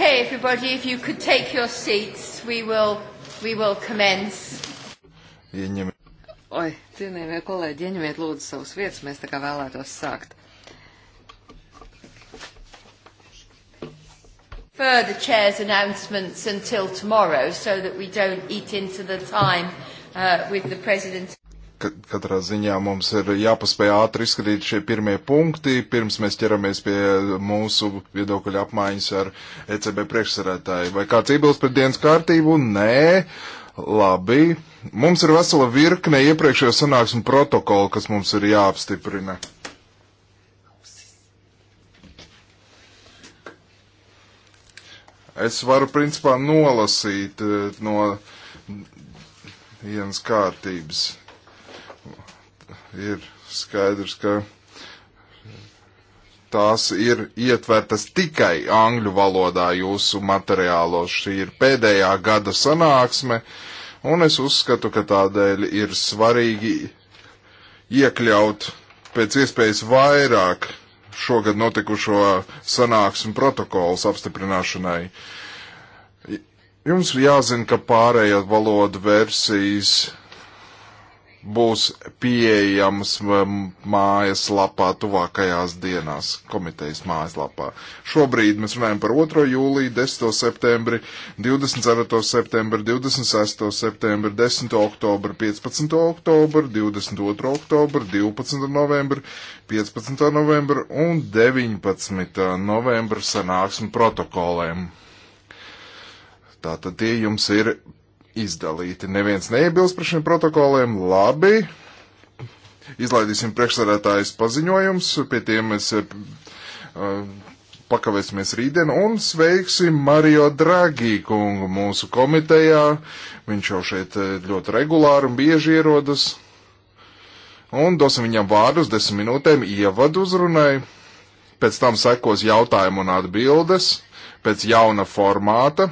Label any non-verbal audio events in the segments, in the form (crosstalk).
Okay, everybody, if you could take your seats, we will, we will commence. Ieņem. Oi, cienījamie kolēģi, ieņemiet lūdzu savus vietas, mēs tā kā vēlētos sākt. Further chair's announcements until tomorrow so that we don't eat into the time uh, with the president katrā ziņā mums ir jāpaspēj ātri izskatīt šie pirmie punkti, pirms mēs ķeramies pie mūsu viedokļa apmaiņas ar ECB priekšsarētāju. Vai kāds iebilst pret dienas kārtību? Nē. Labi. Mums ir vesela virkne iepriekšējo sanāksmu protokolu, kas mums ir jāapstiprina. Es varu principā nolasīt eh, no dienas kārtības ir skaidrs, ka tās ir ietvertas tikai angļu valodā jūsu materiālos. Šī ir pēdējā gada sanāksme, un es uzskatu, ka tādēļ ir svarīgi iekļaut pēc iespējas vairāk šogad notikušo sanāksmu protokolus apstiprināšanai. Jums jāzina, ka pārējās valodu versijas būs pieejams um, mājaslapā tuvākajās dienās, komitejas mājaslapā. Šobrīd mēs runājam par 2. jūliju, 10. septembri, 24. septembri, 26. septembri, 10. oktobri, 15. oktobri, 22. oktobri, 12. novembri, 15. novembri un 19. novembri sanāksmi protokoliem. Tātad tie jums ir izdalīti. Neviens neiebilst par šiem protokoliem. Labi. Izlaidīsim priekšsarētājas paziņojums. Pie tiem mēs uh, pakavēsimies rītdien un sveiksim Mario Draghi kungu mūsu komitejā. Viņš jau šeit eh, ļoti regulāri un bieži ierodas. Un dosim viņam vārdus desmit minūtēm ievadu uzrunai. Pēc tam sekos jautājumu un atbildes pēc jauna formāta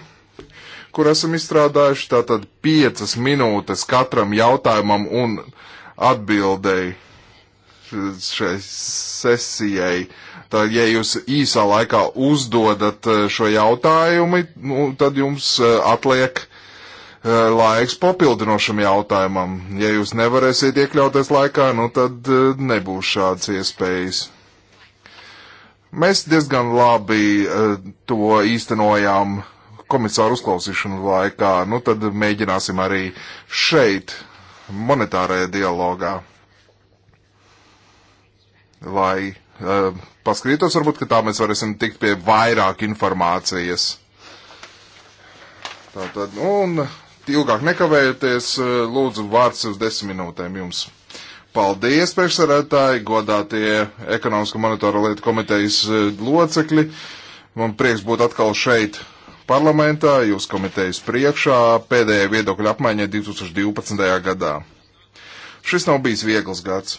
kur esam izstrādājuši. Tātad piecas minūtes katram jautājumam un atbildēji šai sesijai. Tā, ja jūs īsā laikā uzdodat eh, šo jautājumu, nu, tad jums eh, atliek eh, laiks papildinošam jautājumam. Ja jūs nevarēsiet iekļauties laikā, nu, tad nebūs šādas iespējas. Mēs diezgan labi to īstenojām komisāru uzklausīšanu laikā, nu tad mēģināsim arī šeit, monetārajā dialogā, lai uh, eh, paskrītos, varbūt, ka tā mēs varēsim tikt pie vairāk informācijas. Tātad, nu, un ilgāk nekavējoties, eh, lūdzu vārds uz desmit minūtēm jums. Paldies, priekšsarētāji, godātie ekonomisko monetāro lietu komitejas eh, locekļi. Man prieks būt atkal šeit parlamentā, jūs komitejas priekšā pēdējai viedokļa apmaiņai 2012. gadā. Šis nav bijis viegls gads.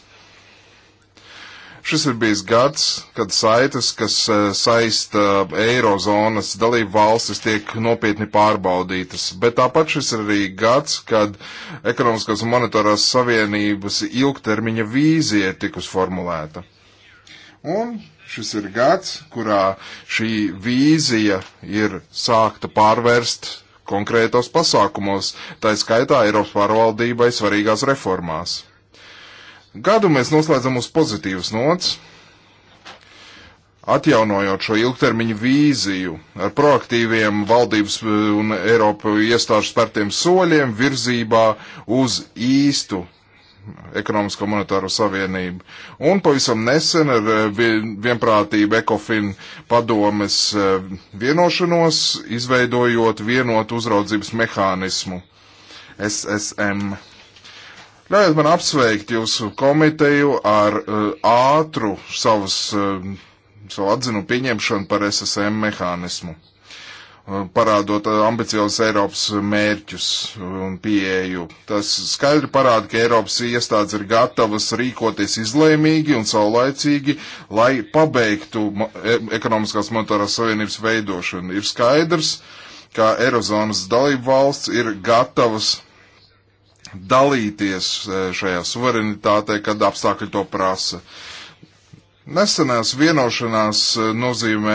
Šis ir bijis gads, kad saites, kas e, saista e, eirozonas dalību valstis, tiek nopietni pārbaudītas. Bet tāpat šis ir arī gads, kad ekonomiskās un monetārās savienības ilgtermiņa vīzija tikus formulēta. Un Šis ir gads, kurā šī vīzija ir sākta pārvērst konkrētos pasākumos, tā skaitā Eiropas pārvaldībai svarīgās reformās. Gadu mēs noslēdzam uz pozitīvas nots, atjaunojot šo ilgtermiņu vīziju ar proaktīviem valdības eh, un Eiropu iestāžu spērtiem soļiem virzībā uz īstu ekonomisko monetāro savienību. Un pavisam nesen ar eh, vienprātību Ekofin padomes eh, vienošanos izveidojot vienotu uzraudzības mehānismu SSM. Ļaujiet man apsveikt jūsu komiteju ar uh, ātru savus, uh, savu atzinu pieņemšanu par SSM mehānismu. Uh, parādot uh, ambiciozus Eiropas mērķus un pieeju. Tas skaidri parāda, ka Eiropas iestādes ir gatavas rīkoties izlēmīgi un saulaicīgi, lai pabeigtu e, ekonomiskās monetārās savienības veidošanu. Ir skaidrs, ka Eirozonas dalību valsts ir gatavas dalīties e, šajā suverenitātē, kad apstākļi to prasa. Uh, Nesenās vienošanās eh, nozīmē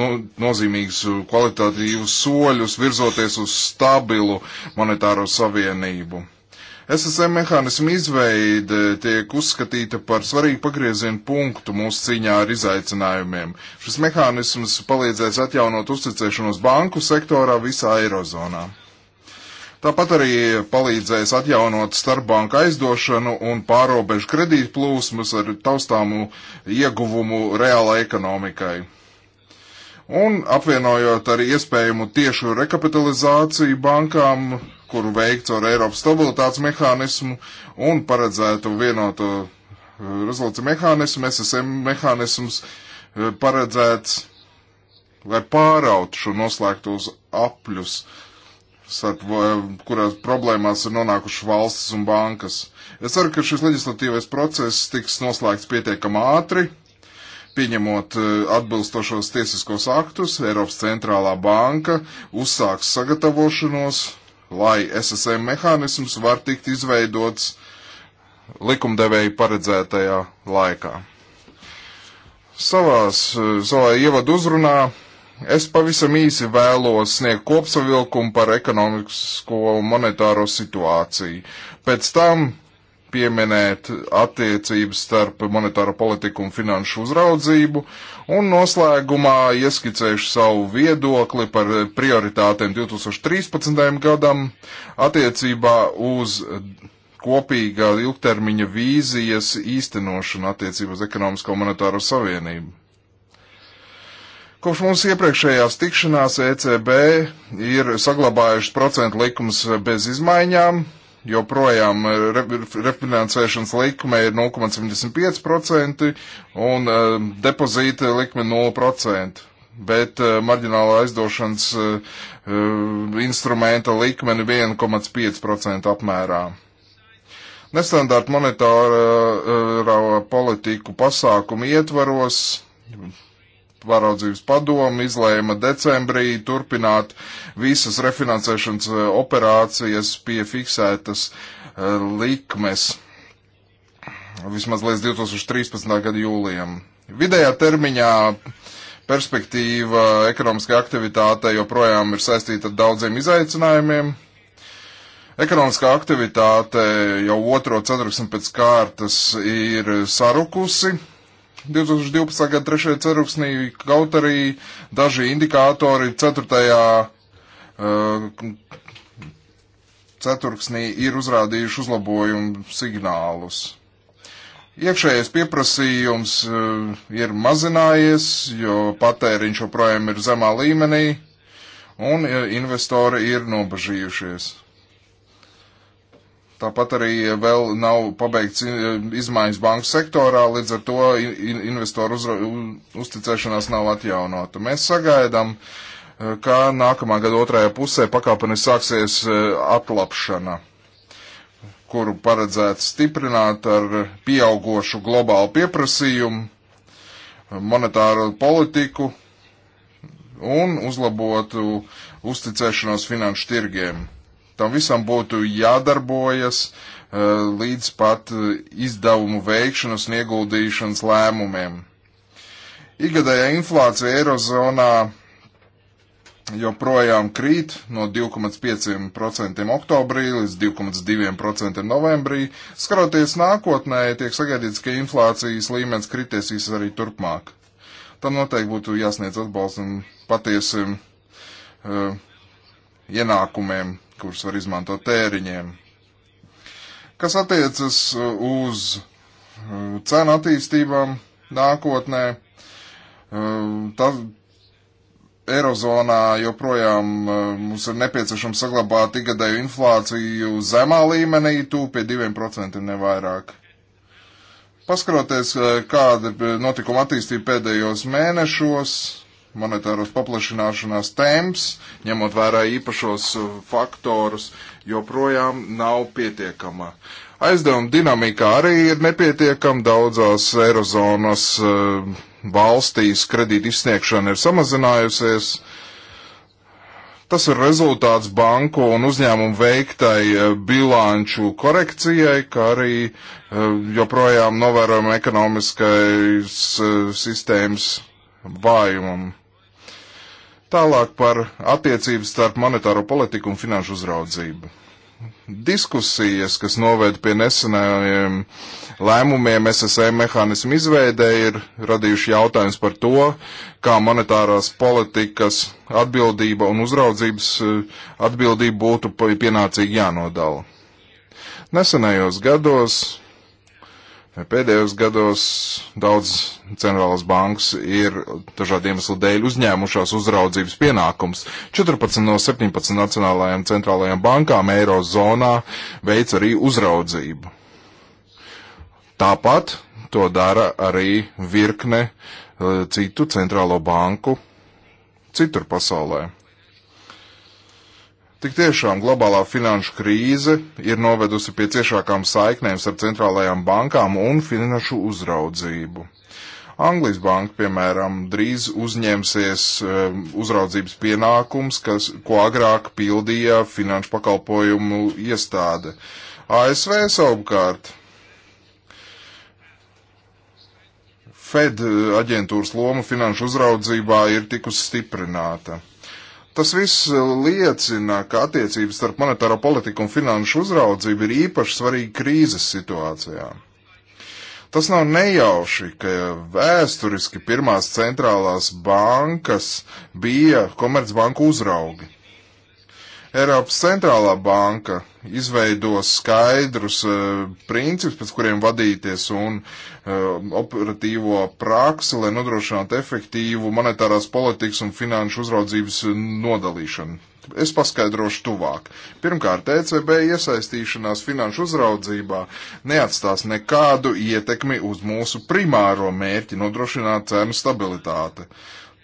no, nozīmīgus kvalitatīvus soļus virzoties uz stabilu monetāro savienību. SSM mehānismu izveide tiek uzskatīta par svarīgu pagriezienu punktu mūsu cīņā ar izaicinājumiem. Šis mehānisms palīdzēs atjaunot uzticēšanos banku sektorā visā Eirozonā. Tāpat arī palīdzēs atjaunot starpbanku aizdošanu un pārobežu kredītu plūsmas ar taustāmu ieguvumu reālai ekonomikai. Un apvienojot ar iespējamu tiešu rekapitalizāciju bankām, kuru veikts ar Eiropas stabilitātes mehānismu un paredzētu vienoto eh, rezolūciju mehānismu, SSM mehānisms eh, paredzēts, lai pāraut šo noslēgtos apļus starp, kurās problēmās ir nonākuši valsts un bankas. Es ceru, ka šis leģislatīvais process tiks noslēgts pietiekam ātri, pieņemot eh, atbilstošos tiesiskos aktus, Eiropas centrālā banka uzsāks sagatavošanos, lai SSM mehānisms var tikt izveidots likumdevēju paredzētajā laikā. Savās, eh, savā ievadu uzrunā Es pavisam īsi vēlos sniegt kopsavilkumu par ekonomisko un monetāro situāciju. Pēc tam pieminēt attiecības starp monetāro politiku un finanšu uzraudzību, un noslēgumā ieskicēšu savu viedokli par prioritātēm 2013. gadam attiecībā uz kopīgā ilgtermiņa vīzijas īstenošanu attiecībā uz ekonomisko monetāro savienību. Kopš mums iepriekšējās tikšanās ECB ir saglabājušas procentu likums bez izmaiņām, joprojām refinansēšanas likme ir 0,75% un eh, depozīta likme 0% bet uh, eh, marģināla aizdošanas uh, instrumenta likmeni 1,5% apmērā. Nestandarta monetārā uh, politiku pasākumu ietvaros pāraudzības padomu izlēma decembrī turpināt visas refinansēšanas eh, operācijas pie fiksētas eh, likmes vismaz līdz 2013. gada jūlijam. Vidējā termiņā perspektīva ekonomiskai aktivitātei joprojām ir saistīta ar daudziem izaicinājumiem. Ekonomiskā aktivitāte jau otro ceturksni pēc kārtas ir sarukusi, 2012. gada 3. ceturksnī, kaut arī daži indikātori 4. Uh, ceturksnī ir uzrādījuši uzlabojumu signālus. Iekšējais pieprasījums uh, ir mazinājies, jo patēriņš joprojām ir zemā līmenī, un uh, investori ir nobažījušies. Tāpat arī vēl nav pabeigts eh, izmaiņas banku sektorā, līdz ar to investoru uzra, uzticēšanās nav atjaunota. Mēs sagaidām, eh, ka nākamā gada otrajā pusē pakāpeniski sāksies eh, atlapšana, kuru paredzēts stiprināt ar pieaugošu globālu pieprasījumu, monetāru politiku un uzlabotu uzticēšanos finanšu tirgiem Tam visam būtu jādarbojas eh, līdz pat eh, izdevumu veikšanas un ieguldīšanas lēmumiem. Igadējā inflācija Eirozonā joprojām krīt no 2,5% oktobrī līdz 2,2% novembrī. Skatoties nākotnē, tiek sagaidīts, ka inflācijas līmenis kritiesīs arī turpmāk. Tam noteikti būtu jāsniedz atbalsts un patiesim uh, ienākumiem kurus var izmantot tēriņiem. Kas attiecas uh, uz uh, cenu attīstībām nākotnē, uh, tad Eirozonā joprojām mums ir nepieciešams saglabāt ikgadēju inflāciju zemā līmenī, tūp pie 2% nevairāk. Paskaroties, kāda notikuma attīstība pēdējos mēnešos, monetāros paplašināšanās temps, ņemot vērā īpašos uh, faktorus, joprojām nav pietiekama. Aizdevuma dinamika arī ir nepietiekama daudzās Eirozonas uh, valstīs, kredīt izsniegšana ir samazinājusies. Tas ir rezultāts banku un uzņēmumu veiktai uh, bilanču korekcijai, kā arī joprojām novērojama ekonomiskais sistēmas vājumam. Tālāk par attiecības starp monetāro politiku un finanšu uzraudzību. Diskusijas, kas noved pie nesenajiem lēmumiem SSM e mehānismu izveidē, ir radījuši jautājums par to, kā monetārās politikas atbildība un uzraudzības eh, atbildība būtu pienācīgi jānodala. Nesenajos gados Pēdējos gados daudz centrālās bankas ir dažādu iemeslu dēļ uzņēmušās uzraudzības pienākums. 14 no 17 nacionālajām centrālajām bankām Eirozonā veic arī uzraudzību. Tāpat to dara arī virkne eh, citu centrālo banku citur pasaulē. Tik tiešām globālā finanšu krīze ir novedusi pie ciešākām saiknēm ar centrālajām bankām un finanšu uzraudzību. Anglijas banka, piemēram, drīz uzņemsies um, uzraudzības pienākums, kas, ko agrāk pildīja finanšu pakalpojumu iestāde. ASV savukārt. Fed uh, aģentūras loma finanšu uzraudzībā ir tikusi stiprināta. Tas viss uh, liecina, ka attiecības starp monetāro politiku un finanšu uzraudzību ir īpaši svarīga krīzes situācijā. Tas nav nejauši, ka vēsturiski pirmās centrālās bankas bija komercbanku uzraugi. Eiropas centrālā banka izveidos skaidrus uh, principus, pēc kuriem vadīties un uh, operatīvo praksi, lai nodrošinātu efektīvu monetārās politikas un finanšu uzraudzības eh, nodalīšanu. Es paskaidrošu tuvāk. Pirmkārt, ECB iesaistīšanās finanšu uzraudzībā neatstās nekādu ietekmi uz mūsu primāro mērķi nodrošināt cenu stabilitāti.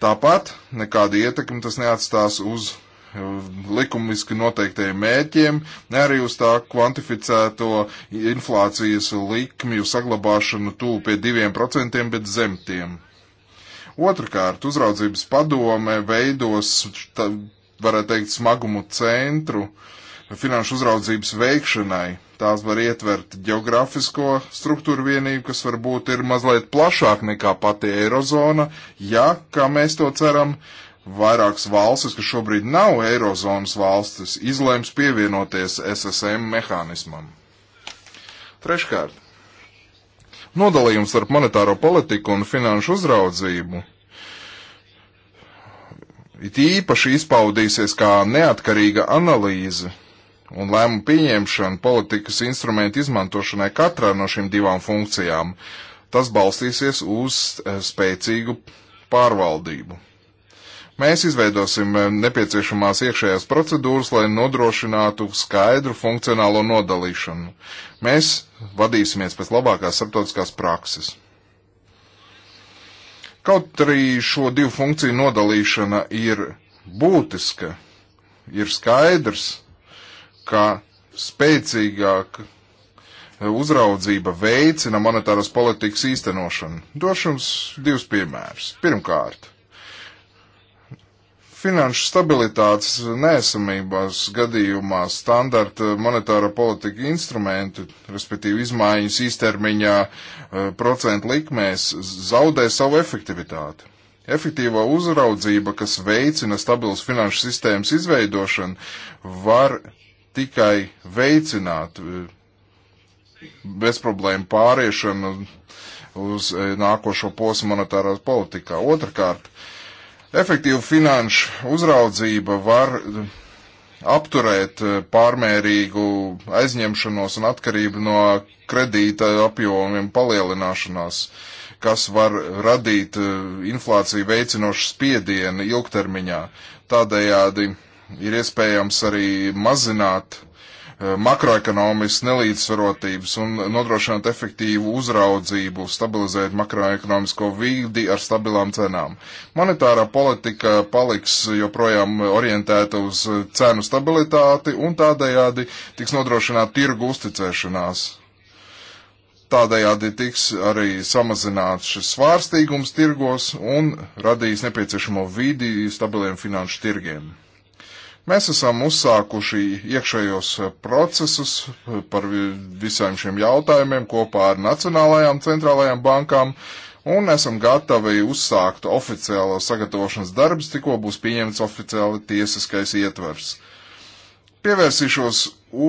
Tāpat nekādu ietekmi tas neatstās uz Eh, likumiski noteiktajiem mērķiem, ne arī uz tā kvantificēto inflācijas likmju saglabāšanu tūp pie 2%, bet zem tiem. Otrakārt, uzraudzības padome veidos, tā, varētu teikt, smagumu centru finanšu uzraudzības veikšanai. Tās var ietvert geogrāfisko struktūru vienību, kas varbūt ir mazliet plašāk nekā pati Eirozona, ja, kā mēs to ceram, uh, vairākas valstis, kas šobrīd nav Eirozonas valstis, izlēms pievienoties SSM mehānismam. Treškārt, nodalījums starp monetāro politiku un finanšu uzraudzību it īpaši izpaudīsies kā neatkarīga analīze un lēmu pieņemšana politikas instrumentu izmantošanai katrā no šīm divām funkcijām. Tas balstīsies uz eh, spēcīgu pārvaldību. Mēs izveidosim eh, nepieciešamās iekšējās procedūras, lai nodrošinātu skaidru funkcionālo nodalīšanu. Mēs vadīsimies pēc labākās starptautiskās prakses. Kaut arī šo divu funkciju nodalīšana ir būtiska, ir skaidrs, ka spēcīgāk uzraudzība veicina monetāras politikas īstenošanu. Došu jums divus piemērus. Pirmkārt, Finanšu stabilitātes nesamībās gadījumā standarta monetāra politika instrumenti, respektīvi izmaiņas īstermiņā eh, procentu likmēs, zaudē savu efektivitāti. Efektīvā uzraudzība, kas veicina stabilas finanšu sistēmas izveidošanu, var tikai veicināt eh, bezproblēmu pāriešanu uz eh, nākošo posmu monetārās politikā. Otrakārt, uh, Efektīva finanšu uzraudzība var eh, apturēt eh, pārmērīgu aizņemšanos un atkarību no kredīta apjomiem palielināšanās, kas var radīt eh, inflāciju veicinošu spiedienu ilgtermiņā. Tādējādi ir iespējams arī mazināt Eh, makroekonomiskas nelīdzsvarotības un nodrošināt efektīvu uzraudzību, stabilizēt makroekonomisko vidi ar stabilām cenām. Monetārā politika paliks joprojām orientēta uz cenu stabilitāti un tādējādi tiks nodrošināta tirgu uzticēšanās. Tādējādi tiks arī samazināts šis svārstīgums tirgos un radīs nepieciešamo vidi stabiliem finanšu tirgiem. Mēs esam uzsākuši iekšējos eh, procesus eh, par visiem šiem jautājumiem kopā ar Nacionālajām centrālajām bankām un esam gatavi uzsākt oficiālo sagatavošanas darbus, tikko būs pieņemts oficiāli tiesiskais ietvers. Pievērsīšos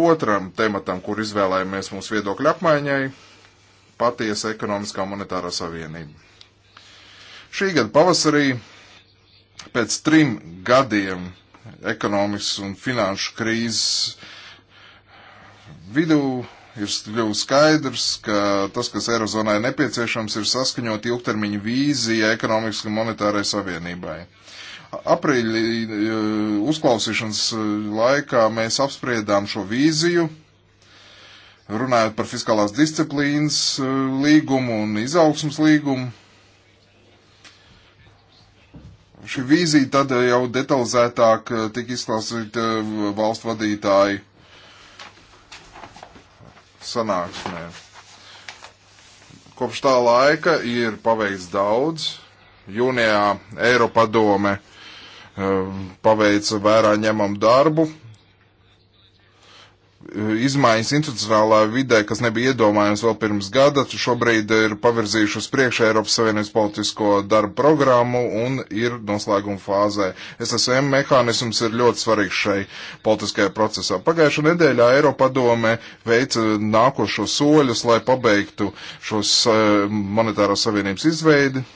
otram tematam, kur izvēlējāmies mūsu viedokļu apmaiņai - patiesa ekonomiskā monetārā savienība. Šī gada pavasarī pēc trim gadiem ekonomikas un finanšu krīzes vidū ir kļuvis skaidrs, ka tas, kas Eirozonai nepieciešams, ir saskaņot ilgtermiņu vīziju ekonomikas un monetārai savienībai. Aprīļa e, uzklausīšanas e, laikā mēs apspriedām šo vīziju, runājot par fiskālās disciplīnas e, līgumu un izaugsmas līgumu Šī vīzija tad jau detalizētāk eh, tika izklāstīta eh, valstu vadītāji sanāksmē. Kopš tā laika ir paveikts daudz. Jūnijā Eiropadome eh, paveica vērā ņemam darbu, Eh, izmaiņas institucionālā vidē, kas nebija iedomājams vēl pirms gada, šobrīd ir pavirzījušas priekšā Eiropas Savienības politisko darbu programmu un ir noslēguma fāzē. SSM mehānisms ir ļoti svarīgs šai politiskajā procesā. Pagājušā nedēļā Eiropadome veica nākošo soļus, lai pabeigtu šos eh, monetārās savienības izveidi,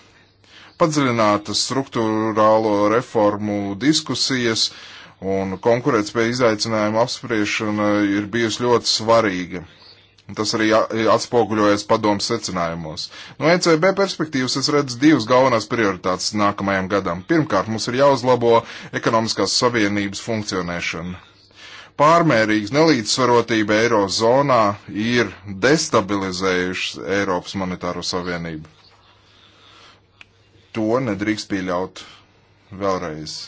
padziļinātas struktūrālo reformu diskusijas, uh, Un konkurētspēja izaicinājuma apspriešana ir bijusi ļoti svarīga. Tas arī atspoguļojas padomu secinājumos. No ECB perspektīvas es redzu divas galvenās prioritātes nākamajam gadam. Pirmkārt, mums ir jāuzlabo ekonomiskās savienības funkcionēšana. Pārmērīgs nelīdzsvarotība eirozonā ir destabilizējušas Eiropas monetāro savienību. To nedrīkst pieļaut vēlreiz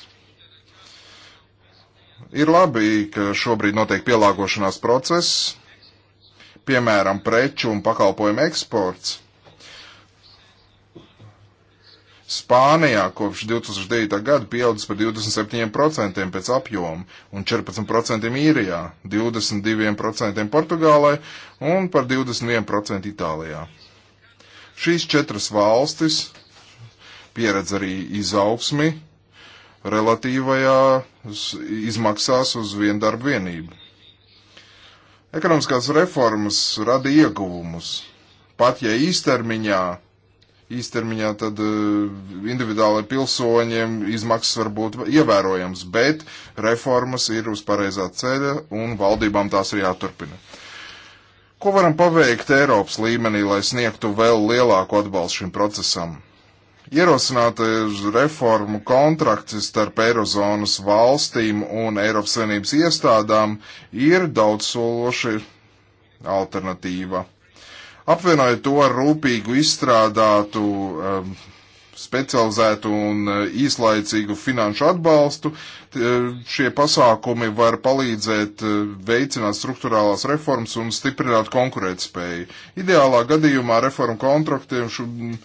Ir labi, ka šobrīd notiek pielāgošanās process, piemēram, preču un pakalpojumu eksports. Spānijā kopš 2009. gada pieaudzis par 27% pēc apjoma un 14% īrijā, 22% Portugālē un par 21% Itālijā. Šīs četras valstis pieredz arī izaugsmi relatīvajā izmaksās uz vienu darbu vienību. Ekonomiskās reformas rada ieguvumus. Pat ja īstermiņā, īstermiņā tad eh, individuālai pilsoņiem izmaksas var būt ievērojams, bet reformas ir uz pareizā ceļa un valdībām tās ir jāturpina. Ko varam paveikt Eiropas līmenī, lai sniegtu vēl lielāku atbalstu šim procesam? Ierosinātais reformu kontrakts starp Eirozonas valstīm un Eiropas Savienības iestādām ir daudzsološi alternatīva. Apvienojot to ar rūpīgu izstrādātu, um, specializētu un uh, īslaicīgu finanšu atbalstu, uh, šie pasākumi var palīdzēt uh, veicināt struktūrālās reformas un stiprināt konkurētspēju. Ideālā gadījumā reformu kontraktiem šobrīd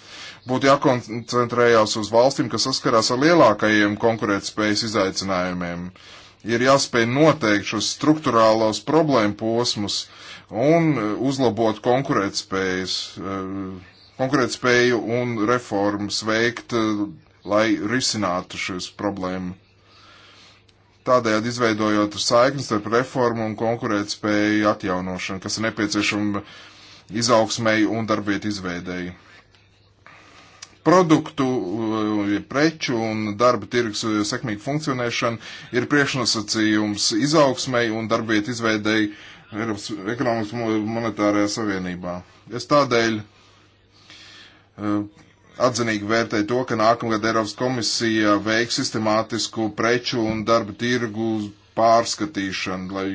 būtu jākoncentrējās uz valstīm, kas saskarās ar lielākajiem konkurētspējas izaicinājumiem. Ir jāspēj noteikt šos struktūrālos problēmu posmus un e, uzlabot konkurētspējas, e, konkurētspēju un reformas veikt, e, lai risinātu šīs problēmas. Tādējādi izveidojot saiknes starp reformu un konkurētspēju atjaunošanu, kas ir nepieciešama izaugsmēji un darbvietu izveidēji produktu, eh, preču un darba tirgus eh, sekmīgu funkcionēšanu ir priekšnosacījums izaugsmai un darbvietu izveidēji Eiropas ekonomikas monetārajā savienībā. Es tādēļ eh, atzinīgi vērtēju to, ka nākamgad Eiropas komisija veiks sistemātisku preču un darba tirgu pārskatīšanu, lai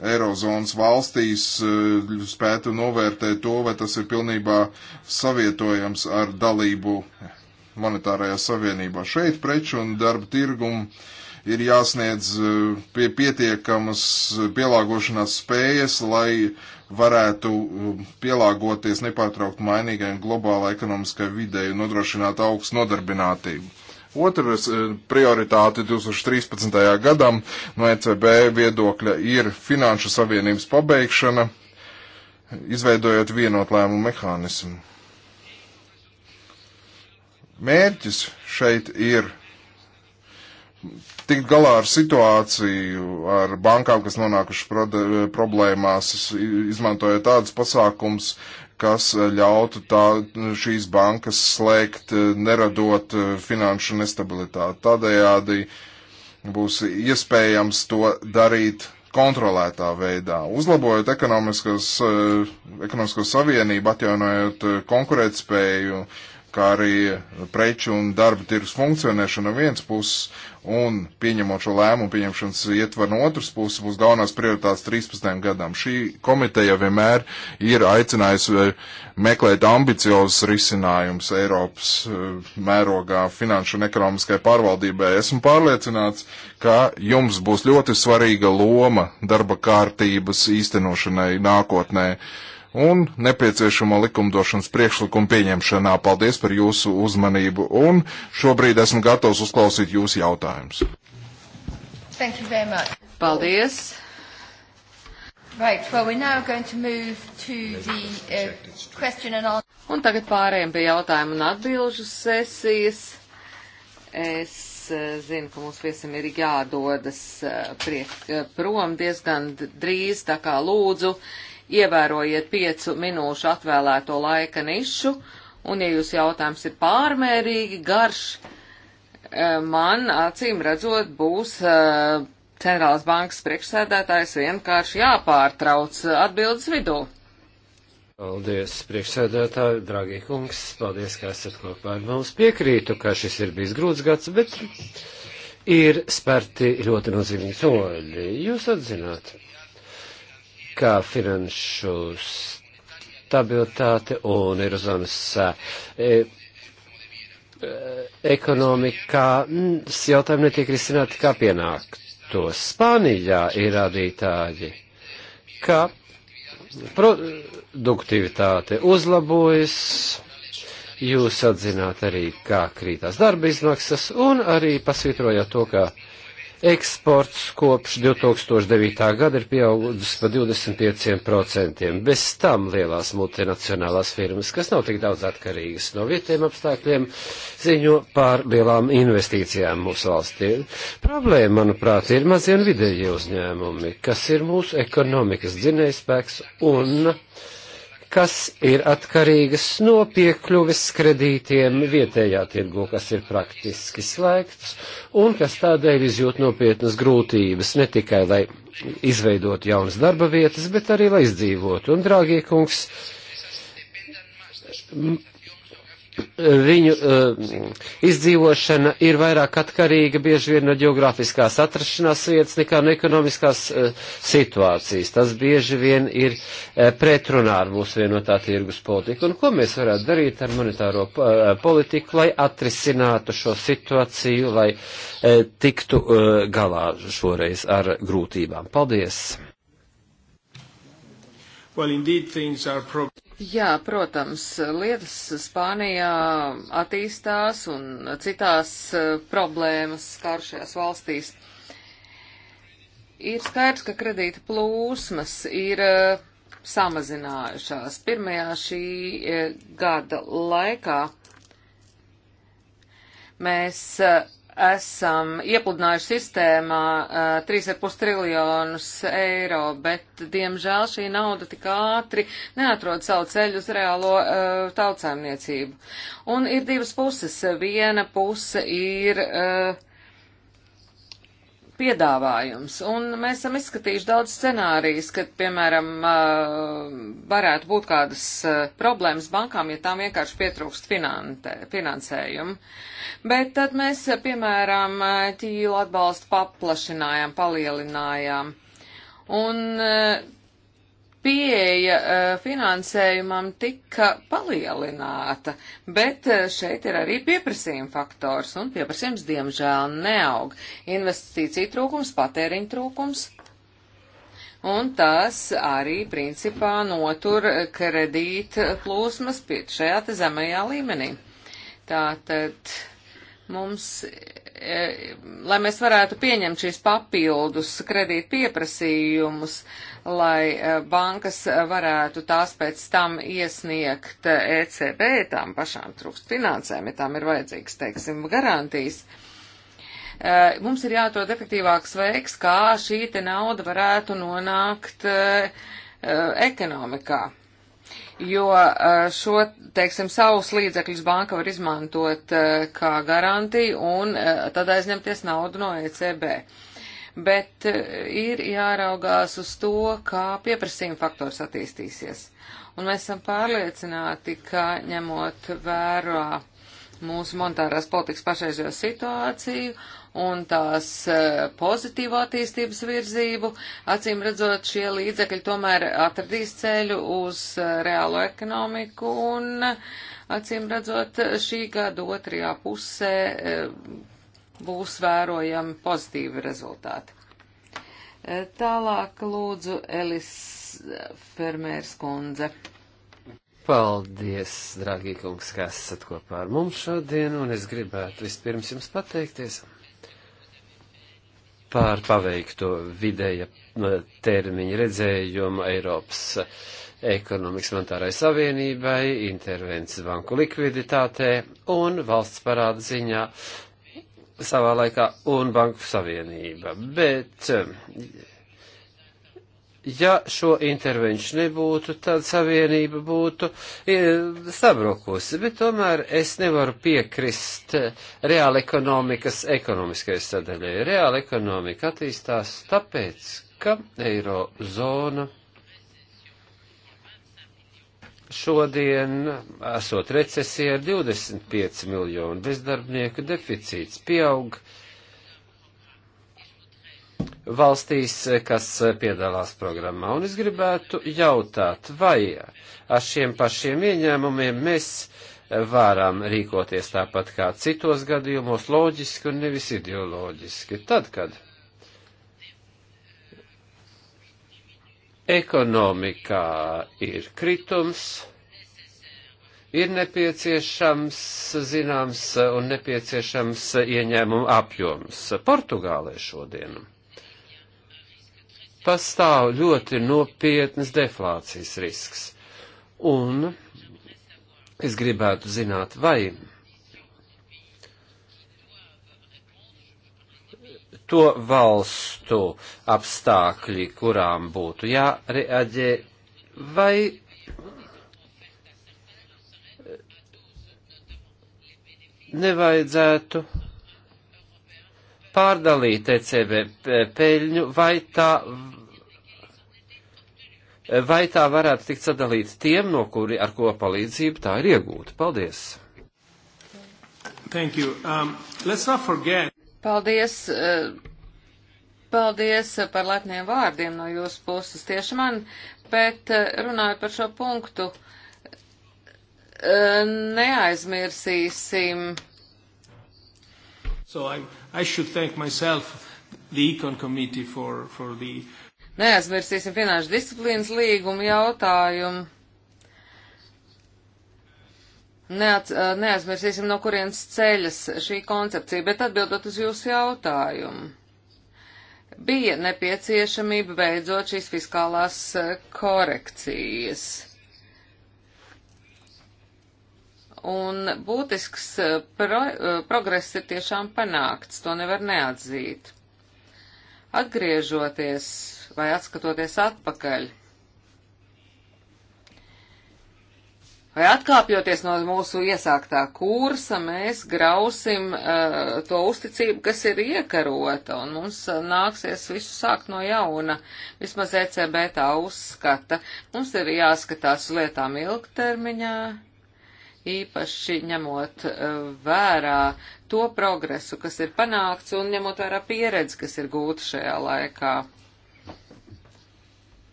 Eirozonas valstīs e, spētu novērtēt to, vai tas ir pilnībā savietojams ar dalību monetārajā savienībā. Šeit preču un darba tirgumu ir jāsniedz e, pie pietiekamas pielāgošanās spējas, lai varētu e, pielāgoties nepārtraukt mainīgai un globālai ekonomiskai videi un nodrošināt augstu nodarbinātību. Otrs eh, prioritāte 2013. gadam no ECB viedokļa ir finanšu savienības pabeigšana, izveidojot vienotlēmumu mehānismu. Mērķis šeit ir tikt galā ar situāciju, ar bankām, kas nonākušas eh, problēmās, izmantojot tādus pasākums, kas eh, ļautu tā, šīs bankas slēgt, eh, neradot eh, finanšu nestabilitāti. Tādējādi būs iespējams to darīt kontrolētā veidā, uzlabojot ekonomiskos, ekonomisko savienību, atjaunojot konkurētspēju, uh, kā arī preču un darba tirgus funkcionēšana no vienas puses un pieņemot šo lēmumu pieņemšanas ietvaru no otras puses būs galvenās prioritātes 13 gadām. Šī komiteja vienmēr ir aicinājusi eh, meklēt ambiciozus risinājumus Eiropas eh, mērogā finanšu un ekonomiskai pārvaldībai. Esmu pārliecināts, ka jums būs ļoti svarīga loma darba kārtības īstenošanai nākotnē. Uh, un nepieciešamo likumdošanas priekšlikumu pieņemšanā. Paldies par jūsu uzmanību un šobrīd esmu gatavs uzklausīt jūsu jautājumus. Paldies! Right, well, we're now going to move to the uh, question and answer. Un tagad pārējiem pie jautājumu un atbilžu sesijas. Es uh, zinu, ka mums visam ir jādodas uh, priek, uh, prom diezgan drīz, tā kā lūdzu Ievērojiet piecu minūšu atvēlēto laika nišu, un ja jūs jautājums ir pārmērīgi garš, eh, man acīm redzot būs eh, centrālās bankas priekšsēdētājs vienkārši jāpārtrauc atbildes vidū. Paldies, priekšsēdētāji, dragi kungs, paldies, ka esat kopā ar mums. Piekrītu, ka šis ir bijis grūts gads, bet ir spērti ļoti nozīmīgi soļi. Jūs atzināt, kā finanšu stabilitāte un Eirozonas e, e ekonomikā jautājumi netiek risināti kā pienāktos. Spānijā ir rādītāji, ka produktivitāte uzlabojas, jūs atzināt arī, kā krītās darba izmaksas, un arī pasvitrojāt to, ka Eksports kopš 2009. gada ir pieaugusi pa 25%. Bez tam lielās multinacionālās firmas, kas nav tik daudz atkarīgas no vietiem apstākļiem, ziņo par lielām investīcijām mūsu valstī. Problēma, manuprāt, ir mazie un vidējie uzņēmumi, kas ir mūsu ekonomikas dzinējspēks un kas ir atkarīgas no piekļuves kredītiem vietējā tirgu, kas ir praktiski slēgts, un kas tādēļ izjūt nopietnas grūtības ne tikai, lai izveidotu jaunas darba vietas, bet arī, lai izdzīvotu. Un, drāgie kungs, viņu uh, izdzīvošana ir vairāk atkarīga bieži vien no geogrāfiskās atrašanās vietas nekā no ekonomiskās uh, situācijas. Tas bieži vien ir uh, pretrunā ar mūsu vienotā tirgus politiku. Un ko mēs varētu darīt ar monetāro uh, politiku, lai atrisinātu šo situāciju, lai uh, tiktu uh, galā šoreiz ar grūtībām? Paldies! Well, indeed, things are pro Jā, protams, lietas Spānijā attīstās un citās eh, problēmas skāršajās valstīs. Ir skaidrs, ka kredīta plūsmas ir eh, samazinājušās. Pirmajā šī eh, gada laikā mēs esam iepludinājuši sistēmā uh, eh, 3,5 triljonus eiro, bet diemžēl šī nauda tik ātri neatrod savu ceļu uz reālo uh, tautsēmniecību. Un ir divas puses. Viena puse ir uh, piedāvājums. Un mēs esam izskatījuši daudz scenārijas, kad, piemēram, varētu būt kādas problēmas bankām, ja tām vienkārši pietrūkst finansējumu. Bet tad mēs, piemēram, ķīlu atbalstu paplašinājām, palielinājām. Un pieeja eh, finansējumam tika palielināta, bet eh, šeit ir arī pieprasījuma faktors, un pieprasījums diemžēl neaug. Investīcija trūkums, patēriņa trūkums, un tas arī principā notur eh, kredīt plūsmas šajā te zemajā līmenī. Tātad mums E, lai mēs varētu pieņemt šīs papildus kredīt pieprasījumus, lai e, bankas varētu tās pēc tam iesniegt ECB, tām pašām trūkst finansēm, ja tām ir vajadzīgs, teiksim, garantijas. E, mums ir jāatrod efektīvāks veiks, kā šī te nauda varētu nonākt ekonomikā jo šo, teiksim, savus līdzekļus banka var izmantot kā garantiju un tad aizņemties naudu no ECB. Bet ir jāraugās uz to, kā pieprasījuma faktors attīstīsies. Un mēs esam pārliecināti, ka ņemot vērā mūsu monetārās politikas pašreizējo situāciju un tās eh, pozitīvo attīstības virzību, acīm redzot, šie līdzekļi tomēr atradīs ceļu uz eh, reālo ekonomiku un, acīm redzot, šī gada otrajā pusē eh, būs vērojami pozitīvi rezultāti. Tālāk lūdzu Elis Fermērs kundze. Paldies, draugi kungs, kas esat kopā ar mums šodien, un es gribētu vispirms jums pateikties par paveikto vidēja termiņa redzējumu Eiropas ekonomikas monetārai savienībai, intervences banku likviditātē un valsts parāda ziņā savā laikā un banku savienība. Bet ja šo intervenciju nebūtu, tad savienība būtu e, sabrukusi, bet tomēr es nevaru piekrist reāla ekonomikas ekonomiskai sadaļai. Reāla ekonomika attīstās tāpēc, ka eirozona šodien, esot recesija, ir 25 miljonu bezdarbnieku deficīts pieaug. Uh, valstīs, kas piedalās programmā. Un es gribētu jautāt, vai ar šiem pašiem ieņēmumiem mēs varam rīkoties tāpat kā citos gadījumos loģiski un nevis ideoloģiski. Tad, kad ekonomikā ir kritums, ir nepieciešams zināms un nepieciešams ieņēmumu apjoms Portugālē šodien pastāv ļoti nopietnas deflācijas risks. Un es gribētu zināt, vai to valstu apstākļi, kurām būtu jāreaģē, vai nevajadzētu pārdalīt ECB peļņu, vai tā, vai tā varētu tikt sadalīta tiem, no kuri ar ko palīdzību tā ir iegūta. Paldies! Thank you. Um, let's not forget. Paldies. Uh... Paldies par lepniem vārdiem no jūsu puses tieši man, bet eh, runāju par šo punktu. Eh, neaizmirsīsim So I, I should thank myself, the Econ Committee, for, for the. Neaizmirsīsim finanšu disciplīnas līgumu jautājumu. Neats, neaizmirsīsim, no kurienes ceļas šī koncepcija, bet atbildot uz jūsu jautājumu. Bija nepieciešamība beidzot šīs fiskālās korekcijas un būtisks eh, pro, eh, progress ir tiešām panākts, to nevar neatzīt. Atgriežoties vai atskatoties atpakaļ, Vai atkāpjoties no mūsu iesāktā kursa, mēs grausim uh, to uzticību, kas ir iekarota, un mums nāksies visu sākt no jauna. Vismaz ECB tā uzskata. Mums ir jāskatās lietām ilgtermiņā. Uh, īpaši ņemot eh, vērā to progresu, kas ir panākts un ņemot vērā pieredzi, kas ir gūta šajā laikā.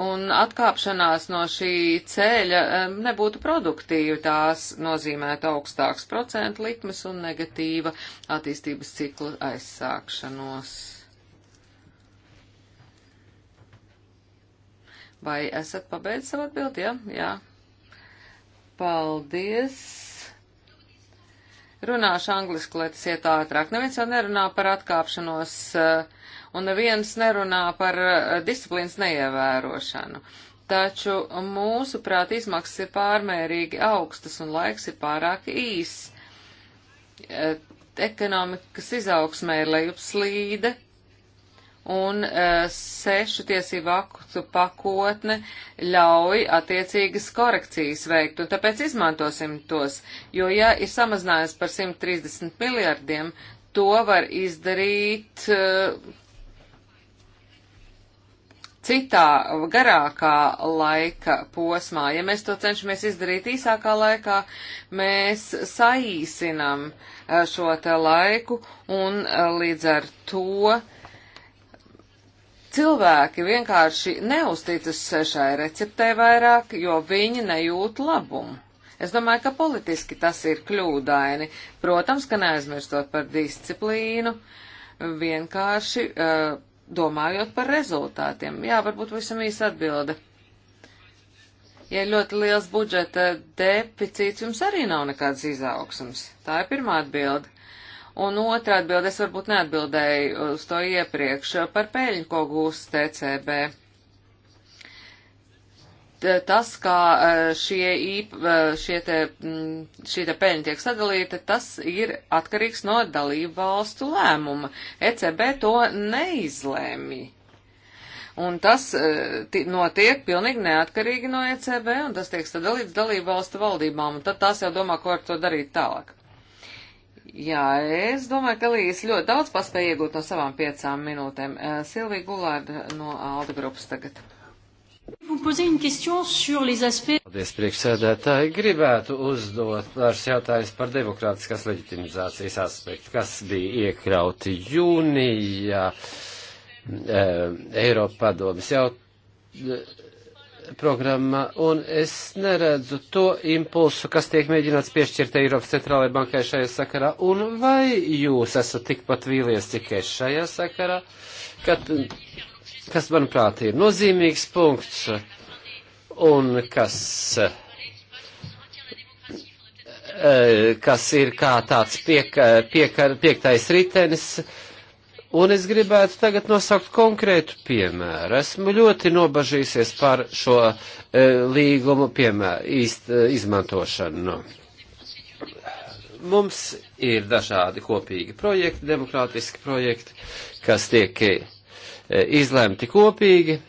Un atkāpšanās no šī ceļa eh, nebūtu produktīva, tās nozīmētu augstāks procentu likmes un negatīva attīstības cikla aizsākšanos. Vai esat pabeidz savu atbildi? Ja? Jā, Paldies! Runāšu angliski, lai tas iet ātrāk. Neviens jau nerunā par atkāpšanos, eh, un neviens nerunā par eh, disciplīnas neievērošanu. Taču mūsuprāt izmaksas ir pārmērīgi augstas un laiks ir pārāk īs. Eh, ekonomikas izaugsmē ir lejupslīde, un uh, sešu tiesību aktu pakotne ļauj attiecīgas korekcijas veikt, un tāpēc izmantosim tos, jo, ja ir samazinājums par 130 miljardiem, to var izdarīt uh, citā garākā laika posmā. Ja mēs to cenšamies izdarīt īsākā laikā, mēs saīsinam eh, šo te laiku un līdz ar to uh, cilvēki vienkārši neusticas šai receptē vairāk, jo viņi nejūt labumu. Es domāju, ka politiski tas ir kļūdaini. Protams, ka neaizmirstot par disciplīnu, vienkārši uh, domājot par rezultātiem. Jā, varbūt visam īsa atbilde. Ja ir ļoti liels budžeta deficīts, jums arī nav nekādas izaugsmas. Tā ir pirmā atbilde. Un otrā atbilde, es varbūt neatbildēju uz to iepriekš, par peļņu, ko gūst TCB. Tas, kā e, šie, īp, e, šie te, šī te peļņa tiek sadalīta, tas ir atkarīgs no dalību valstu lēmuma. ECB to neizlēmi. Un tas e, notiek pilnīgi neatkarīgi no ECB, un tas tiek sadalīts dalību valstu valdībām, un tad tās jau domā, ko ar to darīt tālāk. Jā, es domāju, ka Līs ļoti daudz paspēja iegūt no savām piecām minūtēm. Eh, Silvija Gulārda no Alda grupas tagad. Paldies, priekšsēdētāji. Gribētu uzdot pāris jautājumus par demokrātiskās leģitimizācijas aspektu, kas bija iekļauti jūnijā e, Eiropa padomas jautājumā programmā, un es neredzu to impulsu, kas tiek mēģināts piešķirt Eiropas centrālajai bankai šajā sakarā, un vai jūs esat tikpat vīlies, cik es šajā sakarā, kad, kas, manuprāt, ir nozīmīgs punkts, un kas eh, kas ir kā tāds piek, piek, piektais ritenis Un es gribētu tagad nosaukt konkrētu piemēru. Esmu ļoti nobažījusies par šo e, līgumu piemēru īst, e, izmantošanu. Mums ir dažādi kopīgi projekti, demokrātiski projekti, kas tiek e, izlemti kopīgi.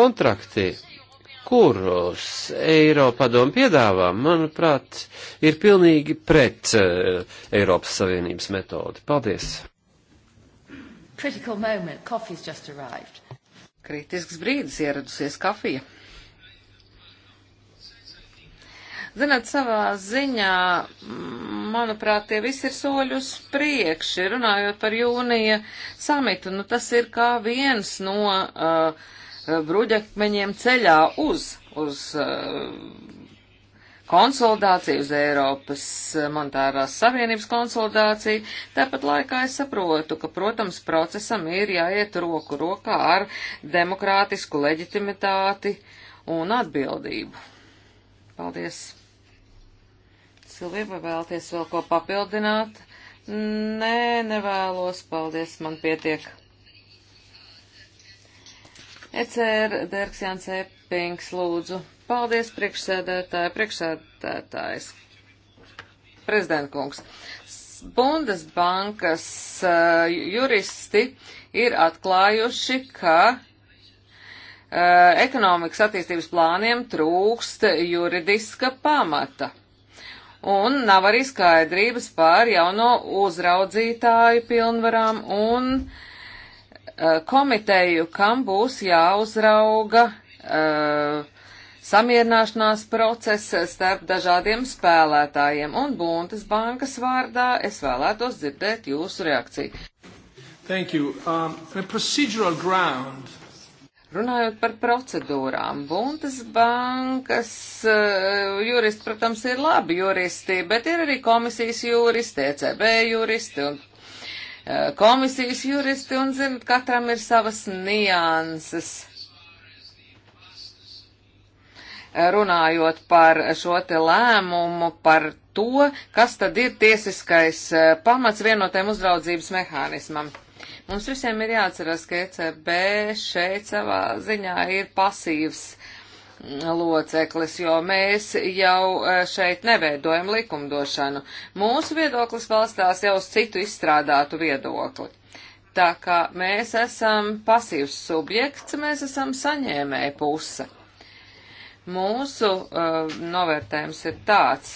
Kontrakti kurus Eiropadomu piedāvā, manuprāt, ir pilnīgi pret eh, Eiropas Savienības metodi. Paldies! Kritisks brīdis ieradusies kafija. Zināt, savā ziņā, mm, manuprāt, tie visi ir soļi uz priekšu, runājot par jūnija samitu. Nu, tas ir kā viens no uh, bruģakmeņiem ceļā uz, uz eh, konsolidāciju, uz Eiropas eh, monetārās savienības konsolidāciju. Tāpat laikā es saprotu, ka, protams, procesam ir jāiet roku rokā ar demokrātisku leģitimitāti un atbildību. Paldies! Silvija, vai vēlties vēl ko papildināt? Nē, nevēlos, paldies, man pietiek. ECR Derks Jānis Epings lūdzu. Paldies priekšsēdētāji, priekšsēdētājs. Prezidentkungs. Bundesbankas uh, juristi ir atklājuši, ka uh, ekonomikas attīstības plāniem trūkst juridiska pamata. Un nav arī skaidrības pār jauno uzraudzītāju pilnvarām un uh, Eh, komiteju, kam būs jāuzrauga uh, samierināšanās process starp dažādiem spēlētājiem. Un Buntes bankas vārdā es vēlētos dzirdēt jūsu reakciju. Thank you. Um, on a procedural ground, Runājot par procedūrām, Bundesbankas uh, eh, juristi, protams, ir labi juristi, bet ir arī komisijas juristi, ECB juristi un komisijas juristi, un, zinat, katram ir savas nianses. Runājot par šo te lēmumu, par to, kas tad ir tiesiskais e, pamats vienotajam uzraudzības mehānismam. Mums visiem ir jāatcerās, ka ECB šeit savā ziņā ir pasīvs uh, loceklis, jo mēs jau e, šeit neveidojam likumdošanu. Mūsu viedoklis balstās jau uz citu izstrādātu viedokli. Tā kā mēs esam pasīvs subjekts, mēs esam saņēmēja puse. Mūsu uh, novērtējums ir tāds.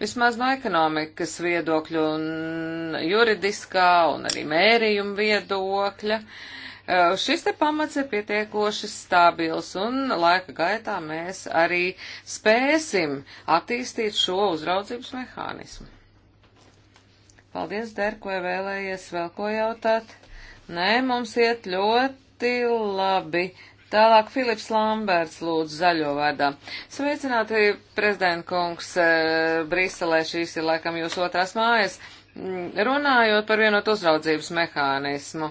Vismaz no ekonomikas viedokļa un juridiskā un arī mērījuma viedokļa uh, Eh, šis te pamats ir pietiekoši stabils, un laika gaitā mēs arī spēsim attīstīt šo uzraudzības mehānismu. Paldies, Der, ko vēlējies vēl ko jautāt? Nē, mums iet ļoti labi. Tālāk Filips Lamberts lūdz zaļo vārdā. Sveicināti, prezidentkungs, eh, Briselē šīs ir laikam jūsu otrās mājas. Runājot par vienotu uzraudzības mehānismu,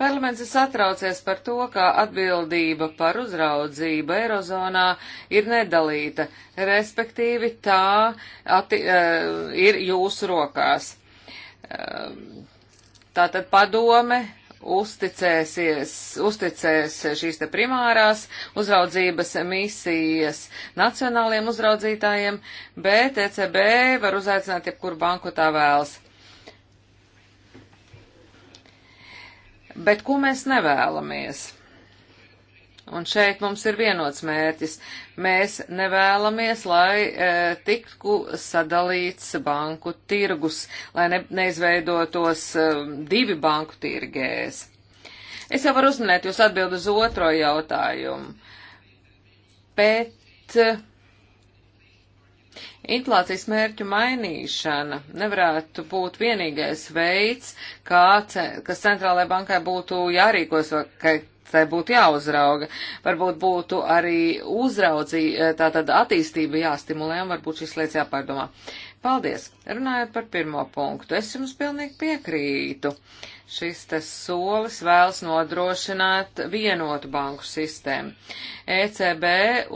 parlaments ir satraucies par to, ka atbildība par uzraudzību Eirozonā ir nedalīta, respektīvi tā ati, uh, eh, ir jūsu rokās. Uh, tātad padome uzticēsies, uzticēs šīs te primārās uzraudzības misijas nacionāliem uzraudzītājiem, bet ECB var uzaicināt jebkuru banku tā vēlas. Bet ko mēs nevēlamies? Un šeit mums ir vienots mērķis. Mēs nevēlamies, lai e, tiktu sadalīts banku tirgus, lai ne, neizveidotos e, divi banku tirgēs. Es jau varu uzminēt jūs atbildu uz otro jautājumu. Bet. E, Inflācijas mērķu mainīšana nevarētu būt vienīgais veids, kā, kas centrālajai bankai būtu jārīkos vai tai būtu jāuzrauga. Varbūt būtu arī uzraudzīja, eh, tā tad attīstība jāstimulē un varbūt šis lietas jāpārdomā. Paldies! Runājot par pirmo punktu, es jums pilnīgi piekrītu. Uh, Šis tas solis vēlas nodrošināt vienotu banku sistēmu. ECB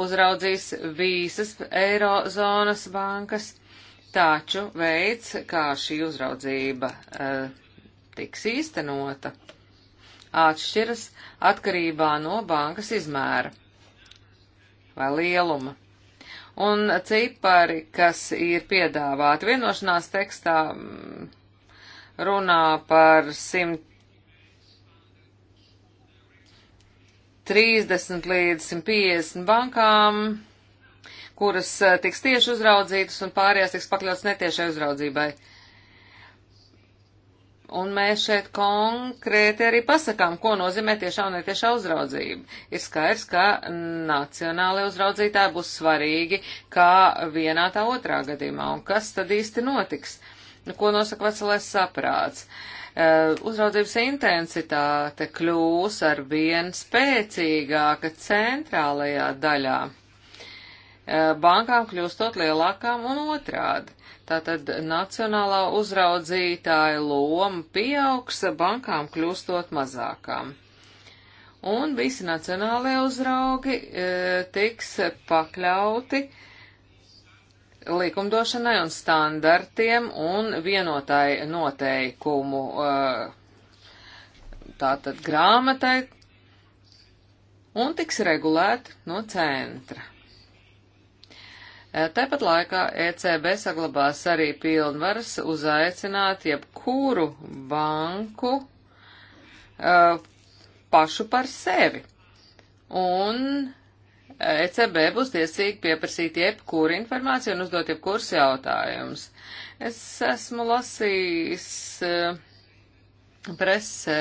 uzraudzīs visas eirozonas bankas, taču veids, kā šī uzraudzība uh, tiks īstenota, atšķiras atkarībā no bankas izmēra vai lieluma un cipari, kas ir piedāvāti vienošanās tekstā, mm, runā par 130 līdz 150 bankām, kuras eh, tiks tieši uzraudzītas un pārējās tiks pakļauts netiešai uzraudzībai. Un mēs šeit konkrēti arī pasakām, ko nozīmē tiešā un netiešā uzraudzība. Ir skaidrs, ka nacionālajie uzraudzītāji būs svarīgi kā vienā tā otrā gadījumā. Un kas tad īsti notiks? Uh, Nu, ko nosaka veselais saprāts. E, uzraudzības intensitāte kļūs ar vien spēcīgāka centrālajā daļā. E, bankām kļūstot lielākām un otrādi. Tātad nacionālā uzraudzītāja loma pieaugs, bankām kļūstot mazākām un visi nacionālie uzraugi e, tiks pakļauti likumdošanai un standartiem un vienotai noteikumu eh, tātad grāmatai un tiks regulēti no centra. Eh, Tāpat laikā ECB saglabās arī pilnvaras uzaicināt jebkuru banku uh, pašu par sevi. Un ECB būs tiesīgi pieprasīt jebkuru informāciju un uzdot jebkurus jautājumus. Es esmu lasījis eh, presē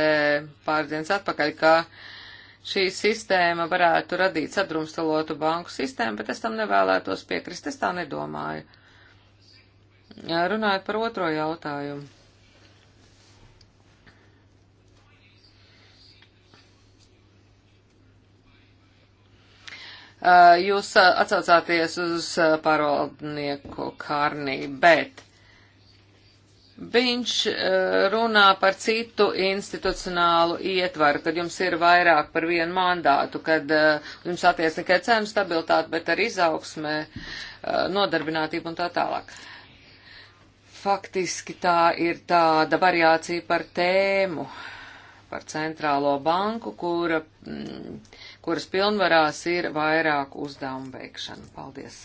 pārdienas atpakaļ, ka šī sistēma varētu radīt sadrumstalotu banku sistēmu, bet es tam nevēlētos piekrist, es tā nedomāju. Runājot par otro jautājumu. Jūs atsaucāties uz pārvaldnieku Kārnī, bet viņš runā par citu institucionālu ietvaru, kad jums ir vairāk par vienu mandātu, kad jums attiec ne tikai cēnu stabilitāte, bet arī izaugsme, nodarbinātība un tā tālāk. Faktiski tā ir tāda variācija par tēmu, par centrālo banku, kura. Mm, kuras pilnvarās ir vairāku uzdevumu veikšana. Paldies!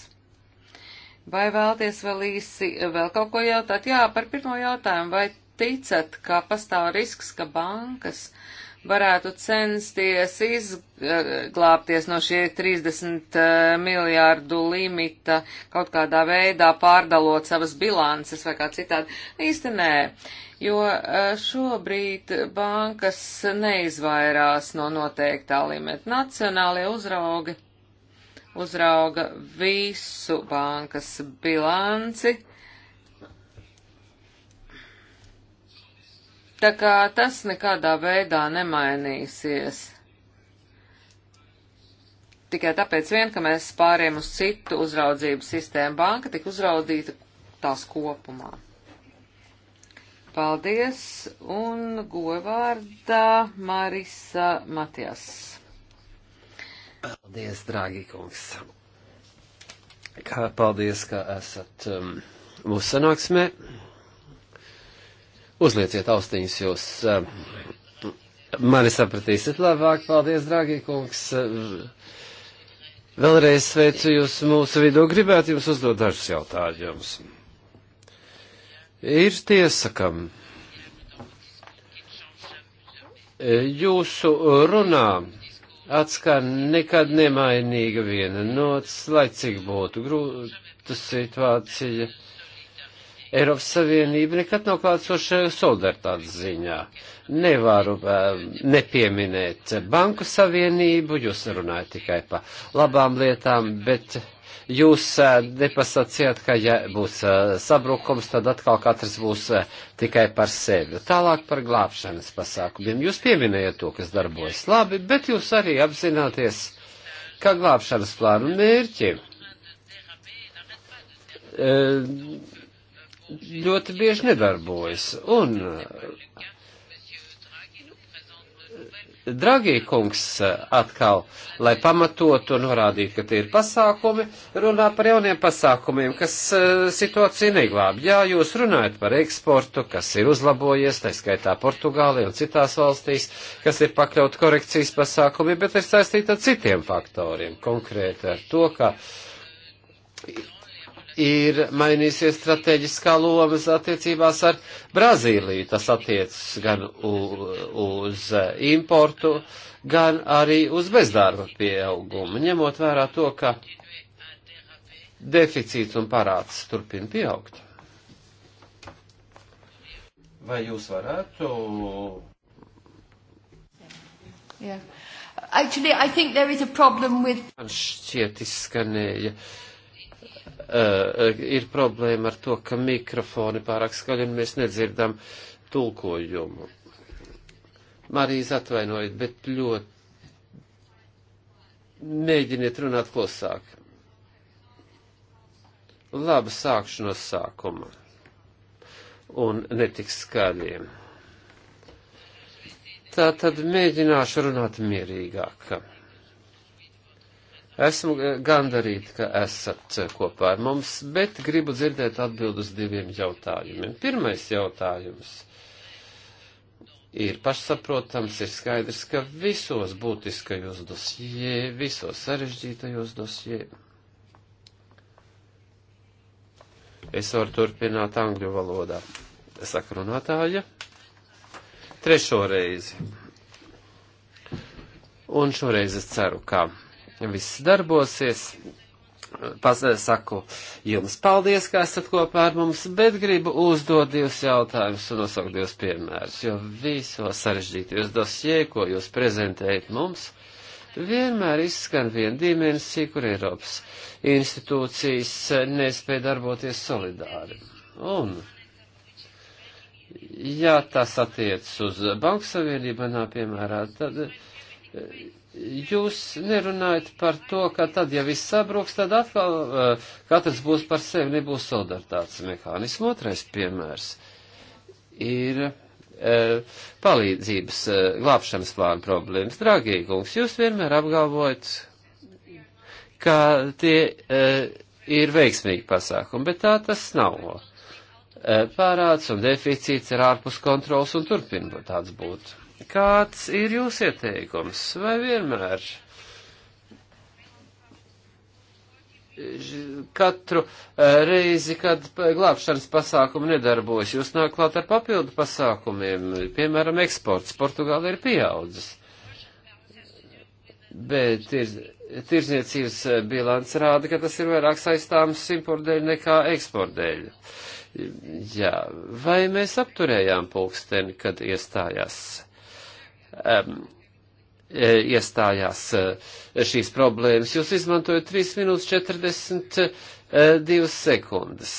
Vai vēlties vēl īsi vēl kaut ko jautāt? Jā, par pirmo jautājumu. Vai ticat, ka pastāv risks, ka bankas uh, varētu censties izglābties no šie eh, 30 miljārdu limita, kaut kādā veidā pārdalot savas bilances vai kā citādi. Īsti nē, jo eh, šobrīd bankas neizvairās no noteiktā limita. Nacionālie uzraugi uzrauga visu bankas bilanci Tā kā tas nekādā veidā nemainīsies. Tikai tāpēc vien, ka mēs pāriem uz citu uzraudzību sistēmu, banka tika uzraudzīta tās kopumā. Paldies, un govārdā Marisa Matijas. Paldies, drāgi kungs. Kā, paldies, ka esat um, mūsu sanāksmē. Uzlieciet austiņas jūs. Eh, mani sapratīsiet labāk. Paldies, draugi kungs. Vēlreiz sveicu jūs mūsu vidū. Gribētu jums uzdot dažus jautājumus. Ir tiesa, kam jūsu runā atskan nekad nemainīga viena nots, lai cik būtu grūta situācija. Eiropas Savienība nekad nav klātsoša solidaritātes ziņā. Nevaru eh, nepieminēt Banku Savienību, jūs runājat tikai pa labām lietām, bet jūs eh, nepasacījāt, ka ja būs eh, sabrukums, tad atkal katrs būs tikai par sevi. Tālāk par glābšanas pasākumiem. Jūs pieminējat to, kas darbojas labi, bet jūs arī apzināties, ka glābšanas plānu mērķi ļoti bieži nedarbojas. Un Dragī kungs atkal, lai pamatotu un norādītu, ka tie ir pasākumi, runā par jauniem pasākumiem, kas e, situāciju neglāb. Jā, jūs runājat par eksportu, kas ir uzlabojies, tā skaitā Portugālija un citās valstīs, kas ir pakļaut korekcijas pasākumi, bet ir saistīta ar citiem faktoriem, konkrēti ar to, ka ir mainīsies strateģiskā lomas attiecībās ar Brazīliju. Tas attiecas gan uz importu, gan arī uz bezdarba pieaugumu, ņemot vērā to, ka deficīts un parāds turpina pieaugt. Vai jūs varētu? Yeah. Actually, I think there is a problem with. Man šķiet izskanēja. Uh, uh, ir problēma ar to, ka mikrofoni pārāk skaļi un mēs nedzirdam tulkojumu. Marijas atvainojiet, bet ļoti mēģiniet runāt klusāk. Laba sākšu no sākuma un netik skaļiem. Tā tad mēģināšu runāt mierīgāk. Esmu eh, gandarīti, ka esat eh, kopā ar mums, bet gribu dzirdēt atbildus diviem jautājumiem. Pirmais jautājums ir pašsaprotams, ir skaidrs, ka visos būtiskajos dosjē, visos sarežģītajos dosjē. Es varu turpināt angļu valodā. Sakrunātāja. Trešo reizi. Un šoreiz es ceru, ka viss darbosies. Pas, saku jums paldies, ka esat kopā ar mums, bet gribu uzdot divus jautājumus un nosaukt divus piemērus, jo visos sarežģītajos dosjē, ko jūs prezentējat mums, vienmēr izskan viena dimensija, kur Eiropas institūcijas nespēja darboties solidāri. Un, ja tas attiec uz Banku Savienību manā piemērā, tad Jūs nerunājat par to, ka tad, ja viss sabruks, tad atkal uh, katrs būs par sevi, nebūs solidaritātes mehānismu. Otrais piemērs ir uh, palīdzības uh, glābšanas plāna problēmas. Dragīgums, jūs vienmēr apgalvojat, ka tie uh, ir veiksmīgi pasākumi, bet tā tas nav. Uh, pārāds un deficīts ir ārpus kontrols un turpina tāds būtu Kāds ir jūs ieteikums? Vai vienmēr katru eh, reizi, kad glābšanas pasākumi nedarbojas, jūs nāk klāt ar papildu pasākumiem, piemēram, eksports Portugāla ir pieaudzis. Bet ir tirzniecības eh, bilants rāda, ka tas ir vairāk saistāms importdēļ nekā eksportdēļ. Jā, vai mēs apturējām pulksteni, kad iestājās um, e, iestājās e, šīs problēmas. Jūs izmantojat 3 minūtes 42 e, sekundes.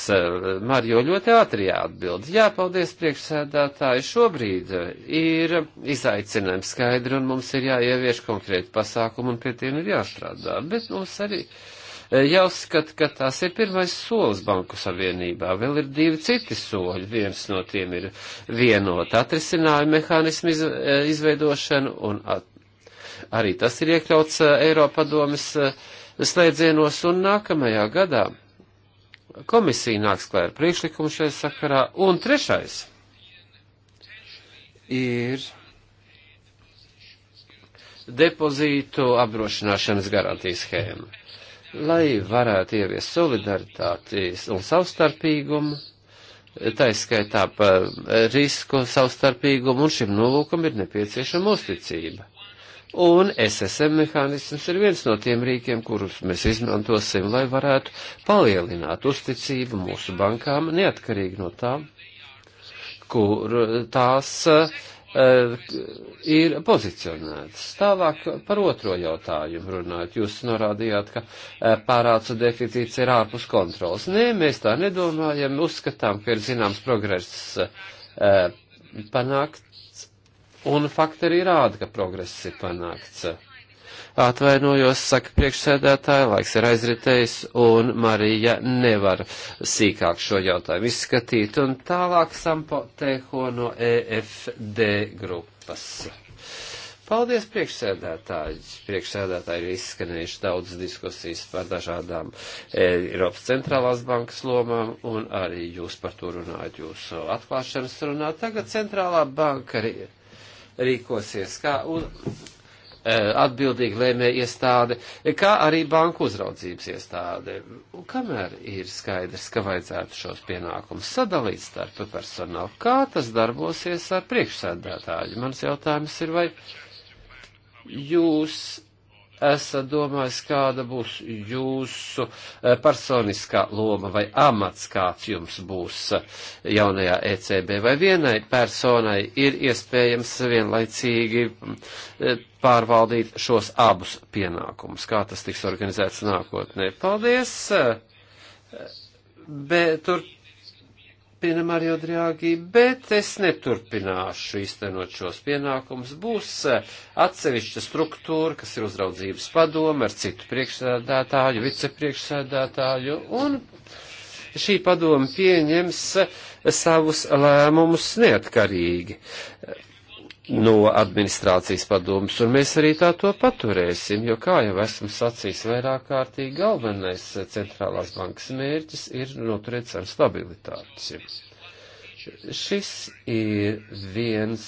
Marjo ļoti ātri jāatbild. Jā, paldies priekšsēdātāji. Šobrīd ir izaicinājums skaidri un mums ir jāievieš konkrēti pasākumi un pie tiem ir jāstrādā. Bet mums arī. Uh, Eh, jāuzskata, ka tās ir pirmais solis Banku Savienībā. Vēl ir divi citi soļi. Viens no tiem ir vienot atrisinājumu mehānismu iz, eh, izveidošanu, un at, arī tas ir iekļauts eh, Eiropadomes slēdzienos, un nākamajā gadā komisija nāks klēr priekšlikumu šajā sakarā, un trešais ir depozītu apdrošināšanas garantijas schēma lai varētu ievies solidaritāti un savstarpīgumu, taiskaitā par eh, risku savstarpīgumu, un šim nolūkam ir nepieciešama uzticība. Un SSM mehānisms ir viens no tiem rīkiem, kurus mēs izmantosim, lai varētu palielināt uzticību mūsu bankām, neatkarīgi no tām, kur eh, tās uh, Eh, ir pozicionētas. Tālāk par otro jautājumu runājot. Jūs norādījāt, ka eh, pārācu deficīts ir ārpus kontrols. Nē, mēs tā nedomājam. Uzskatām, ka ir zināms progress eh, panākts, un faktori rāda, ka progress ir panākts. Atvainojos, saka priekšsēdētāja, laiks ir aizritējis, un Marija nevar sīkāk šo jautājumu izskatīt. Un tālāk Sampo Teho no EFD grupas. Paldies, priekšsēdētāji. Priekšsēdētāji ir izskanējuši daudz diskusijas par dažādām Eiropas centrālās bankas lomām, un arī jūs par to runājat jūsu atklāšanas runā. Tagad centrālā banka rīkosies kā Eh, atbildīga lēmē iestāde, kā arī banku uzraudzības iestāde. Un kamēr ir skaidrs, ka vajadzētu šos pienākumus sadalīt starp personālu, kā tas darbosies ar priekšsēdētāju? Mans jautājums ir, vai jūs esat domājis, kāda būs jūsu eh, personiskā loma vai amats, kāds jums būs eh, jaunajā ECB, vai vienai personai ir iespējams vienlaicīgi eh, pārvaldīt šos abus pienākumus, kā tas tiks organizēts nākotnē. Paldies! Bet tur turpina Mario Draghi, bet es neturpināšu īstenot šos pienākumus. Būs eh, atsevišķa struktūra, kas ir uzraudzības padoma ar citu priekšsēdētāju, vicepriekšsēdētāju, un šī padoma pieņems eh, savus lēmumus neatkarīgi no administrācijas padomus, un mēs arī tā to paturēsim, jo, kā jau esmu sacījis vairāk kārtīgi, galvenais centrālās bankas mērķis ir noturēt cenu stabilitāti. Šis ir viens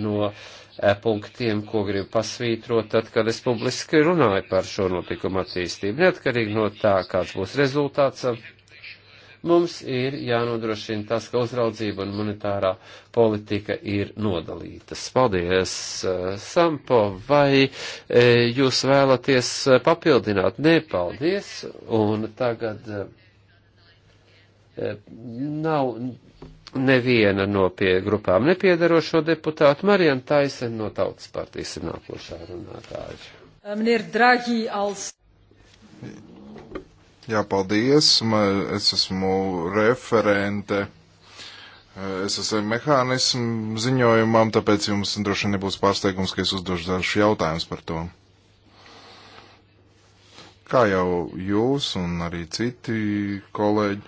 no eh, punktiem, ko gribu pasvītrot, tad, kad es publiski runāju par šo notikumu attīstību, neatkarīgi no tā, kāds būs rezultāts Mums ir jānodrošina tas, ka uzraudzība un monetārā politika ir nodalītas. Paldies, eh, Sampo, vai eh, jūs vēlaties eh, papildināt? Nē, paldies. Un tagad nav neviena no pie grupām nepiedarošo deputātu. Marijana Taisen no Tautas partijas ir nākošā runātāja. Meneer Draghi als. Jā, paldies. Es esmu referente. Eh, es esmu mehānismu ziņojumam, tāpēc jums droši vien nebūs pārsteigums, ka es uzdošu dažus jautājumus par to. Kā jau jūs un arī citi kolēģi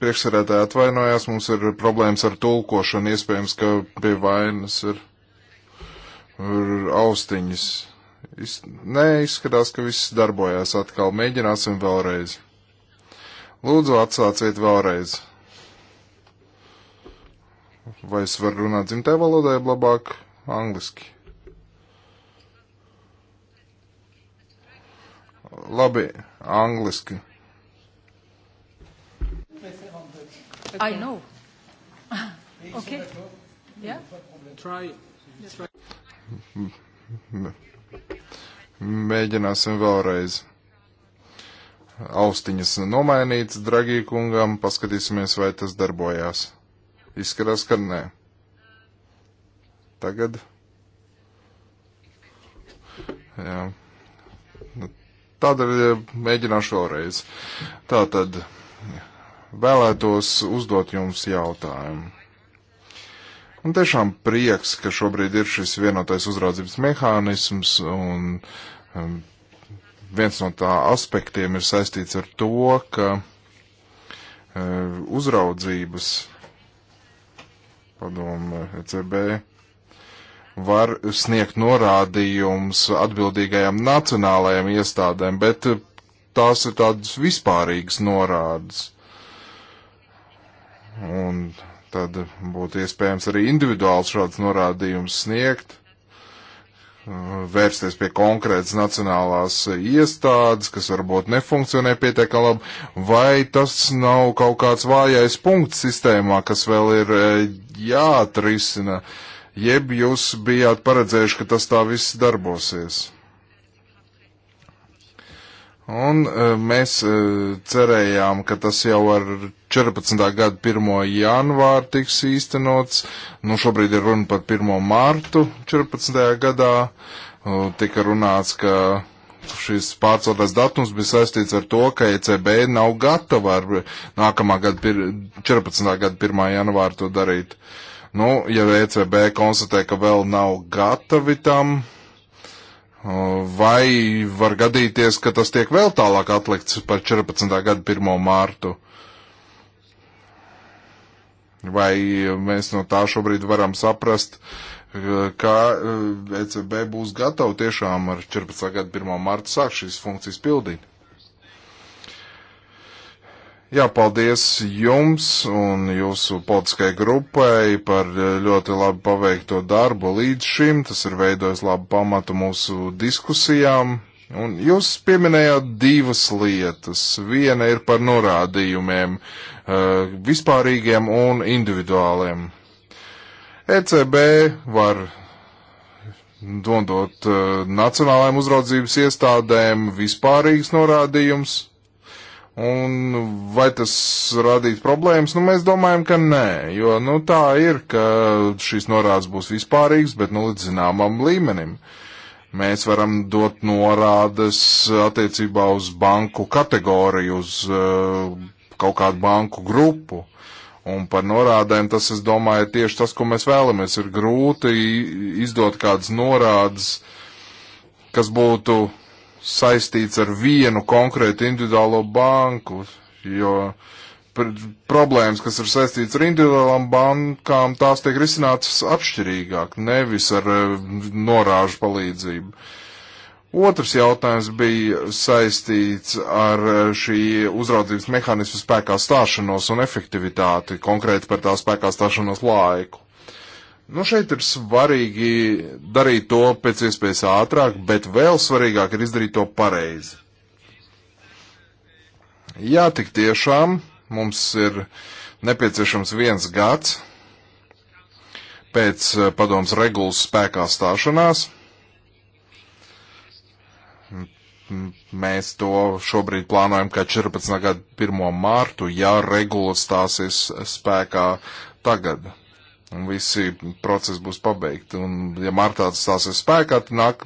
priekšsarētāji atvainojās, mums ir problēmas ar tulkošanu, iespējams, ka pie vainas ir, ir austiņas. Neizskatās, ka viss darbojās atkal. Mēģināsim vēlreiz. Lūdzu, atsāciet vēlreiz. Vai es varu runāt dzimtē valodā, ja labāk angliski? Labi, angliski. I know. okay. Yeah. Try. Try. Mēģināsim vēlreiz. Austiņas nomainīts Dragī kungam, paskatīsimies, vai tas darbojās. Izskatās, ka nē. Tagad. Jā. Nu, Tādēļ eh, mēģināšu vēlreiz. Tātad vēlētos uzdot jums jautājumu. Un tiešām prieks, ka šobrīd ir šis vienotais uzraudzības mehānisms, un um, viens no tā aspektiem ir saistīts ar to, ka uh, uzraudzības padomu ECB var sniegt norādījums atbildīgajām nacionālajām iestādēm, bet uh, tās ir tādas vispārīgas norādes. Un tad būtu iespējams arī individuāls šāds norādījums sniegt, uh, vērsties pie konkrētas nacionālās iestādes, kas varbūt nefunkcionē pietiekami labi, vai tas nav kaut kāds vājais punkts sistēmā, kas vēl ir uh, jāatrisina, jeb jūs bijāt paredzējuši, ka tas tā viss darbosies. Un uh, mēs cerējām, ka tas jau ar 14. gada 1. janvāra tiks īstenots. Nu, šobrīd ir runa par 1. mārtu 14. gadā. Tika runāts, ka šis pārceltais datums bija saistīts ar to, ka ECB nav gatava ar nākamā gada 14. gada 1. janvāra to darīt. Nu, ja ECB konstatē, ka vēl nav gatavi tam, vai var gadīties, ka tas tiek vēl tālāk atlikts par 14. gada 1. mārtu? Vai mēs no tā šobrīd varam saprast, ka ECB eh, e būs gatava tiešām ar 14. gada 1. martu sākt šīs funkcijas pildīt? Jā, paldies jums un jūsu politiskai grupai par eh, ļoti labi paveikto darbu līdz šim. Tas ir veidojis labu pamatu mūsu diskusijām. Un jūs pieminējāt divas lietas. Viena ir par norādījumiem, eh, vispārīgiem un individuāliem. ECB var dodot eh, nacionālajām uzraudzības iestādēm vispārīgs norādījums. Un vai tas radīs problēmas? Nu, mēs domājam, ka nē, jo nu, tā ir, ka šīs norādes būs vispārīgas, bet nu, līdz zināmam līmenim. Uh, Mēs varam dot norādes attiecībā uz banku kategoriju, uz eh, kaut kādu banku grupu. Un par norādēm tas, es domāju, ir tieši tas, ko mēs vēlamies. Ir grūti izdot kādas norādes, kas būtu saistīts ar vienu konkrētu individuālo banku, jo uh, problēmas, kas ir saistīts ar individuālām bankām, tās tiek risinātas atšķirīgāk, nevis ar eh, norāžu palīdzību. Otrs jautājums bija saistīts ar eh, šī uzraudzības mehānismu spēkā stāšanos un efektivitāti, konkrēti par tā spēkā stāšanos laiku. Nu, šeit ir svarīgi darīt to pēc iespējas ātrāk, bet vēl svarīgāk ir izdarīt to pareizi. Jā, tik tiešām Mums ir nepieciešams viens gads pēc eh, padomas regulas spēkā stāšanās. Mēs to šobrīd plānojam kā 14. gada 1. mārtu, ja regula stāsies spēkā tagad. Un visi procesi būs pabeigti. Un, ja martā tas stāsies spēkā, tad nāk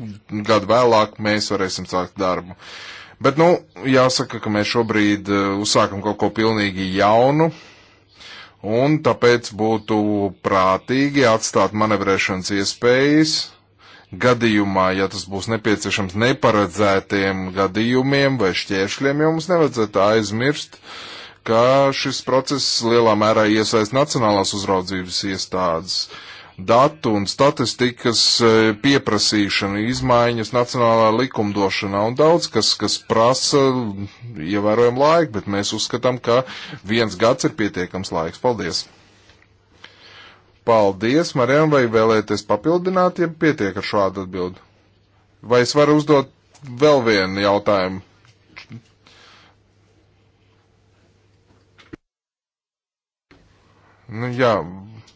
gadu vēlāk mēs varēsim sākt darbu. Uh, Bet, nu, jāsaka, ka mēs šobrīd eh, uzsākam kaut ko pilnīgi jaunu, un tāpēc būtu prātīgi atstāt manevrēšanas iespējas gadījumā, ja tas būs nepieciešams neparedzētiem gadījumiem vai šķēršļiem, jo mums nevajadzētu aizmirst, ka šis process lielā mērā iesaist nacionālās uzraudzības iestādes. Uh, datu un statistikas e, pieprasīšana, izmaiņas nacionālā likumdošanā un daudz, kas, kas prasa ievērojam laiku, bet mēs uzskatām, ka viens gads ir pietiekams laiks. Paldies! Paldies, Marijam, vai vēlēties papildināt, ja pietiek ar šādu atbildi? Vai es varu uzdot vēl vienu jautājumu? Nu, jā,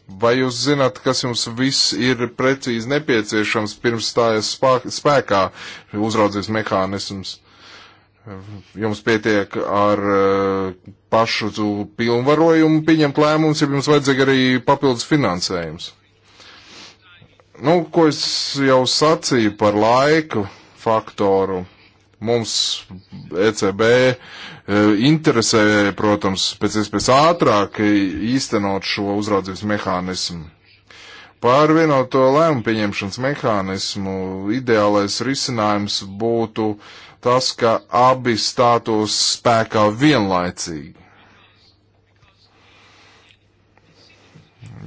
Vai jūs zināt, kas jums viss ir precīzi nepieciešams pirms stājas spēkā uzraudzības mehānisms? Jums pietiek ar eh, pašu pilnvarojumu pieņemt lēmumus, ja jums vajadzēja arī papildus finansējums. Nu, ko es jau sacīju par laiku faktoru Mums ECB e, interesē, protams, pēc iespējas ātrāk īstenot šo uzraudzības mehānismu. Par vienoto lēmumu pieņemšanas mehānismu ideālais risinājums būtu tas, ka abi stātos spēkā vienlaicīgi.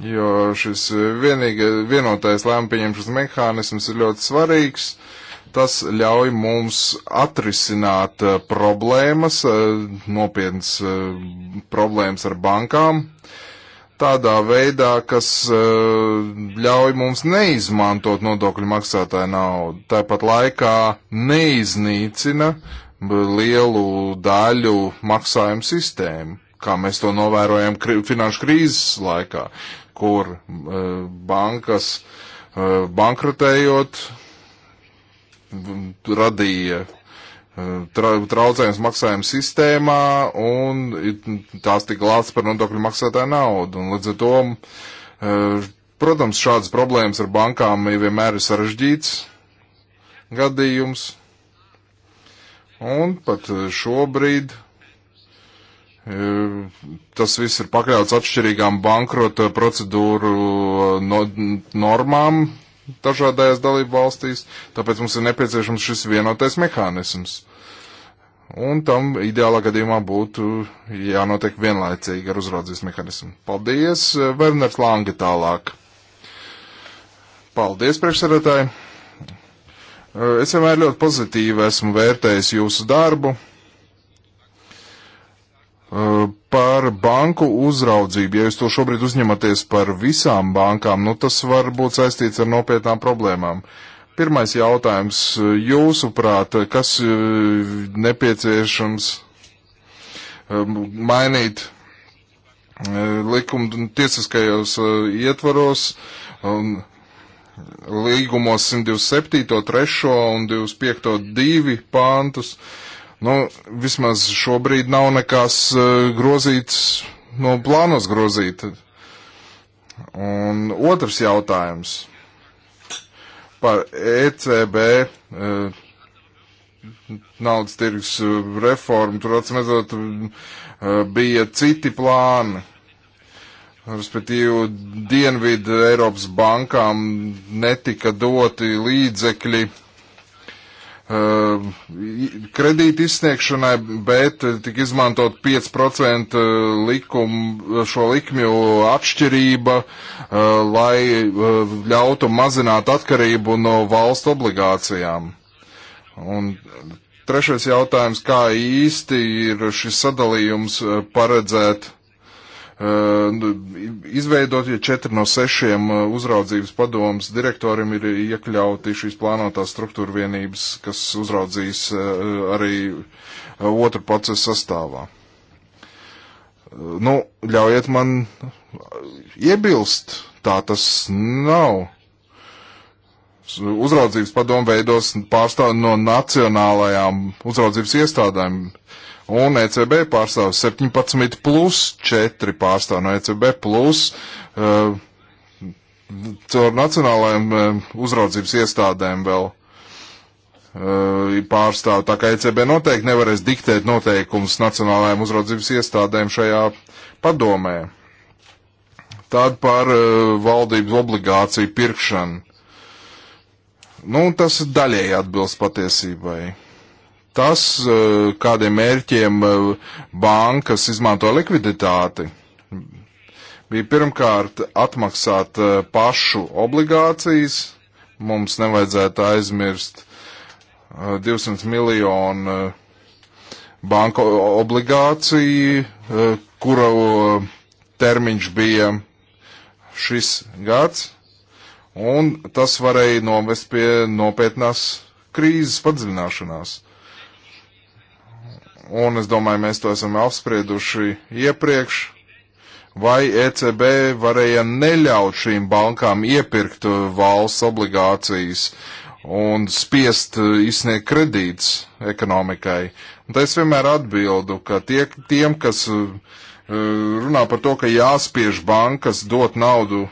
Jo šis vienīga, vienotais lēmumu pieņemšanas mehānisms ir ļoti svarīgs. Uh, Tas ļauj mums atrisināt eh, problēmas, eh, nopietnas eh, problēmas ar bankām, tādā veidā, kas ļauj mums neizmantot nodokļu maksātāju naudu. Tāpat laikā neiznīcina lielu daļu maksājumu sistēmu, kā mēs to novērojam kri finanšu krīzes laikā, kur bankas bankrotējot radīja eh, tra, traucējums maksājuma sistēmā un tās tika lāts par nodokļu maksātāju naudu. Un līdz ar to, eh, protams, šādas problēmas ar bankām vienmēr ir sarežģīts gadījums. Un pat eh, šobrīd tas viss ir pakļauts atšķirīgām bankrota procedūru no, normām, dažādajās dalību valstīs, tāpēc mums ir nepieciešams šis vienotais mehānisms. Un tam ideālā gadījumā būtu jānotiek vienlaicīgi ar uzraudzības mehānismu. Paldies, Werners Lange tālāk. Paldies, priekšsarētāji. Es vienmēr ļoti pozitīvi esmu vērtējis jūsu darbu Eh, par banku uzraudzību. Ja jūs to šobrīd uzņematies par visām bankām, nu tas var būt saistīts ar nopietnām problēmām. Pirmais jautājums eh, jūsuprāt, kas eh, nepieciešams mainīt likuma tiesiskajos ietvaros un līgumos 127, 3 un 25, 2 pāntus? Uh, Nu, vismaz šobrīd nav nekās e, grozīts, no plānos grozīt. Un otrs jautājums par ECB e, naudas tirgus reformu. Tur atsimedzot e, bija citi plāni. Respektīvi, Dienvidu Eiropas bankām netika doti līdzekļi Ehm, kredīti izsniegšanai, bet eh, tik izmantot 5% eh, likumu, eh, šo likmju atšķirība, lai ļautu mazināt atkarību no valstu obligācijām. Un trešais jautājums, kā īsti ir šis sadalījums paredzēt Nu, izveidot, ja četri no sešiem uzraudzības padomas direktoriem ir iekļauti šīs plānotās struktūra vienības, kas uzraudzīs arī otru procesu sastāvā nu, ļaujiet man iebilst, tā tas nav. Uzraudzības padomu veidos pārstāv no nacionālajām uzraudzības iestādēm un ECB pārstāv 17 plus 4 pārstāv no ECB plus uh, caur nacionālajiem uh, uzraudzības iestādēm vēl uh, pārstāv. Tā kā ECB noteikti nevarēs diktēt noteikumus nacionālajām uzraudzības iestādēm šajā padomē. Tād par valdības obligāciju pirkšanu. Nu, tas daļēji atbilst patiesībai tas, eh, kādiem mērķiem eh, bankas izmanto likviditāti, bija pirmkārt atmaksāt eh, pašu obligācijas. Mums nevajadzētu aizmirst 200 miljonu banka obligāciju, kura termiņš bija šis gads, un tas varēja novest pie nopietnās krīzes padziļināšanās un es domāju, mēs to esam apsprieduši iepriekš, vai ECB varēja neļaut šīm bankām iepirkt valsts obligācijas un spiest izsniegt kredīts ekonomikai. Un tā es vienmēr atbildu, ka tie, tiem, kas uh, runā par to, ka jāspiež bankas dot naudu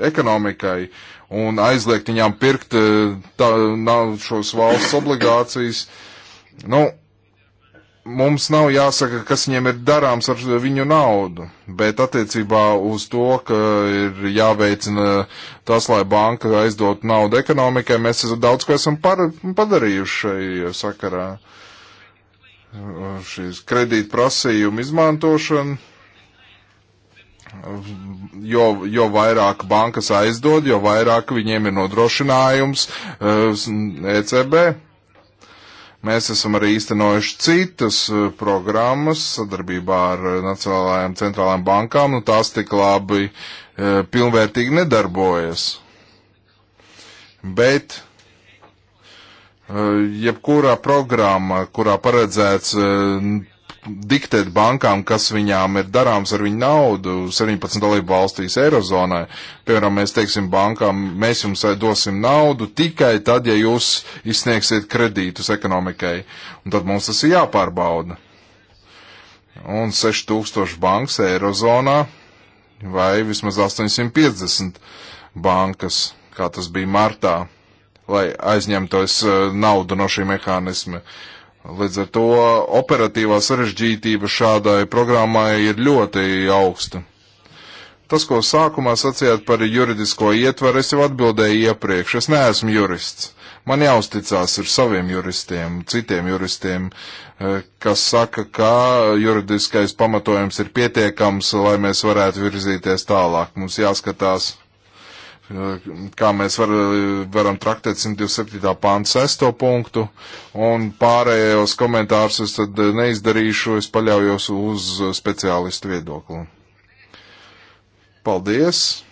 ekonomikai un aizliegt viņām pirkt uh, tā, nav šos valsts obligācijas, nu, mums nav jāsaka, kas viņiem ir darāms ar viņu naudu, bet attiecībā uz to, ka ir jāveicina tas, lai banka aizdot naudu ekonomikai, mēs daudz ko esam par, padarījuši šai sakarā. Šīs kredīt prasījumu izmantošana, jo, jo vairāk bankas aizdod, jo vairāk viņiem ir nodrošinājums eh, ECB. Mēs esam arī īstenojuši citas eh, programmas sadarbībā ar Nacionālajām centrālām bankām, un tās tik labi eh, pilnvērtīgi nedarbojas. Bet eh, jebkurā programma, kurā paredzēts diktēt bankām, kas viņām ir darāms ar viņu naudu 17 dalību valstīs Eirozonai. Piemēram, mēs teiksim bankām, mēs jums dosim naudu tikai tad, ja jūs izsniegsiet kredītus ekonomikai. Un tad mums tas ir jāpārbauda. Un 6000 bankas Eirozonā vai vismaz 850 bankas, kā tas bija martā, lai aizņemtos eh, naudu no šī mehānisma. Uh, Līdz ar to operatīvā sarežģītība šādai programmai ir ļoti augsta. Tas, ko sākumā sacījāt par juridisko ietvaru, es jau atbildēju iepriekš. Es neesmu jurists. Man jāuzticās ar saviem juristiem, citiem juristiem, eh, kas saka, ka juridiskais pamatojums ir pietiekams, lai mēs varētu virzīties tālāk. Mums jāskatās Eh, kā mēs var, varam traktēt 127. pāns 6. punktu, un pārējos komentārus es tad neizdarīšu, es paļaujos uz speciālistu viedokli. Paldies!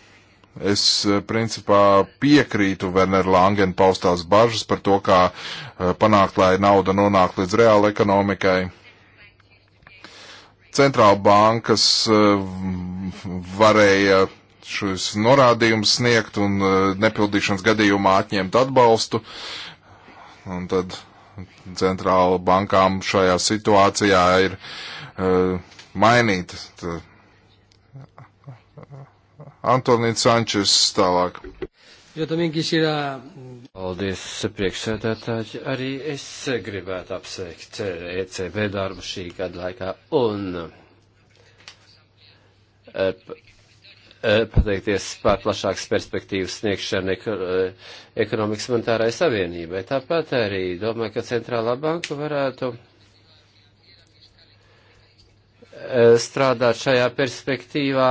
Es eh, principā piekrītu Werner Langen paustās bažas par to, kā eh, panākt, lai nauda nonāk līdz reāla ekonomikai centrāla bankas varēja šos norādījumus sniegt un uh, nepildīšanas gadījumā atņemt atbalstu. Un tad centrāla bankām šajā situācijā ir uh, mainīta. Antonīts Sančes tālāk. Jo también quisiera. Mm. Paldies, priekšsēdētāji. Arī es gribētu apsveikt ECB darbu šī gada laikā un Eh, pateikties par plašākas perspektīvas sniegšanu eh, ekonomikas monetārai savienībai. Tāpat arī domāju, ka centrālā banka varētu eh, strādāt šajā perspektīvā,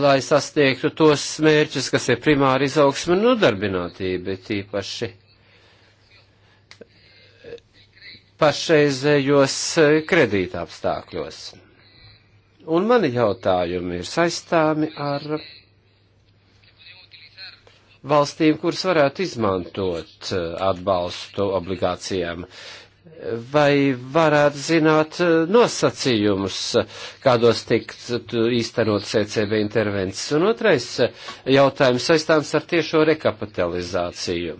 lai sasniegtu tos mērķus, kas ir primāri izaugsme un nodarbinātība, tīpaši pašreizējos kredīta apstākļos. Un mani jautājumi ir saistāmi ar valstīm, kuras varētu izmantot eh, atbalstu obligācijām. Vai varētu zināt eh, nosacījumus, kādos tikt īstenot CCB intervences? Un otrais eh, jautājums saistāms ar tiešo rekapitalizāciju.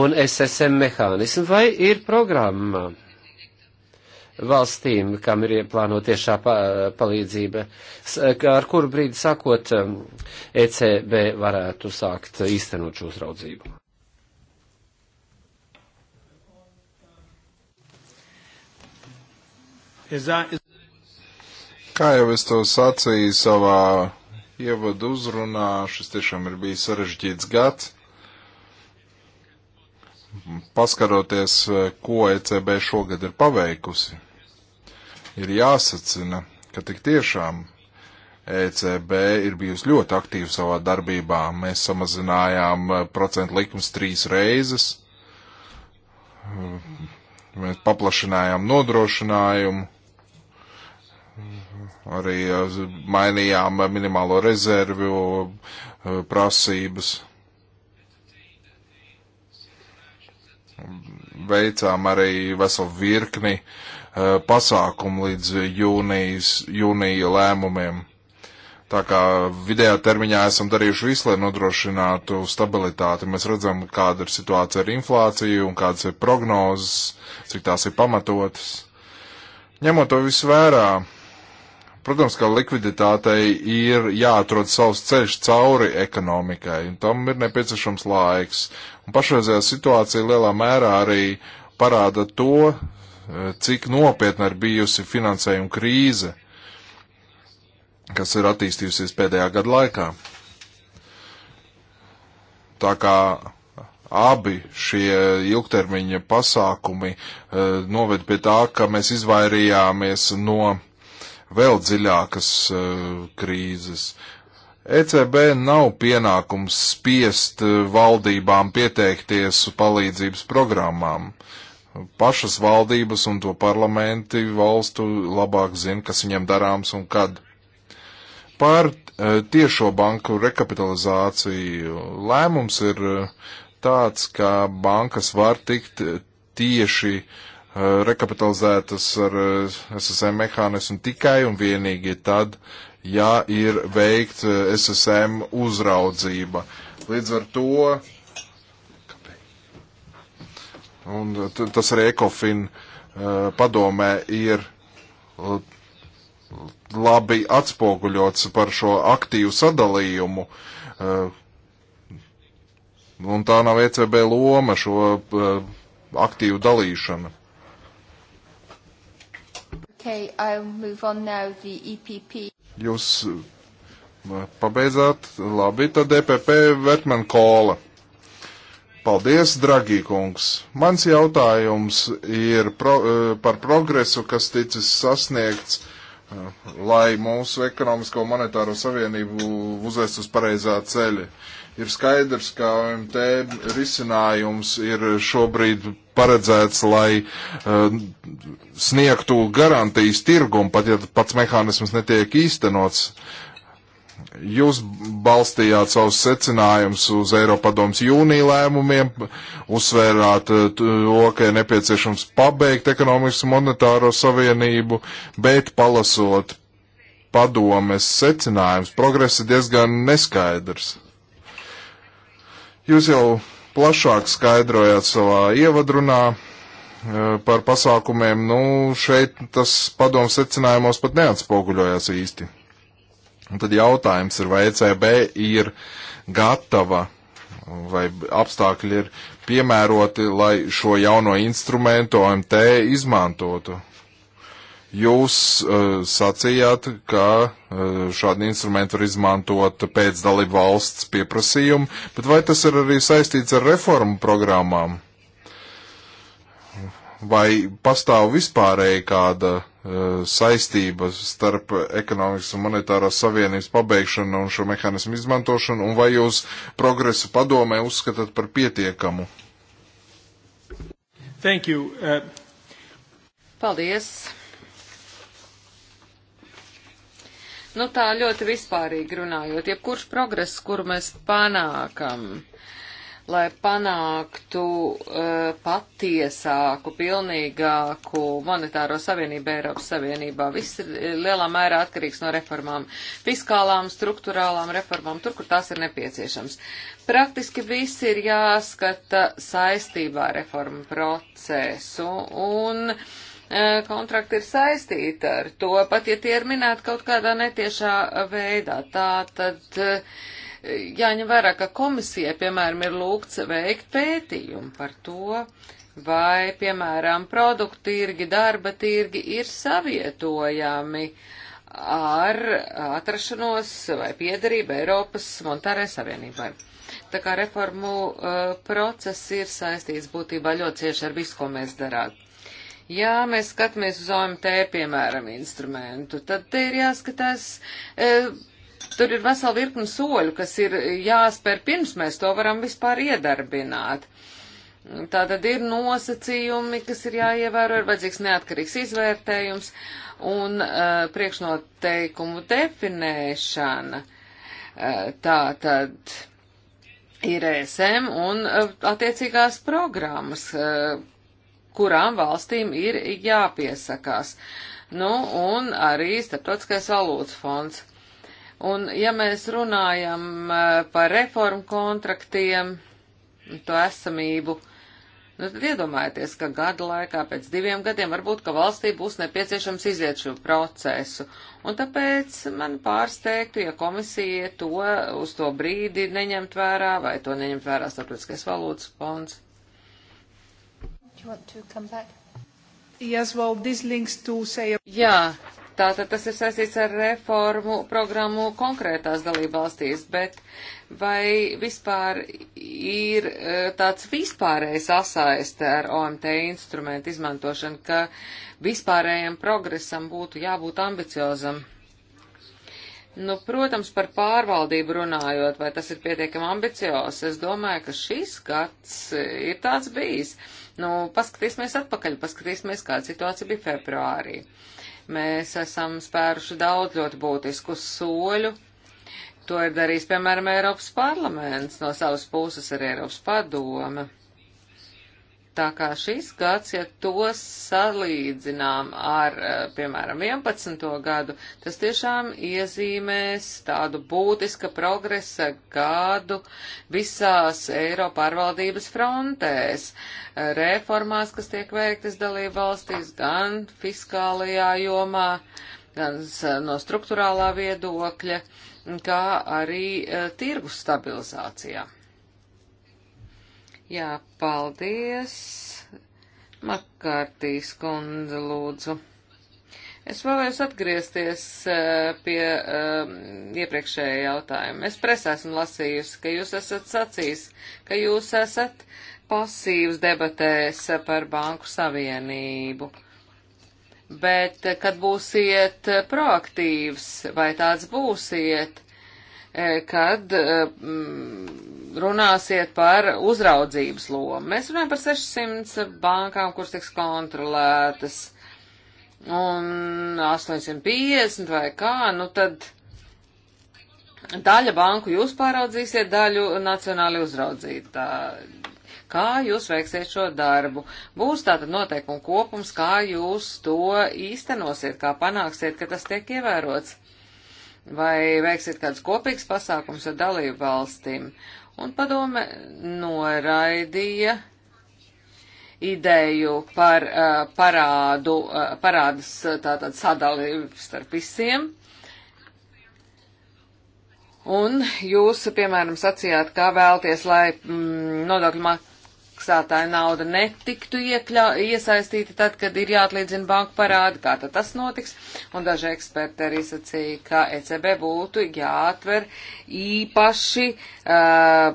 Un SSM mehānismu vai ir programmā? valstīm, kam ir ieplāno tiešā palīdzība, ar kuru brīdi sakot um, ECB varētu sākt īstenot šo uzraudzību. Kā jau es to sacīju savā ievadu uzrunā, šis tiešām ir bijis sarežģīts gads paskaroties, ko ECB šogad ir paveikusi ir jāsacina, ka tik tiešām ECB ir bijusi ļoti aktīva savā darbībā. Mēs samazinājām eh, procentu likums trīs reizes, mēs paplašinājām nodrošinājumu, arī eh, mainījām minimālo rezervju eh, prasības. Veicām arī veselu virkni uh, Eh, pasākumu līdz jūnijas, jūnija lēmumiem. Tā kā vidējā termiņā esam darījuši visu, lai nodrošinātu stabilitāti. Mēs redzam, kāda ir situācija ar inflāciju un kādas ir prognozes, cik tās ir pamatotas. Ņemot to visu vērā, protams, ka likviditātei ir jāatrod savs ceļš cauri ekonomikai, un tam ir nepieciešams laiks. Un pašreizējā situācija lielā mērā arī parāda to cik nopietna ir bijusi finansējuma krīze, kas ir attīstījusies pēdējā gada laikā. Tā kā abi šie ilgtermiņa pasākumi eh, noved pie tā, ka mēs izvairījāmies no vēl dziļākas eh, krīzes. ECB nav pienākums spiest eh, valdībām pieteikties palīdzības programmām. Uh, pašas valdības un to parlamenti valstu labāk zina, kas viņiem darāms un kad. Par e, tiešo banku rekapitalizāciju lēmums ir e, tāds, ka bankas var tikt e, tieši rekapitalizētas ar SSM mehānismu tikai un vienīgi tad, ja ir veikta SSM uzraudzība. Līdz ar to Un tas arī Ekofin uh, padomē ir uh, labi atspoguļots par šo aktīvu sadalījumu. Uh, un tā nav ECB loma šo aktīvu dalīšanu. Okay, I'll move on now the EPP. Jūs pabeidzāt, labi, tad EPP Vetman Kola. Paldies, Dragī kungs! Mans jautājums ir pro, eh, par progresu, kas ticis sasniegts, eh, lai mūsu ekonomisko monetāro savienību uzvest uz pareizā ceļa. Ir skaidrs, ka OMT risinājums ir šobrīd paredzēts, lai uh, sniegtu garantijas tirgumu, pat ja pats mehānisms netiek īstenots. Uh, Jūs balstījāt savus secinājumus uz Eiropadoms jūnija lēmumiem, uzsvērāt eh, to, ka ir nepieciešams pabeigt ekonomikas monetāro savienību, bet palasot padomes secinājums, progress ir diezgan neskaidrs. Jūs jau plašāk skaidrojāt savā ievadrunā eh, par pasākumiem, nu šeit tas padomes secinājumos pat neatspoguļojās īsti. Un tad jautājums ir, vai ECB ir gatava vai apstākļi ir piemēroti, lai šo jauno instrumentu OMT izmantotu. Jūs uh, sacījāt, ka uh, šādu instrumentu var izmantot pēc dalību valsts pieprasījumu, bet vai tas ir arī saistīts ar reformu programmām? vai pastāv vispārēji kāda uh, saistība starp ekonomikas un monetārās savienības pabeigšanu un šo mehānismu izmantošanu, un vai jūs progresu padomē uzskatāt par pietiekamu? Thank you. Uh... Paldies. Nu tā ļoti vispārīgi runājot, jebkurš progress, kuru mēs panākam lai panāktu uh, patiesāku, pilnīgāku monetāro savienību Eiropas Savienībā. Viss ir e, lielā mērā atkarīgs no reformām, fiskālām, struktūrālām reformām, tur, kur tās ir nepieciešams. Praktiski viss ir jāskata saistībā ar reformu procesu un uh, kontrakti ir saistīti ar to, pat ja tie ir minēti kaut kādā netiešā veidā. Tā tad uh, jāņem vērā, ka komisija, piemēram, ir lūgts veikt pētījumu par to, vai, piemēram, produktu tirgi, darba tirgi ir savietojami ar atrašanos vai piedarību Eiropas monetārai savienībai. Tā kā reformu uh, process ir saistīts būtībā ļoti cieši ar visu, ko mēs darām. Ja mēs skatāmies uz OMT, piemēram, instrumentu, tad te ir jāskatās, uh, Tur ir vesela virkni soļu, kas ir jāspēr pirms mēs to varam vispār iedarbināt. Tā tad ir nosacījumi, kas ir jāievēro, ir vajadzīgs neatkarīgs izvērtējums un uh, priekšnoteikumu definēšana. Uh, tā tad ir ESM un uh, attiecīgās programmas, uh, kurām valstīm ir jāpiesakās. Nu, un arī starptautiskais valūtas fonds. Un ja mēs runājam eh, par reformu kontraktiem, to esamību, nu tad iedomājieties, ka gada laikā pēc diviem gadiem varbūt, ka valstī būs nepieciešams iziet šo procesu. Un tāpēc man pārsteigtu, ja komisija to uz to brīdi neņemt vērā vai to neņemt vērā starptautiskais valūtas fonds. Yes, well, say... Jā, Tātad tas ir saistīts ar reformu programmu konkrētās dalībvalstīs, bet vai vispār ir e, tāds vispārējs sasaiste ar OMT instrumentu izmantošanu, ka vispārējiem progresam būtu jābūt ambiciozam? Nu, protams, par pārvaldību runājot, vai tas ir pietiekami ambiciozs, es domāju, ka šis gads ir tāds bijis. Nu, paskatīsimies atpakaļ, paskatīsimies, kāda situācija bija februārī. Uh, Mēs esam spēruši daudz ļoti būtisku soļu. To ir darījis, piemēram, Eiropas parlaments, no savas puses arī Eiropas padome. Tā kā šis gads, ja to salīdzinām ar, eh, piemēram, 11. gadu, tas tiešām iezīmēs tādu būtiska progresa gadu visās Eiropā pārvaldības frontēs, eh, reformās, kas tiek veiktas dalību valstīs, gan fiskālajā jomā, gan no struktūrālā viedokļa, kā arī eh, tirgus stabilizācijā. Jā, paldies. Makārtīs kundze, lūdzu. Es vēlējos atgriezties e, pie um, e, iepriekšējā jautājuma. Es presē esmu lasījusi, ka jūs esat sacījis, ka jūs esat pasīvs debatēs par Banku Savienību. Bet, kad būsiet proaktīvs, vai tāds būsiet, E, kad e, runāsiet par uzraudzības lomu. Mēs runājam par 600 bankām, kuras tiks kontrolētas, un 850 vai kā, nu tad daļa banku jūs pāraudzīsiet, daļu nacionāli uzraudzītāji kā jūs veiksiet šo darbu. Būs tātad noteikumu kopums, kā jūs to īstenosiet, kā panāksiet, ka tas tiek ievērots vai veiksiet kādus kopīgus pasākumus ar dalību valstīm. Un padome noraidīja ideju par uh, parādu, uh, parādas uh, tātad sadalību starp visiem. Un jūs, piemēram, sacījāt, kā vēlties, lai mm, nodokļu māk maksātāja nauda netiktu iekļa, iesaistīta tad, kad ir jāatlīdzina banku parādi, kā tad tas notiks. Un daži eksperti arī sacīja, ka ECB būtu jāatver īpaši uh,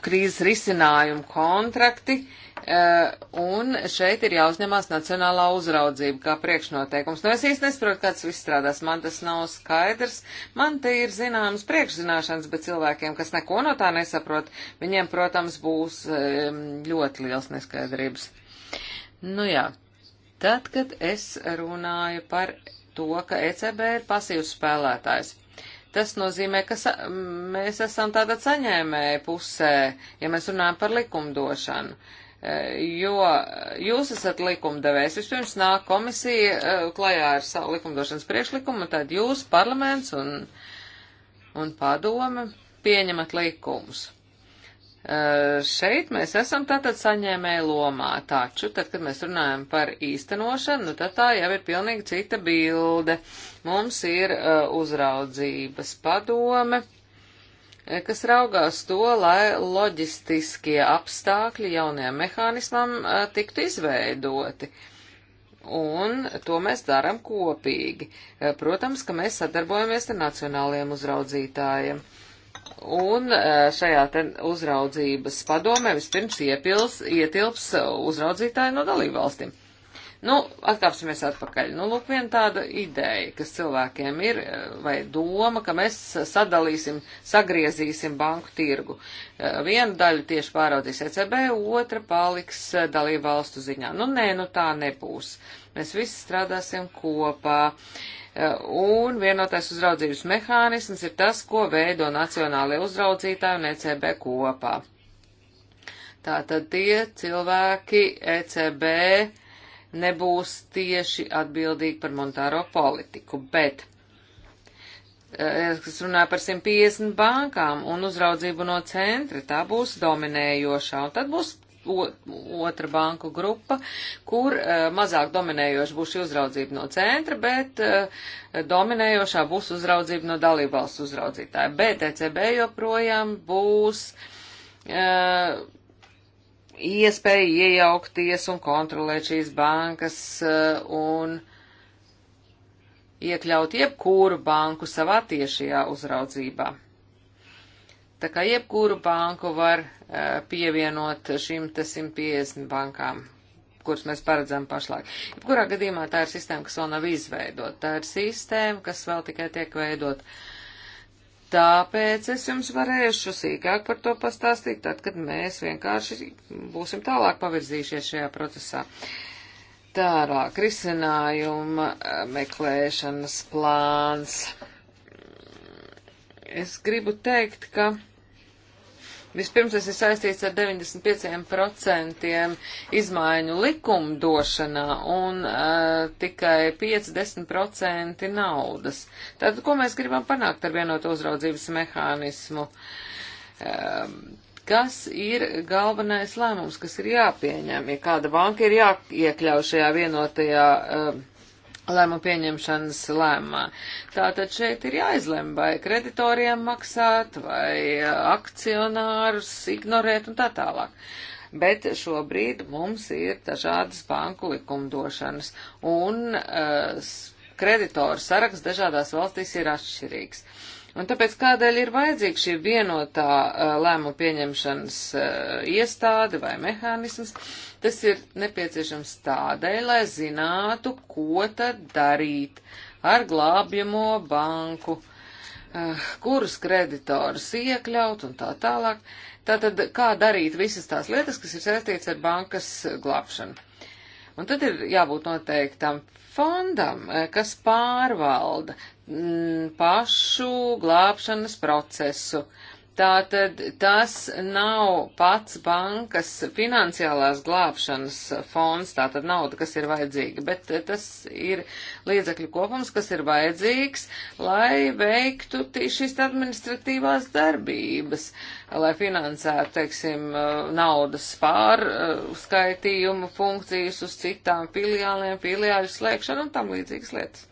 krīzes risinājumu kontrakti, uh, Eh, un šeit ir jāuzņemās nacionālā uzraudzība kā priekšnoteikums. Nu, es īsti nesaprotu, kāds viss strādās, man tas nav skaidrs. Man te ir zināmas priekšzināšanas, bet cilvēkiem, kas neko no tā nesaprot, viņiem, protams, būs ļoti liels neskaidrības. Nu jā, tad, kad es runāju par to, ka ECB ir pasīvs spēlētājs. Tas nozīmē, ka sa mēs esam tāda saņēmēja pusē, ja mēs runājam par likumdošanu. Uh, jo jūs esat likumdevējs. Vispirms nāk komisija eh, klajā ar savu likumdošanas priekšlikumu, tad jūs, parlaments un, un padome, pieņemat likumus. Eh, šeit mēs esam tātad saņēmēji lomā, taču, tad, kad mēs runājam par īstenošanu, nu, tad tā jau ir pilnīgi cita bilde. Mums ir uh, uzraudzības padome, uh, kas raugās to, lai loģistiskie apstākļi jaunajam mehānismam tiktu izveidoti. Un to mēs darām kopīgi. Protams, ka mēs sadarbojamies ar nacionālajiem uzraudzītājiem. Un šajā te uzraudzības padomē vispirms iepils, ietilps uzraudzītāji no dalībvalstīm. Nu, atkāpsimies atpakaļ. Nu, lūk, viena tāda ideja, kas cilvēkiem ir, eh, vai doma, ka mēs sadalīsim, sagriezīsim banku tirgu. Eh, Vienu daļu tieši pāraudīs ECB, otra paliks eh, dalību valstu ziņā. Nu, nē, nu tā nebūs. Mēs visi strādāsim kopā. Un vienotais uzraudzības mehānisms ir tas, ko veido Nacionālajie uzraudzītāji un ECB kopā. Tātad tie cilvēki ECB nebūs tieši atbildīgi par monetāro politiku, bet eh, kas runā par 150 bankām un uzraudzību no centra, tā būs dominējošā, un tad būs otra banku grupa, kur uh, mazāk dominējoša būs šī uzraudzība no centra, bet uh, dominējošā būs uzraudzība no dalībvalsts uzraudzītāja. Bet ECB joprojām būs uh, iespēja iejaukties un kontrolēt šīs bankas eh, un iekļaut jebkuru banku savā tiešajā uzraudzībā. Tā kā jebkuru banku var eh, pievienot šim te 150 bankām, kuras mēs paredzam pašlaik. Jebkurā gadījumā tā ir sistēma, kas vēl nav izveidota. Tā ir sistēma, kas vēl tikai tiek veidota. Uh, Tāpēc es jums varēšu sīkāk par to pastāstīt, tad, kad mēs vienkārši būsim tālāk pavirzījušies šajā procesā. Tārāk risinājuma eh, meklēšanas plāns. Es gribu teikt, ka Vispirms tas ir saistīts ar 95% izmaiņu likumdošanā un uh, tikai 5-10% naudas. Tātad, ko mēs gribam panākt ar vienotu uzraudzības mehānismu? Uh, kas ir galvenais lēmums, kas ir jāpieņem, ja kāda banka ir jāiekļauj šajā vienotajā uh, lēmumu pieņemšanas lēmumā. Tātad šeit ir jāizlem, vai kreditoriem maksāt, vai eh, akcionārus ignorēt un tā tālāk. Bet šobrīd mums ir dažādas banku likumdošanas un uh, eh, kreditoru saraksts dažādās valstīs ir atšķirīgs. Uh, Un tāpēc kādēļ ir vajadzīga šī vienotā uh, lēmu pieņemšanas uh, iestāde vai mehānisms? Tas ir nepieciešams tādēļ, lai zinātu, ko tad darīt ar glābjamo banku, uh, kurus kreditorus iekļaut un tā tālāk. Tātad, kā darīt visas tās lietas, kas ir saistīts ar bankas glābšanu. Un tad ir jābūt noteiktam fondam, eh, kas pārvalda mm, pašu glābšanas procesu. Uh, Tātad tas nav pats bankas finansiālās glābšanas fonds, tātad nauda, kas ir vajadzīga, bet tas ir līdzekļu kopums, kas ir vajadzīgs, lai veiktu šīs administratīvās darbības, lai finansētu, teiksim, naudas pārskaitījumu funkcijas uz citām filiāliem, filiāļu slēgšanu un tam līdzīgas lietas.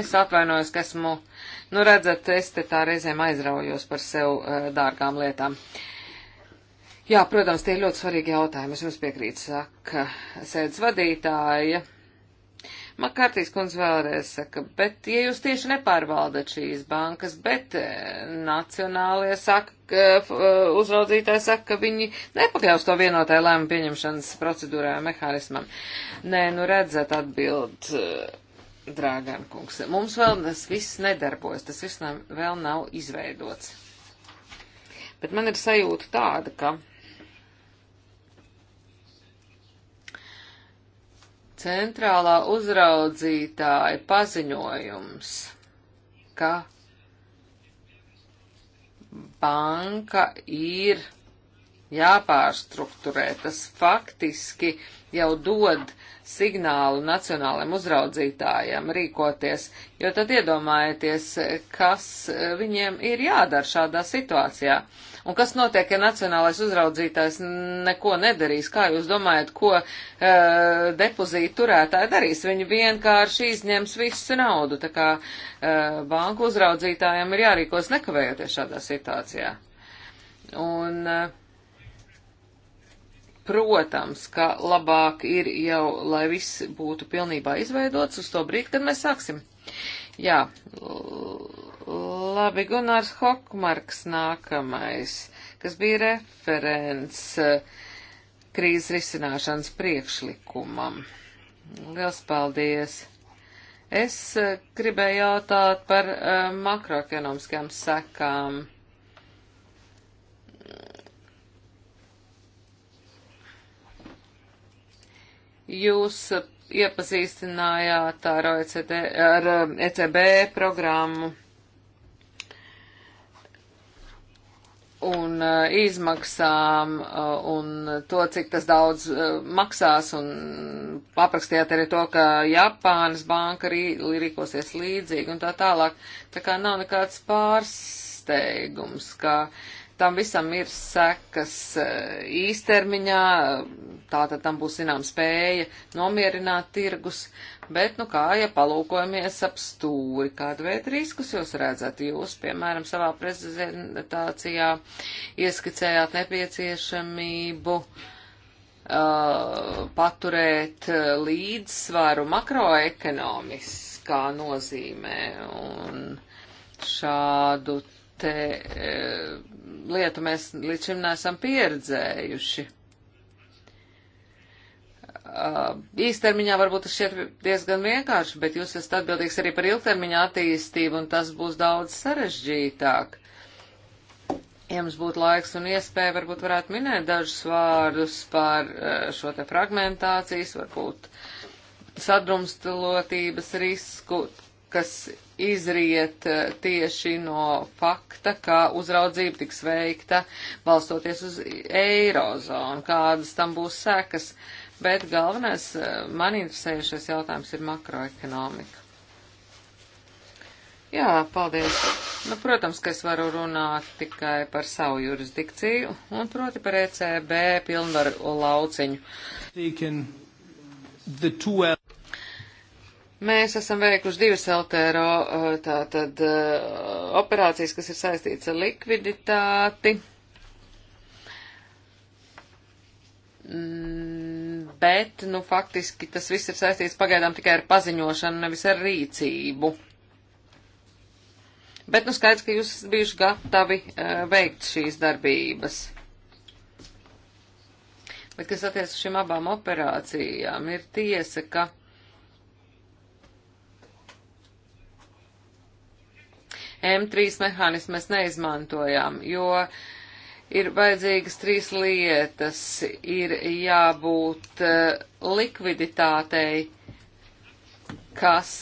Es atvainojos, ka esmu. Uh, Nu, redzat, es te tā reizēm aizraujos par sev eh, dārgām lietām. Jā, protams, tie ir ļoti svarīgi jautājumi. Es jums piekrītu, saka sēdz vadītāja. Makārtīs kundze vēlreiz saka, bet ja jūs tieši nepārvaldat šīs bankas, bet eh, nacionālie saka, eh, uzraudzītāji saka, ka viņi nepakļaus to vienotai lēmu pieņemšanas procedūrai un mehānismam. Nē, nu redzat atbild Drāgan kungs. Mums vēl tas viss nedarbojas, tas viss nav, vēl nav izveidots. Bet man ir sajūta tāda, ka centrālā uzraudzītāja paziņojums, ka banka ir jāpārstrukturē, tas faktiski jau dod uh, signālu nacionālajiem uzraudzītājiem rīkoties, jo tad iedomājieties, kas eh, viņiem ir jādara šādā situācijā. Un kas notiek, ja nacionālais uzraudzītājs neko nedarīs? Kā jūs domājat, ko e, depozītu turētāji darīs? Viņi vienkārši izņems visu naudu, tā kā e, banku uzraudzītājiem ir jārīkos nekavējoties šādā situācijā. Un, e, Protams, ka labāk ir jau, lai viss būtu pilnībā izveidots uz to brīdi, kad mēs sāksim. Jā, labi, Gunārs Hokmarks nākamais, kas bija referents eh, krīzes risināšanas priekšlikumam. Liels paldies! Es eh, gribēju jautāt par eh, makroekonomiskajām sekām. Jūs uh, iepazīstinājāt ar, OECD, ar um, ECB programmu un uh, izmaksām uh, un to, cik tas daudz maksās un aprakstījāt arī to, ka Japānas banka rī, rīkosies līdzīgi un tā tālāk. Tā kā nav nekāds pārsteigums, ka uh, tam visam ir sekas e, īstermiņā, tātad tam būs zinām spēja nomierināt tirgus, bet, nu kā, ja palūkojamies ap stūri, kādu veidu riskus jūs redzat, jūs, piemēram, savā prezentācijā ieskicējāt nepieciešamību uh, paturēt līdzsvaru makroekonomiskā nozīmē un šādu te e, lietu mēs līdz šim neesam pieredzējuši. Uh, īstermiņā varbūt tas šķiet diezgan vienkārši, bet jūs esat atbildīgs arī par ilgtermiņa attīstību, un tas būs daudz sarežģītāk. Ja mums būtu laiks un iespēja, varbūt varētu minēt dažus vārdus par uh, šo te fragmentācijas, varbūt sadrumstalotības risku, kas izriet eh, tieši no fakta, ka uzraudzība tiks veikta balstoties uz eirozonu, kādas tam būs sekas. Bet galvenais eh, man interesējušais jautājums ir makroekonomika. Jā, paldies. Nu, protams, ka es varu runāt tikai par savu jurisdikciju un proti par ECB pilnvaru lauciņu. Mēs esam veikuši divas LTRO uh, tātad, uh, operācijas, kas ir saistītas ar likviditāti. Mm, bet, nu, faktiski tas viss ir saistīts pagaidām tikai ar paziņošanu, nevis ar rīcību. Bet, nu, skaidrs, ka jūs esat bijuši gatavi uh, veikt šīs darbības. Bet, kas attiec uz šīm abām operācijām, ir tiesa, ka M3 mehānismu mēs neizmantojām, jo ir vajadzīgas trīs lietas. Ir jābūt eh, likviditātei, kas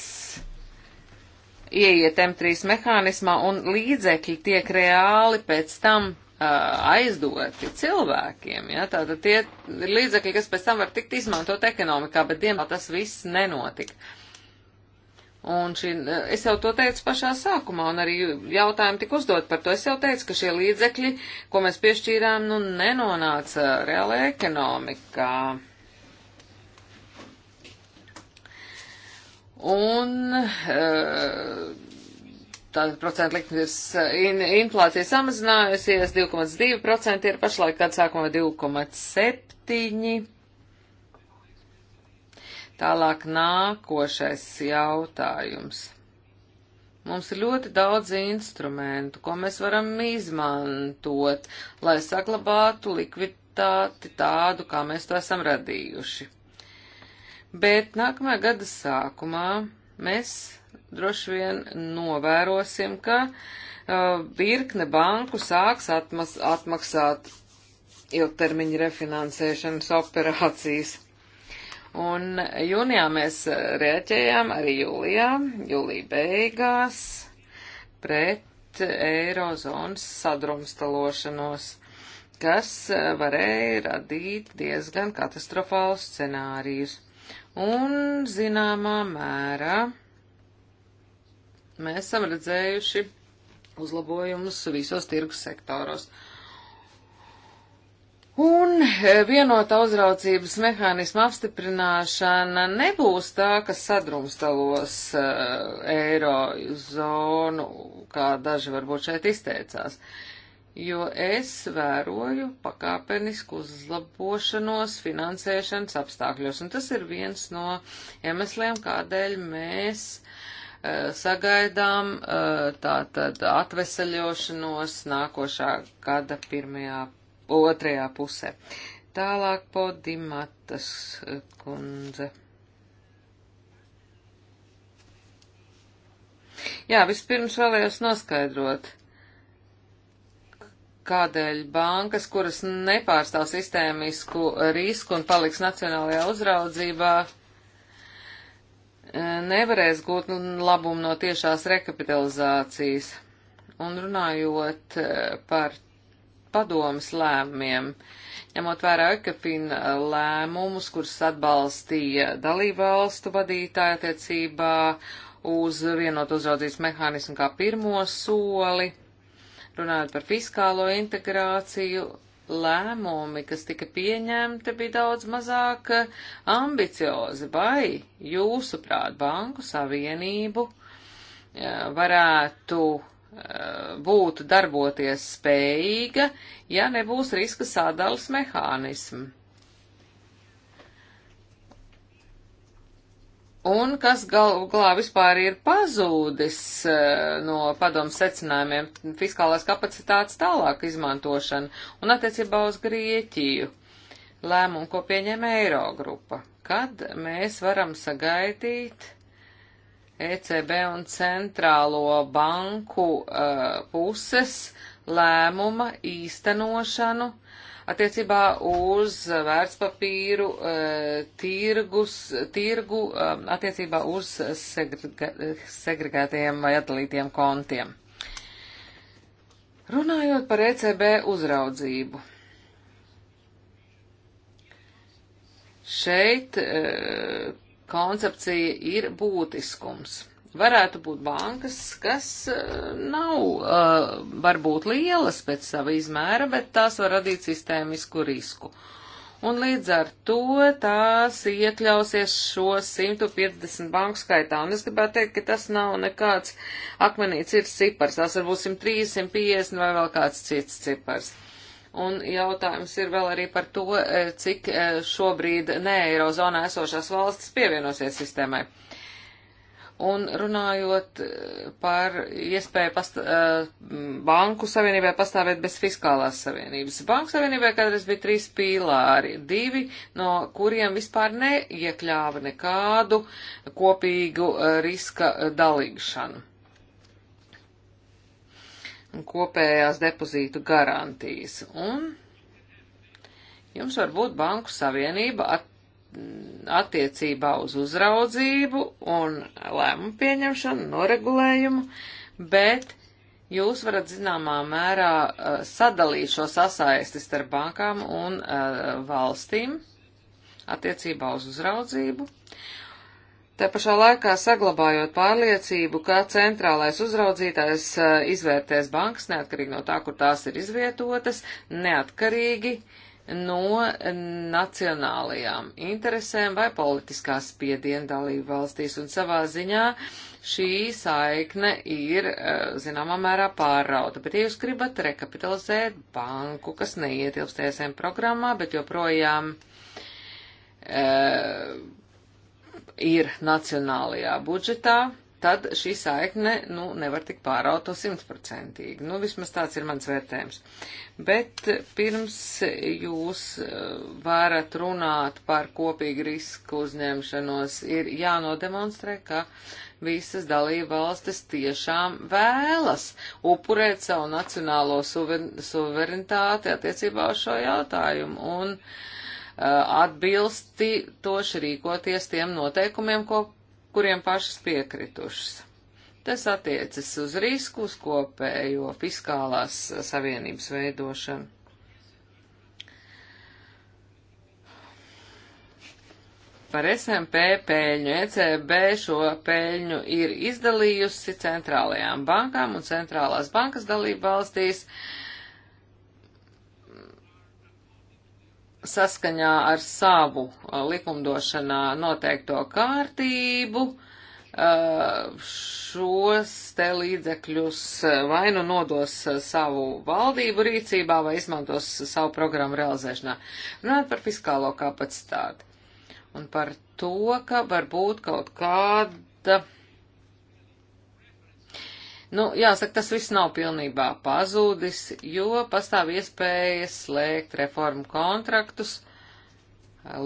ieiet M3 mehānismā, un līdzekļi tiek reāli pēc tam eh, aizdoti cilvēkiem. Ja? Tātad tie ir līdzekļi, kas pēc tam var tikt izmantot ekonomikā, bet diemžēl tas viss nenotika. Un šī, es jau to teicu pašā sākumā, un arī jautājumi tika uzdot par to. Es jau teicu, ka šie līdzekļi, ko mēs piešķīrām, nu nenonāca reālajā ekonomikā. Un eh, tāda procenta likmes eh, in, inflācija samazinājusies, 2,2% ir pašlaik, kad sākumā 2,7%. Tālāk nākošais jautājums. Mums ir ļoti daudz instrumentu, ko mēs varam izmantot, lai saglabātu likviditāti tādu, kā mēs to esam radījuši. Bet nākamā gada sākumā mēs droši vien novērosim, ka uh, virkne banku sāks atmas, atmaksāt ilgtermiņa refinansēšanas operācijas. Un jūnijā mēs rēķējām arī jūlijā, jūlija beigās, pret eirozonas sadrumstalošanos, kas varēja radīt diezgan katastrofālus scenārijus. Un zināmā mērā mēs esam redzējuši uzlabojumus visos tirgus sektoros. Uh, Un e, vienota uzraucības mehānisma apstiprināšana nebūs tā, kas sadrumstalos uh, e, eiro zonu, kā daži varbūt šeit izteicās. Jo es vēroju pakāpenisku uzlabošanos finansēšanas apstākļos, un tas ir viens no iemesliem, kādēļ mēs uh, sagaidām uh, tātad atveseļošanos nākošā gada pirmajā otrajā pusē. Tālāk podimatas eh, kundze. Jā, vispirms vēlējos noskaidrot, kādēļ bankas, kuras nepārstāv sistēmisku risku un paliks nacionālajā uzraudzībā, eh, nevarēs gūt nu, labumu no tiešās rekapitalizācijas. Un runājot eh, par padomas lēmumiem, ņemot vērā ECFIN lēmumus, kurus atbalstīja dalībvalstu vadītāja attiecībā uz vienotu uzraudzības mehānismu kā pirmo soli, runājot par fiskālo integrāciju, lēmumi, kas tika pieņemti, bija daudz mazāk ambiciozi. Vai jūsuprāt, Banku Savienību varētu būtu darboties spējīga, ja nebūs riska sadalas mehānismu. Un kas galvā vispār ir pazūdis eh, no padomu secinājumiem - fiskālās kapacitātes tālāk izmantošana un attiecībā uz Grieķiju lēmumu, ko pieņem Eirogrupa. Kad mēs varam sagaidīt ECB un centrālo banku uh, puses lēmuma īstenošanu attiecībā uz vērtspapīru uh, tirgus, tirgu uh, attiecībā uz segregā, segregētiem vai atdalītiem kontiem. Runājot par ECB uzraudzību. Šeit uh, koncepcija ir būtiskums. Varētu būt bankas, kas eh, nav uh, varbūt lielas pēc sava izmēra, bet tās var radīt sistēmisku risku. Un līdz ar to tās iekļausies šo 150 banku skaitā. Un es gribētu teikt, ka tas nav nekāds akmenīts ir cipars. Tās varbūt 103, 150 vai vēl kāds cits cipars. Uh, Un jautājums ir vēl arī par to, e, cik e, šobrīd ne Eirozonā esošās valstis pievienosies sistēmai. Un runājot e, par iespēju past, banku savienībai pastāvēt bez fiskālās savienības. Banku savienībai kādreiz bija trīs pīlāri, divi no kuriem vispār neiekļāva nekādu kopīgu riska dalīšanu un kopējās depozītu garantijas. Un jums var būt banku savienība at, attiecībā uz uzraudzību un lēmumu pieņemšanu, noregulējumu, bet jūs varat zināmā mērā sadalīt šo sasaisti starp bankām un uh, valstīm attiecībā uz uzraudzību. Te pašā laikā saglabājot pārliecību, ka centrālais uzraudzītājs eh, izvērtēs bankas neatkarīgi no tā, kur tās ir izvietotas, neatkarīgi no nacionālajām interesēm vai politiskā spiediena dalību valstīs. Un savā ziņā šī saikne ir, eh, zināmā mērā, pārrauta. Bet, ja jūs gribat rekapitalizēt banku, kas neietilpst ESM programmā, bet joprojām. Uh, ir nacionālajā budžetā, tad šī saikne nu, nevar tik pārauto simtprocentīgi. Nu, vismaz tāds ir mans vērtējums. Bet pirms jūs eh, varat runāt par kopīgu risku uzņemšanos, ir jānodemonstrē, ka visas dalība valstis tiešām vēlas upurēt savu nacionālo suverenitāti attiecībā uz šo jautājumu. Un, uh, Uh, atbilsti toši rīkoties tiem noteikumiem, ko, kuriem pašas piekritušas. Tas attiecas uz risku, uz kopējo fiskālās savienības veidošanu. Par SMP pēļņu ECB šo pēļņu ir izdalījusi centrālajām bankām un centrālās bankas dalību valstīs. Uh, saskaņā ar savu uh, likumdošanā noteikto kārtību uh, šos te līdzekļus uh, vai nu nodos savu valdību rīcībā vai izmantos savu programmu realizēšanā. Runājot par fiskālo kapacitāti un par to, ka varbūt kaut kāda Nu, jāsaka, tas viss nav pilnībā pazūdis, jo pastāv iespējas slēgt reformu kontraktus,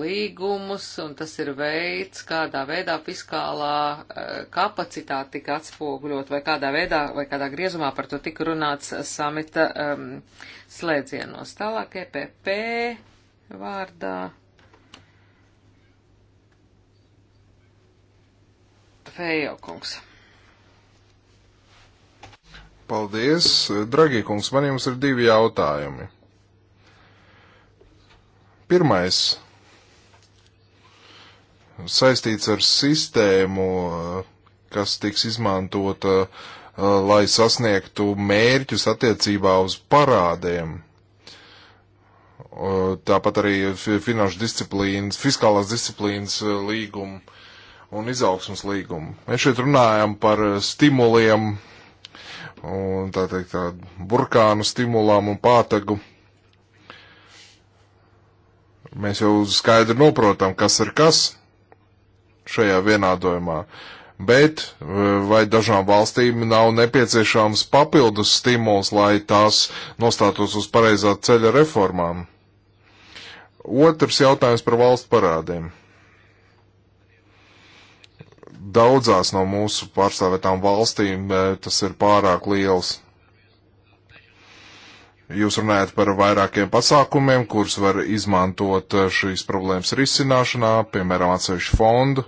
līgumus, un tas ir veids, kādā veidā fiskālā eh, kapacitāte tika atspoguļot, vai kādā veidā, vai kādā griezumā par to tika runāts eh, samita um, slēdzienos. Tālāk EPP vārdā. Fejo kungs. Paldies. Dragie kungs, man jums ir divi jautājumi. Pirmais saistīts ar sistēmu, kas tiks izmantota, eh, lai sasniegtu mērķus attiecībā uz parādiem. Eh, tāpat arī finanšu disciplīnas, fiskālās disciplīnas eh, līgumu un izaugsmas līgumu. Mēs šeit runājam par stimuliem un tā teikt tā burkānu stimulām un pātagu. Mēs jau skaidri noprotam, kas ir kas šajā vienādojumā, bet eh, vai dažām valstīm nav nepieciešams papildus stimuls, lai tās nostātos uz pareizā ceļa reformām? Otrs jautājums par valstu parādiem daudzās no mūsu pārstāvētām valstīm tas ir pārāk liels. Jūs runājat par vairākiem pasākumiem, kurus var izmantot eh, šīs problēmas risināšanā, piemēram, atsevišķu fondu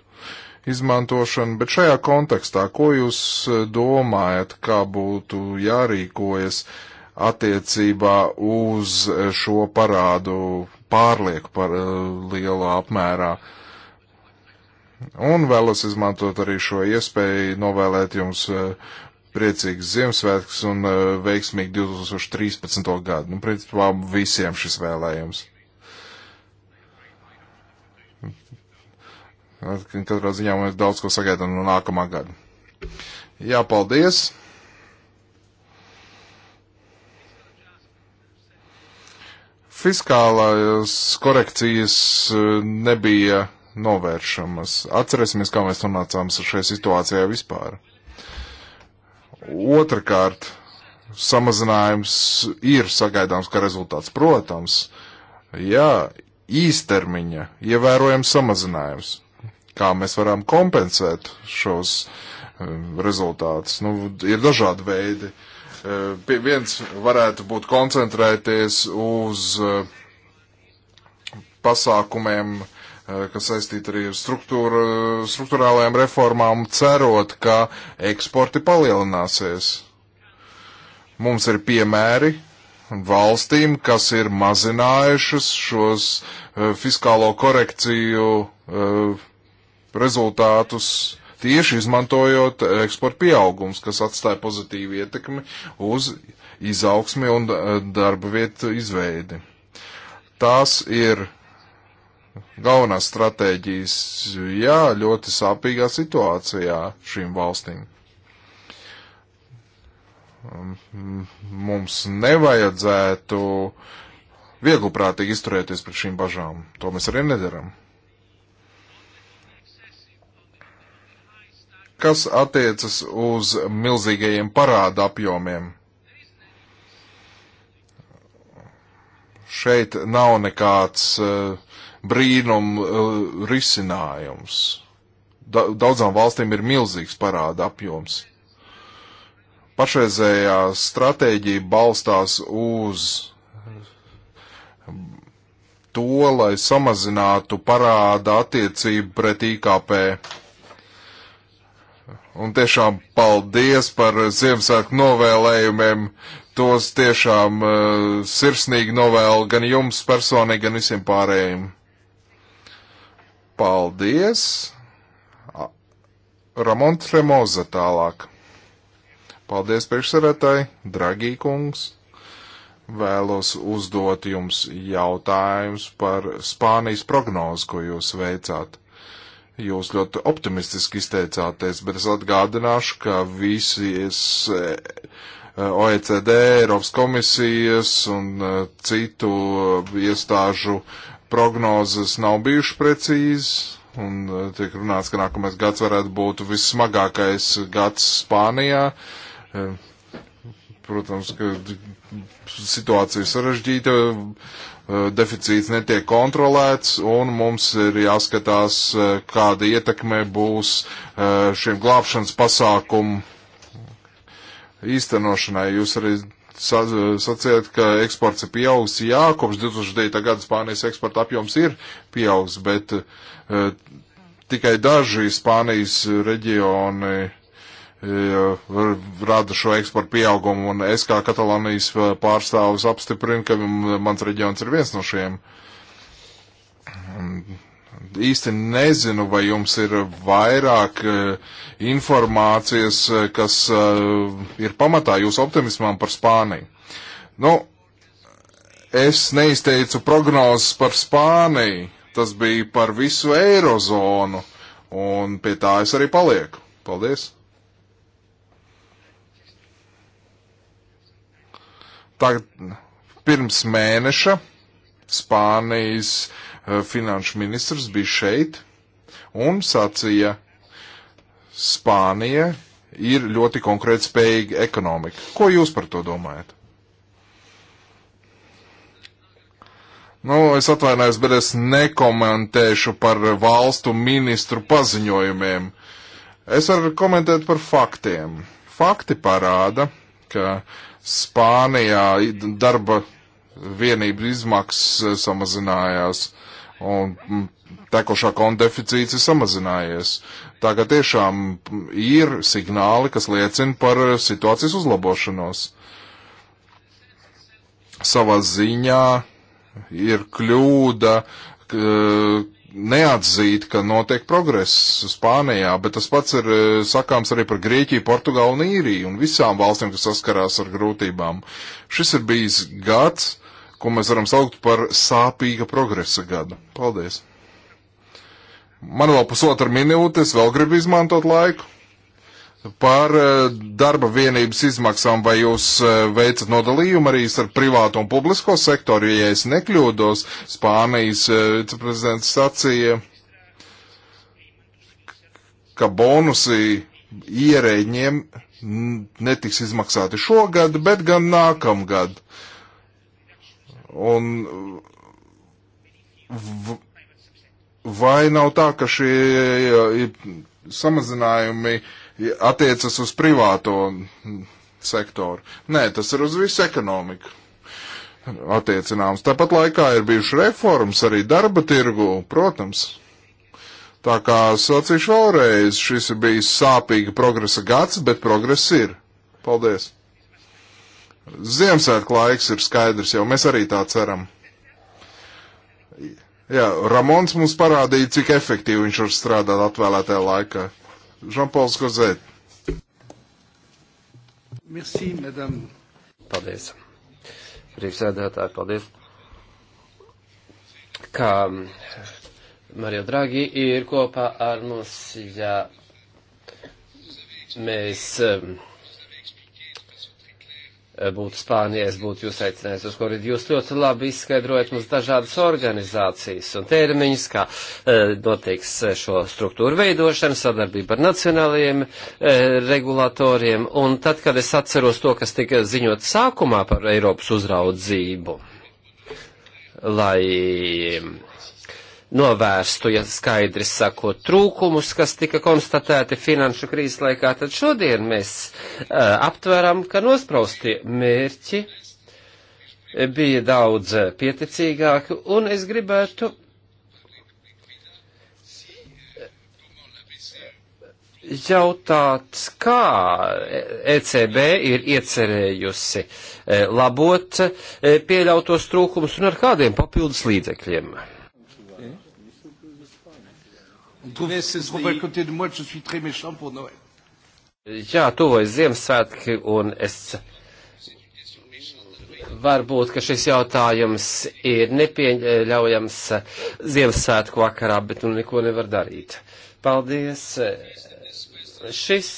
izmantošanu, bet šajā kontekstā, ko jūs eh, domājat, kā būtu jārīkojas attiecībā uz eh, šo parādu pārlieku par lielā apmērā? Uh, Un vēlos izmantot arī šo iespēju novēlēt jums e, priecīgs Ziemassvētkus un e, veiksmīgi 2013. gadu. Nu, principā visiem šis vēlējums. Katrā ziņā mēs daudz ko sagaidām no nākamā gada. Jā, paldies! Fiskālās korekcijas e, nebija novēršamas. Atcerēsimies, kā mēs nonācām šajā situācijā vispār. Otrakārt, samazinājums ir sagaidāms kā rezultāts. Protams, jā, īstermiņa ievērojams samazinājums. Kā mēs varam kompensēt šos um, rezultātus? Nu, ir dažādi veidi. Uh, pie viens varētu būt koncentrēties uz uh, pasākumiem, uh, Eh, kas saistīta arī ar struktūra, struktūrālajām reformām, cerot, ka eksporti palielināsies. Mums ir piemēri valstīm, kas ir mazinājušas šos eh, fiskālo korekciju eh, rezultātus tieši izmantojot eksporta pieaugums, kas atstāja pozitīvu ietekmi uz izaugsmi un darba vietu izveidi. Tās ir galvenās stratēģijas, jā, ļoti sāpīgā situācijā šīm valstīm. Um, mums nevajadzētu vieglprātīgi izturēties pret šīm bažām. To mēs arī nedaram. Kas attiecas uz milzīgajiem parāda apjomiem? šeit nav nekāds uh, brīnum uh, risinājums. Da, daudzām valstīm ir milzīgs parāda apjoms. Pašreizējā stratēģija balstās uz to, lai samazinātu parāda attiecību pret IKP. Un tiešām paldies par Ziemassvētku novēlējumiem. Tos tiešām uh, sirsnīgi novēlu gan jums personīgi, gan visiem pārējiem. Paldies! Ramon Tremoza tālāk. Paldies priekšsarētāji, dragī kungs! Vēlos uzdot jums jautājumus par Spānijas prognozi, ko jūs veicāt. Jūs ļoti optimistiski izteicāties, bet es atgādināšu, ka visi es. E, OECD, Eiropas komisijas un e, citu iestāžu prognozes nav bijušas precīzas, un uh, tiek runāts, ka nākamais gads varētu būt vissmagākais gads Spānijā. Uh, protams, ka situācija sarežģīta, uh, deficīts netiek kontrolēts, un mums ir jāskatās, kāda ietekme būs šiem glābšanas pasākumu īstenošanai. Jūs arī sacījāt, ka eksports ir pieaugs. Jā, kopš 2009. gada Spānijas eksporta apjoms ir pieaugs, bet uh, tikai daži Spānijas reģioni uh, rada šo eksporta pieaugumu, un es kā Katalānijas pārstāvis apstiprinu, ka mans reģions ir viens no šiem. Um, īsti nezinu, vai jums ir vairāk e, informācijas, e, kas e, ir pamatā jūsu optimismam par Spāniju. Nu, es neizteicu prognozes par Spāniju, tas bija par visu eirozonu, un pie tā es arī palieku. Paldies! Tagad pirms mēneša Spānijas uh, Eh, finanšu ministrs bija šeit un sacīja, Spānija ir ļoti konkrēti spējīga ekonomika. Ko jūs par to domājat? Nu, es atvainojos, bet es nekomentēšu par valstu ministru paziņojumiem. Es varu komentēt par faktiem. Fakti parāda, ka Spānijā darba vienību izmaksas samazinājās uh, un mm, tekošā konta deficīts ir samazinājies. Tā ka tiešām ir signāli, kas liecina par eh, situācijas uzlabošanos. Savā ziņā ir kļūda neatzīt, ka notiek progress Spānijā, bet tas pats ir eh, sakāms arī par Grieķiju, Portugālu un Īriju un visām valstīm, kas saskarās ar grūtībām. Šis ir bijis gads, ko mēs varam saukt par sāpīga progresa gadu. Paldies! Man vēl pusotra minūte, es vēl gribu izmantot laiku. Par eh, darba vienības izmaksām vai jūs eh, veicat nodalījumu arī ar privātu un publisko sektoru, ja es nekļūdos, Spānijas eh, viceprezidents sacīja, ka bonusi ierēģiem netiks izmaksāti šogad, bet gan nākamgad. Uh, Un uh, vai nav tā, ka šie samazinājumi attiecas uz privāto sektoru? Nē, tas ir uz visu ekonomiku attiecināms. Tāpat laikā ir bijušas reformas arī darba tirgu, protams. Tā kā sacīšu vēlreiz, šis ir bijis sāpīga progresa gads, bet progress ir. Paldies! Ziemassvētku laiks ir skaidrs, jau mēs arī tā ceram. Jā, Ramons mums parādīja, cik efektīvi viņš var strādāt atvēlētajā laikā. Žanpols Kozēt. Merci, madame. Paldies. Priekšsēdētāji, paldies. Kā Mario Draghi ir kopā ar mums, ja mēs. Um, būtu Spānija, es būtu jūs aicinājis uz koridu. Jūs ļoti labi izskaidrojat mums dažādas organizācijas un termiņus, kā e, noteiks e, šo struktūru veidošana, sadarbība ar nacionālajiem e, regulatoriem. Un tad, kad es atceros to, kas tika ziņot sākumā par Eiropas uzraudzību, lai novērstu, ja skaidri sakot, trūkumus, kas tika konstatēti finanšu krīzes laikā, tad šodien mēs uh, aptveram, ka nospraustie mērķi bija daudz pieticīgāki, un es gribētu jautāt, kā ECB ir iecerējusi labot pieļautos trūkumus un ar kādiem papildus līdzekļiem. Robert, côté de moi, je suis très méchant pour Noël. Jā, tuvojas Ziemassvētki, un es varbūt, ka šis jautājums ir nepieļaujams Ziemassvētku vakarā, bet nu neko nevar darīt. Paldies. Šis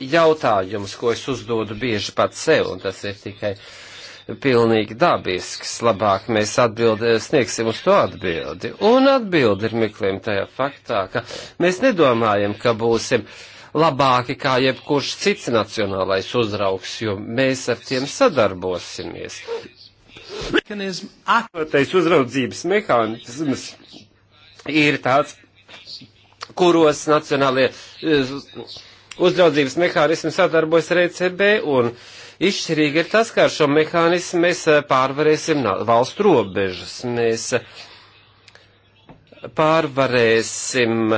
jautājums, ko es uzdodu bieži pat sev, un tas ir tikai. Uh, pilnīgi dabisks, labāk mēs atbildi, sniegsim uz to atbildi. Un atbildi ir meklējumi tajā faktā, ka mēs nedomājam, ka būsim labāki kā jebkurš cits nacionālais uzraugs, jo mēs ar tiem sadarbosimies. Atvotais uzraudzības mehānisms ir tāds, kuros nacionālie eh, uzraudzības mehānismi sadarbojas ar ECB un uh, Izšķirīgi ir tas, ka ar šo mehānismu mēs eh, pārvarēsim valstu robežas, mēs eh, pārvarēsim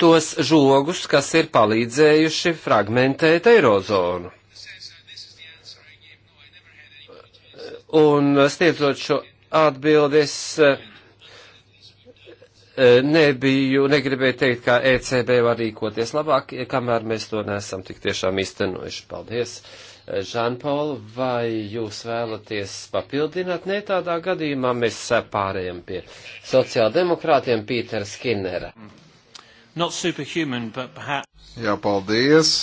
tos žogus, kas ir palīdzējuši fragmentēt eirozonu. Un eh, sniedzot šo atbildes. Uh, Eh, nebiju, negribēju teikt, kā ECB var rīkoties labāk, kamēr mēs to nesam tik tiešām iztenojuši. Paldies, Žanpaul, eh, vai jūs vēlaties papildināt? Nē, tādā gadījumā mēs eh, pārējām pie sociāldemokrātiem Pītera Skinnera. Not superhuman, but perhaps. Jā, paldies.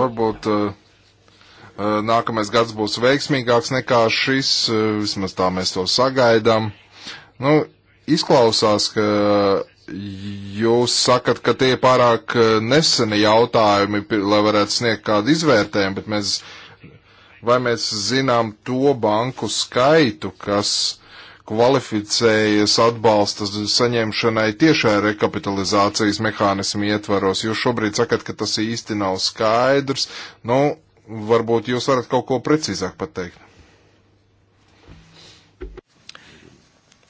Varbūt. Uh nākamais gads būs veiksmīgāks nekā šis, vismaz tā mēs to sagaidām. Nu, Izklausās, ka jūs sakat, ka tie ir pārāk eh, neseni jautājumi, lai varētu sniegt kādu izvērtējumu, bet mēs, vai mēs zinām to banku skaitu, kas kvalificējas atbalsta saņemšanai tiešai rekapitalizācijas mehānismu ietvaros. Jūs šobrīd sakat, ka tas īsti nav skaidrs. Nu, varbūt jūs varat kaut ko precīzāk pateikt.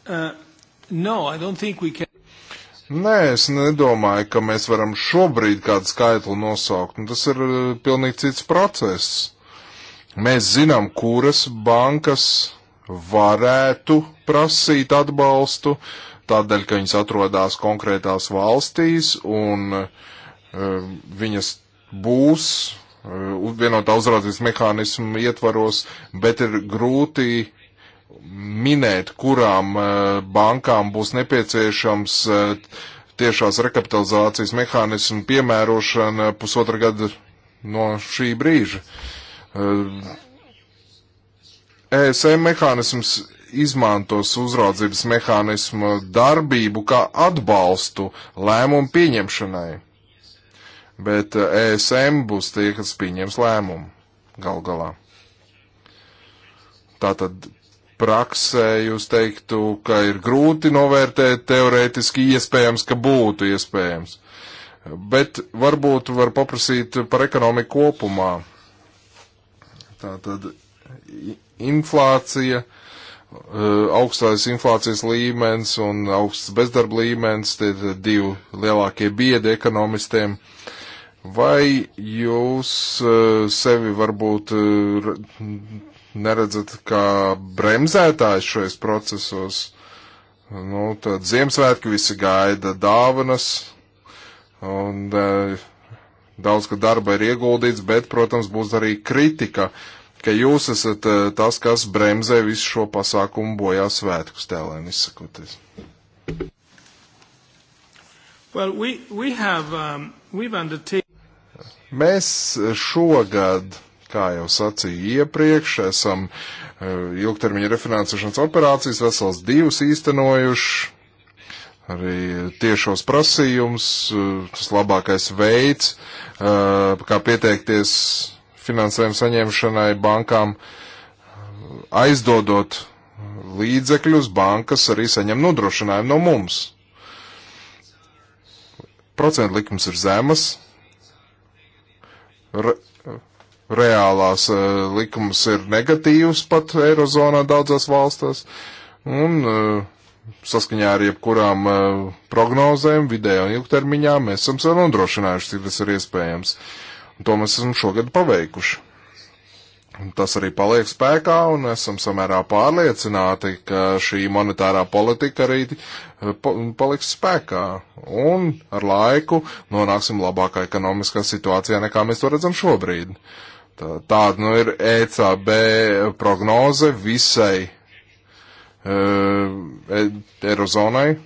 Uh. No, I don't think we can. Nē, es nedomāju, ka mēs varam šobrīd kādu skaitli nosaukt. Nu, tas ir eh, pilnīgi cits process. Mēs zinām, kuras bankas varētu prasīt atbalstu, tādēļ, ka viņas atrodas konkrētās valstīs un uh, viņas būs uh, vienotā uzraudzības mehānismu ietvaros, bet ir grūti minēt, kurām eh, bankām būs nepieciešams eh, tiešās rekapitalizācijas mehānismu piemērošana pusotra gada no šī brīža. ESM eh, e mehānisms izmantos uzraudzības mehānismu darbību kā atbalstu lēmumu pieņemšanai, bet ESM e būs tie, kas pieņems lēmumu gal galā. Tātad praksē jūs teiktu, ka ir grūti novērtēt, teorētiski iespējams, ka būtu iespējams. Bet varbūt var paprasīt par ekonomiku kopumā. Tā tad inflācija, eh, augstais inflācijas līmenis un augsts bezdarba līmenis, tie ir divi lielākie biedi ekonomistiem. Vai jūs eh, sevi varbūt eh, neredzat kā bremzētājs šajos procesos. Nu, tad Ziemassvētki visi gaida dāvanas, un e, daudz, ka darba ir ieguldīts, bet, protams, būs arī kritika, ka jūs esat e, tas, kas bremzē visu šo pasākumu bojā svētkus tēlēm izsakoties. Well, we, we have, um, Mēs šogad Kā jau sacīju iepriekš, esam e, ilgtermiņa refinansēšanas operācijas vesels divus īstenojuši, arī tiešos prasījums, e, tas labākais veids, e, kā pieteikties finansējuma saņemšanai bankām, aizdodot līdzekļus, bankas arī saņem nodrošinājumu no mums. Procentu likums ir zemas, reālās uh, likums ir negatīvs pat Eirozonā daudzās valstās. Un uh, saskaņā ar jebkurām uh, prognozēm vidējā un ilgtermiņā mēs esam sev nodrošinājuši, cik tas ir iespējams. Un to mēs esam šogad paveikuši. Un tas arī paliek spēkā un esam samērā pārliecināti, ka šī monetārā politika arī pa paliks spēkā. Un ar laiku nonāksim labākā ekonomiskā situācijā, nekā mēs to redzam šobrīd. Uh, Tā, tāda nu ir ECB prognoze visai uh, Eirozonai.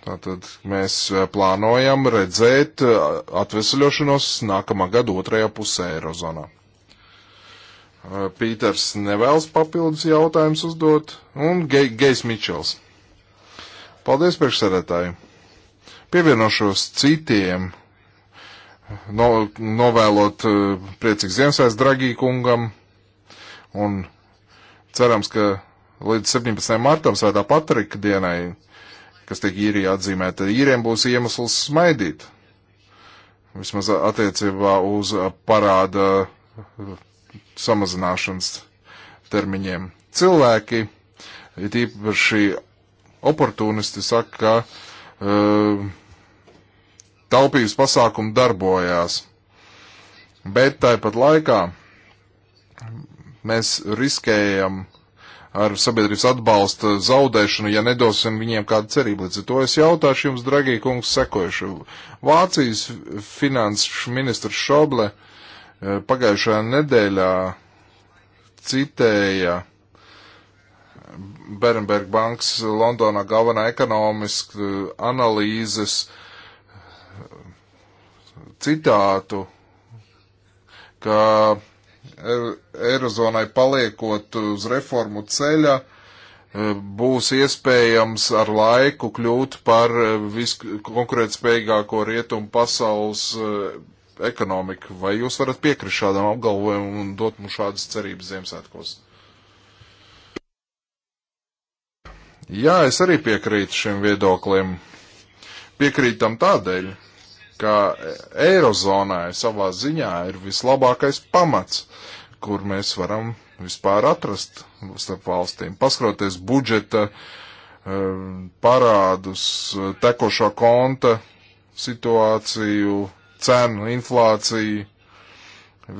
Tātad mēs e, plānojam redzēt atvesļošanos nākamā gada otrajā pusē Eirozonā. Pīters nevēlas papildus jautājumus uzdot, un Ge Gejs Mičels. Paldies priekšsēdētāji! Pievienošos citiem no, novēlot eh, priecīgu Ziemassvētku Dragī kungam un cerams, ka līdz 17. martam svētā Patrika dienai, kas tiek īrija atzīmēta, īriem būs iemesls smaidīt. Vismaz attiecībā uz parāda eh, samazināšanas termiņiem. Cilvēki, it īpaši oportunisti, saka, ka uh, taupības pasākumi darbojās. Bet tāpat laikā mēs riskējam ar sabiedrības atbalsta zaudēšanu, ja nedosim viņiem kādu cerību. Līdz ar to es jautāšu jums, dragī kungs, sekojuši. Vācijas finanses ministrs Šoble eh, pagājušajā nedēļā citēja Berenberg bankas Londonā galvenā ekonomiska eh, analīzes uh, citātu, ka e, Eirozonai paliekot uz reformu ceļa, e, būs iespējams ar laiku kļūt par e, viskonkurētspējīgāko rietumu pasaules ekonomiku. Vai jūs varat piekrist šādam apgalvojumam un dot mums šādas cerības Ziemassvētkos? Jā, es arī piekrītu šiem viedoklim. Piekrītam tādēļ, ka Eirozonai savā ziņā ir vislabākais pamats, kur mēs varam vispār atrast starp valstīm. Paskroties budžeta eh, parādus, tekošo konta situāciju, cenu, inflāciju.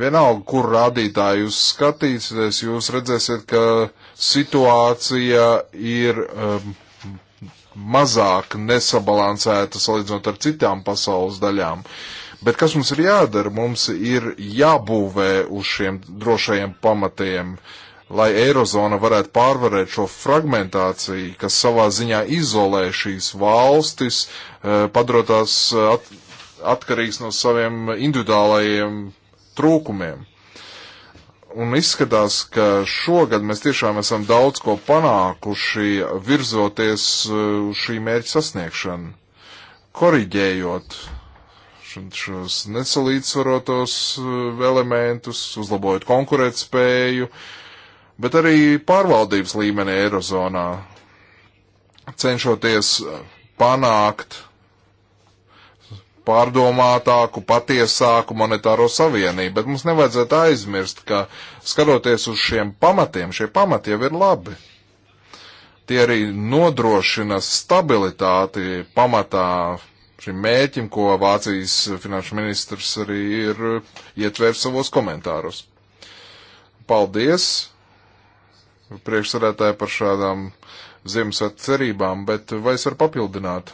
Vienalga, kur rādītāji jūs skatīsieties, jūs redzēsiet, ka situācija ir um, mazāk nesabalansēta salīdzinot ar citām pasaules daļām. Bet kas mums ir jādara? Mums ir jābūvē uz šiem drošajiem pamatiem, lai Eirozona varētu pārvarēt šo fragmentāciju, kas savā ziņā izolē šīs valstis, eh, padarot tās at atkarīgs no saviem individuālajiem trūkumiem. Un izskatās, ka šogad mēs tiešām esam daudz ko panākuši, virzoties uz uh, šī mērķa sasniegšanu, koriģējot šos nesalīdzvarotos uh, elementus, uzlabojot konkurētspēju, bet arī pārvaldības līmeni Eirozonā, cenšoties panākt pārdomātāku, patiesāku monetāro savienību, bet mums nevajadzētu aizmirst, ka skatoties uz šiem pamatiem, šie pamati jau ir labi. Tie arī nodrošina stabilitāti pamatā šim mēķim, ko Vācijas finanšu ministrs arī ir ietvērs savos komentārus. Paldies priekšsarētāji par šādām Ziemassvētku cerībām, bet vai es varu papildināt?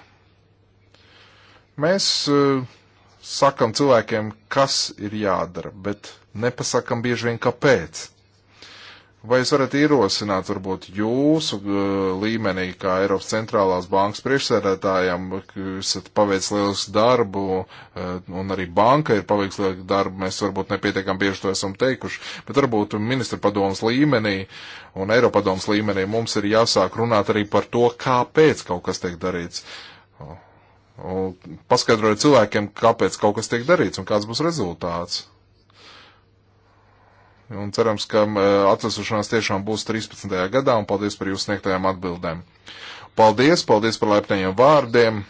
Mēs uh, sakam cilvēkiem, kas ir jādara, bet nepasakam bieži vien kāpēc. Vai jūs varat ierosināt, varbūt jūsu uh, līmenī, kā Eiropas centrālās bankas priekšsēdētājiem, jūs esat paveicis lielisku darbu, uh, un arī banka ir paveicis lielisku darbu, mēs varbūt nepietiekam bieži to esam teikuši, bet varbūt ministra padomas līmenī un Eiropa padomas līmenī mums ir jāsāk runāt arī par to, kāpēc kaut kas tiek darīts. Uh, paskaidroja cilvēkiem, kāpēc kaut kas tiek darīts un kāds būs rezultāts. Un cerams, ka atvesušanās tiešām būs 13. gadā, un paldies par jūsu sniegtajām atbildēm. Paldies, paldies par laipnējiem vārdiem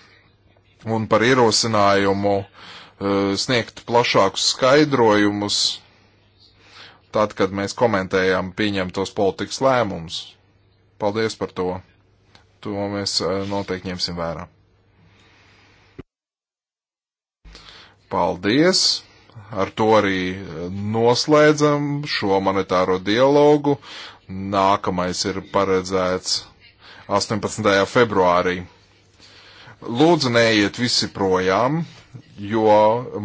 un par ierosinājumu e, sniegt plašākus skaidrojumus tad, kad mēs komentējam pieņemtos politikas lēmumus. Paldies par to. To mēs e, noteikti ņemsim vērā. Paldies! Ar to arī eh, noslēdzam šo monetāro dialogu. Nākamais ir paredzēts 18. februārī. Lūdzu, neiet visi projām, jo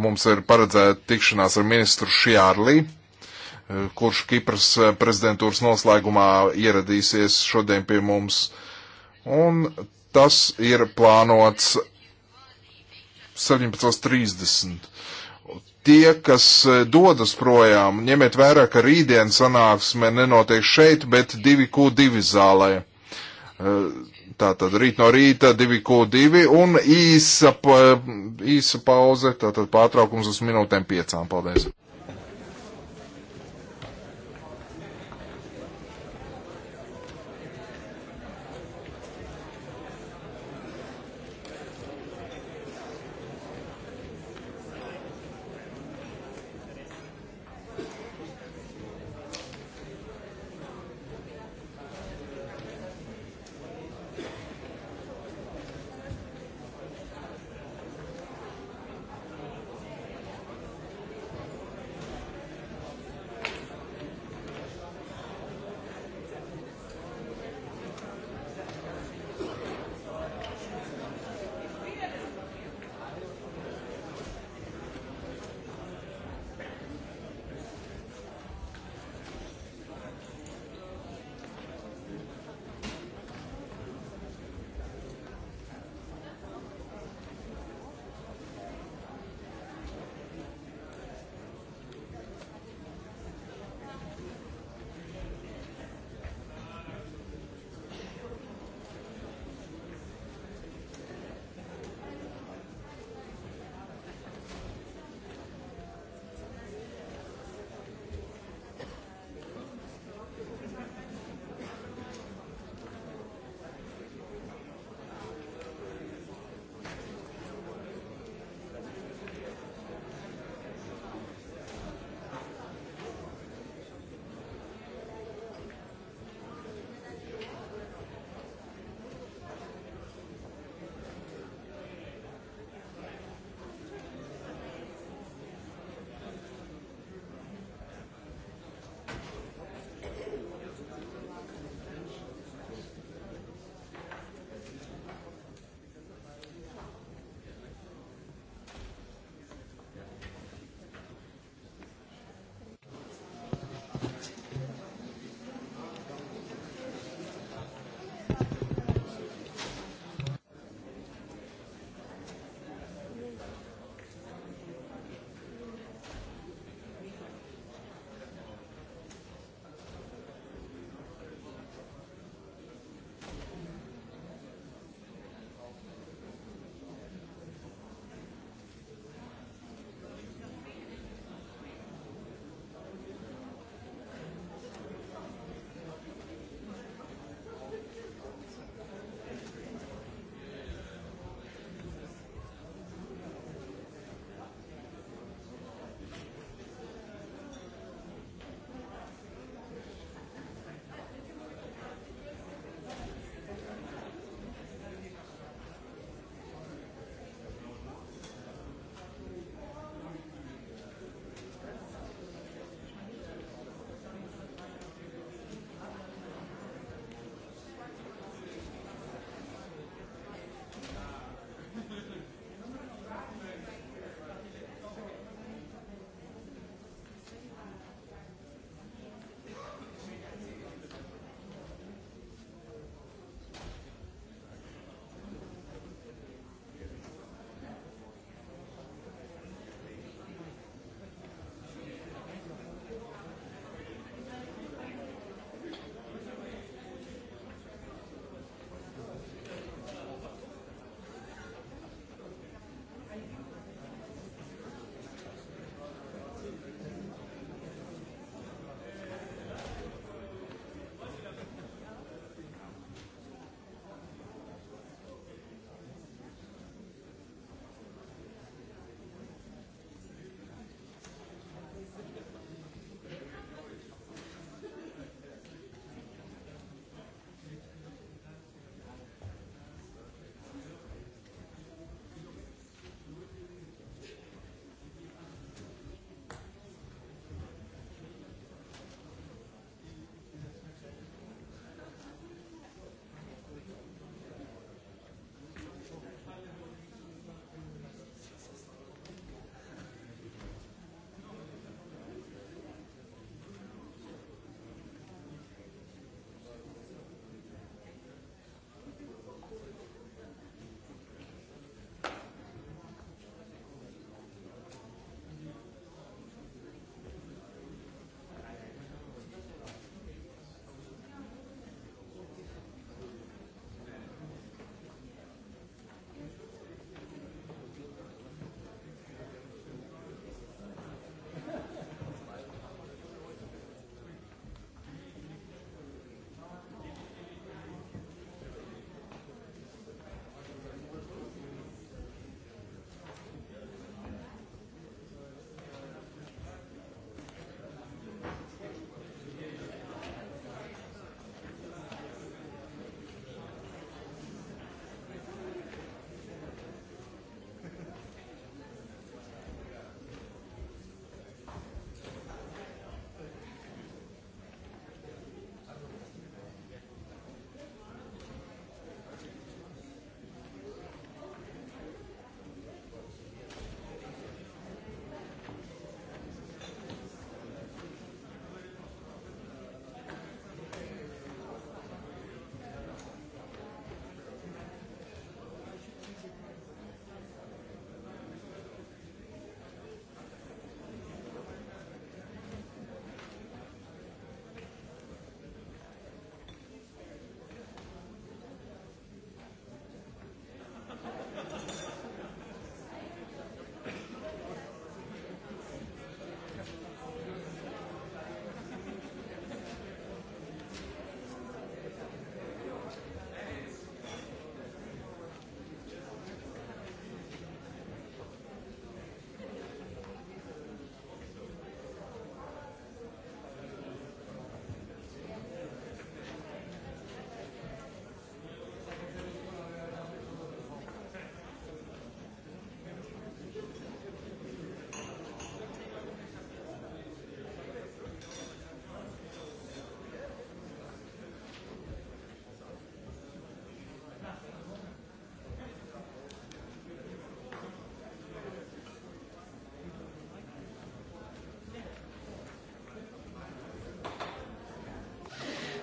mums ir paredzēta tikšanās ar ministru Šjārlī, eh, kurš Kipras eh, prezidentūras noslēgumā ieradīsies šodien pie mums. Un tas ir plānots 17.30. Tie, kas e, dodas projām, ņemiet vērā, ka rītdien sanāksme nenotiek šeit, bet 2Q2 zālē. E, tātad rīt no rīta 2Q2 un īsa, īsa pauze, tātad pārtraukums uz minūtēm piecām. Paldies!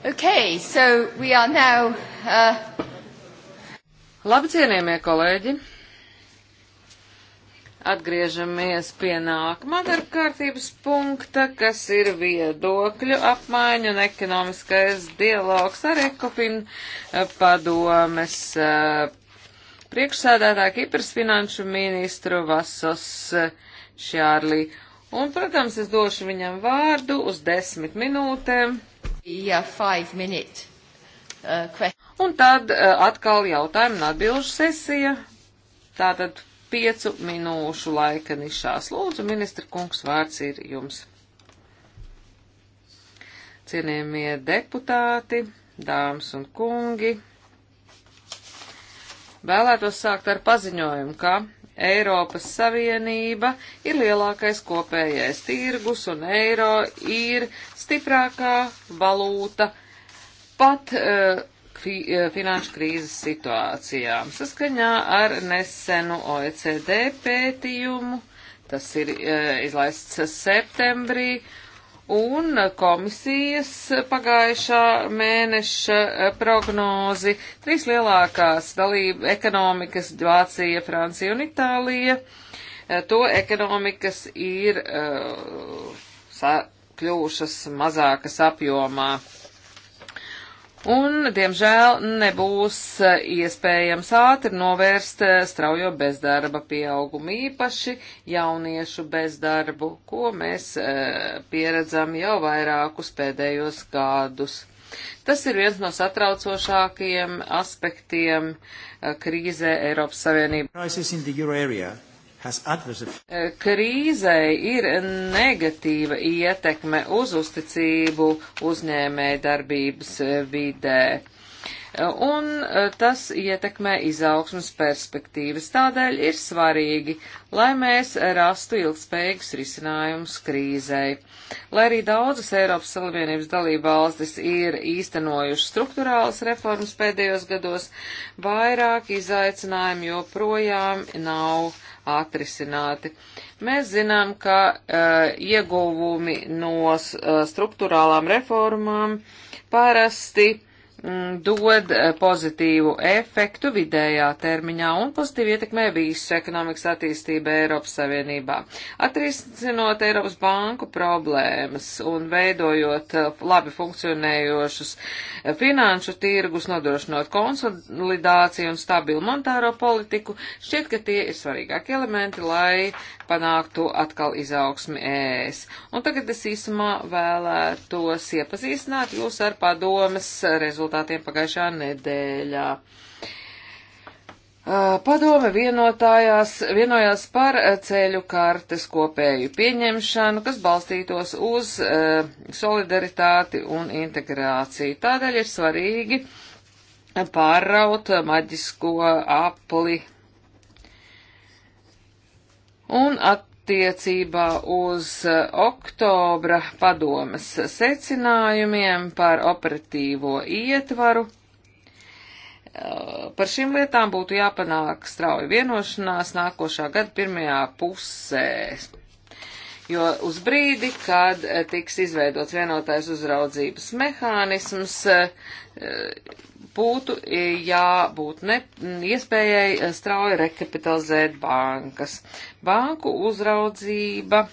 Okay, so we are now. Uh... Labi, cienījamie kolēģi! Atgriežamies pie nākamā darba kārtības punkta, kas ir viedokļu apmaiņa un ekonomiskais dialogs ar Ekofinu uh, padomes uh, priekšsēdētāju Kipras finanšu ministru Vasos uh, Šārlī. Un, protams, es došu viņam vārdu uz desmit minūtēm Yeah, five minute, uh, question. un tad uh, atkal jautājumu un atbilžu sesija. Tātad piecu minūšu laika nišās. Lūdzu, ministra kungs, vārds ir jums. Cienījamie deputāti, dāmas un kungi, vēlētos sākt ar paziņojumu, ka Eiropas Savienība ir lielākais kopējais tirgus un eiro ir stiprākā valūta pat uh, fi, uh, finanšu krīzes situācijām. Saskaņā ar nesenu OECD pētījumu, tas ir uh, izlaists septembrī, uh, un komisijas pagājušā mēneša prognozi. Trīs lielākās dalība ekonomikas - Vācija, Francija un Itālija. To ekonomikas ir uh, eh, kļūšas mazākas apjomā un, diemžēl, nebūs eh, iespējams ātri novērst eh, straujo bezdarba pieaugumu, īpaši jauniešu bezdarbu, ko mēs e, pieredzam jau vairākus pēdējos gadus. Tas ir viens no satraucošākajiem aspektiem krīzē Eiropas Savienībā. Eh, krīzei ir negatīva ietekme uz uzticību uzņēmēja darbības eh, vidē. Eh, un tas ietekmē izaugsmas perspektīvas. Tādēļ ir svarīgi, lai mēs rastu ilgspējīgus risinājumus krīzei. Lai arī daudzas Eiropas Savienības dalība valstis ir īstenojušas struktūrālas reformas pēdējos gados, vairāk izaicinājumu joprojām nav atrisināti. Mēs zinām, ka uh, ieguvumi no uh, eh, struktūrālām reformām parasti Mm, dod eh, pozitīvu efektu vidējā termiņā un pozitīvi ietekmē visu ekonomikas attīstību Eiropas Savienībā. Atrisinot Eiropas banku problēmas un veidojot eh, labi funkcionējošus eh, finanšu tirgus, nodrošinot konsolidāciju un stabilu monetāro politiku, šķiet, ka tie ir svarīgāki elementi, lai panāktu atkal izaugsmi ēs. Un tagad es īsumā vēlētos iepazīstināt jūs ar padomas rezultātiem pagājušā nedēļā. Padome vienotājās, vienojās par ceļu kartes kopēju pieņemšanu, kas balstītos uz uh, solidaritāti un integrāciju. Tādēļ ir svarīgi pāraut maģisko apli Un attiecībā uz eh, oktobra padomas secinājumiem par operatīvo ietvaru. Eh, par šīm lietām būtu jāpanāk strauja vienošanās nākošā gada pirmajā pusē jo uz brīdi, kad eh, tiks izveidots vienotais uzraudzības mehānisms, eh, būtu eh, jābūt ne, iespējai strauji rekapitalizēt bankas. Banku uzraudzība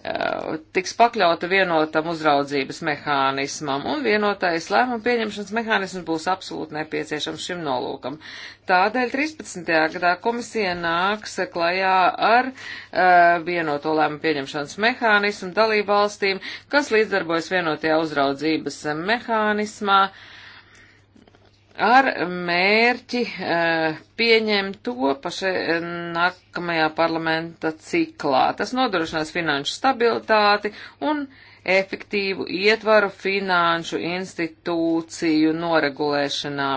Uh, tiks pakļauta vienotam uzraudzības mehānismam, un vienotais lēmumu pieņemšanas mehānisms būs absolūti nepieciešams šim nolūkam. Tādēļ 13. gadā komisija nāks klajā ar uh, vienoto lēmumu pieņemšanas mehānismu dalību valstīm, kas līdzdarbojas vienotajā uzraudzības mehānismā. Uh, ar mērķi eh, pieņemt to pašai eh, nākamajā parlamenta ciklā. Tas nodrošinās finanšu stabilitāti un efektīvu ietvaru finanšu institūciju noregulēšanā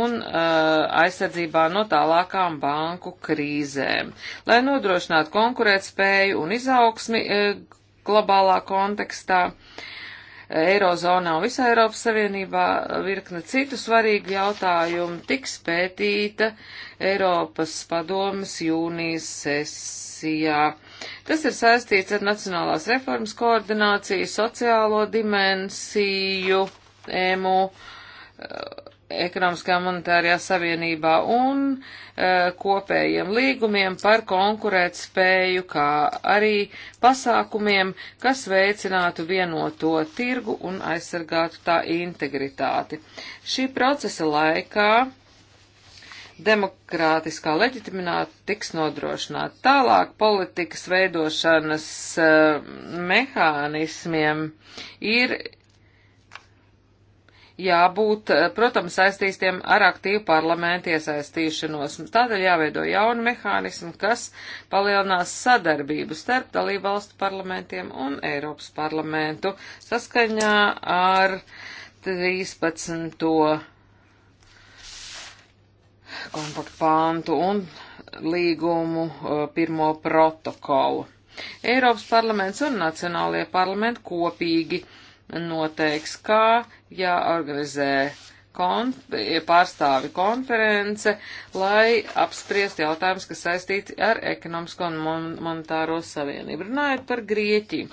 un uh, aizsardzībā no tālākām banku krīzēm. Lai nodrošinātu konkurētspēju un izaugsmi uh, globālā kontekstā, uh, Eirozonā un visā Eiropas Savienībā virkne citu svarīgu jautājumu tiks pētīta Eiropas padomas jūnijas sesijā. Tas ir saistīts ar nacionālās reformas koordināciju, sociālo dimensiju, emu ekonomiskā monetārajā savienībā un e, kopējiem līgumiem par konkurēt spēju, kā arī pasākumiem, kas veicinātu vienoto tirgu un aizsargātu tā integritāti. Šī procesa laikā demokrātiskā leģitimitāte tiks nodrošināta. Tālāk politikas veidošanas e, mehānismiem ir jābūt, eh, protams, saistīstiem ar aktīvu parlamentu iesaistīšanos. Tādēļ jāveido jauni mehānismi, kas palielinās sadarbību starp dalību valstu parlamentiem un Eiropas parlamentu saskaņā ar 13. kompaktu pāntu un līgumu eh, pirmo protokolu. Eiropas parlaments un nacionālajie parlamenti kopīgi noteiks, kā jāorganizē konf pārstāvi konference, lai apspriest jautājumus, kas saistīti ar ekonomisko un mon monetāro savienību. Runājot par Grieķiju,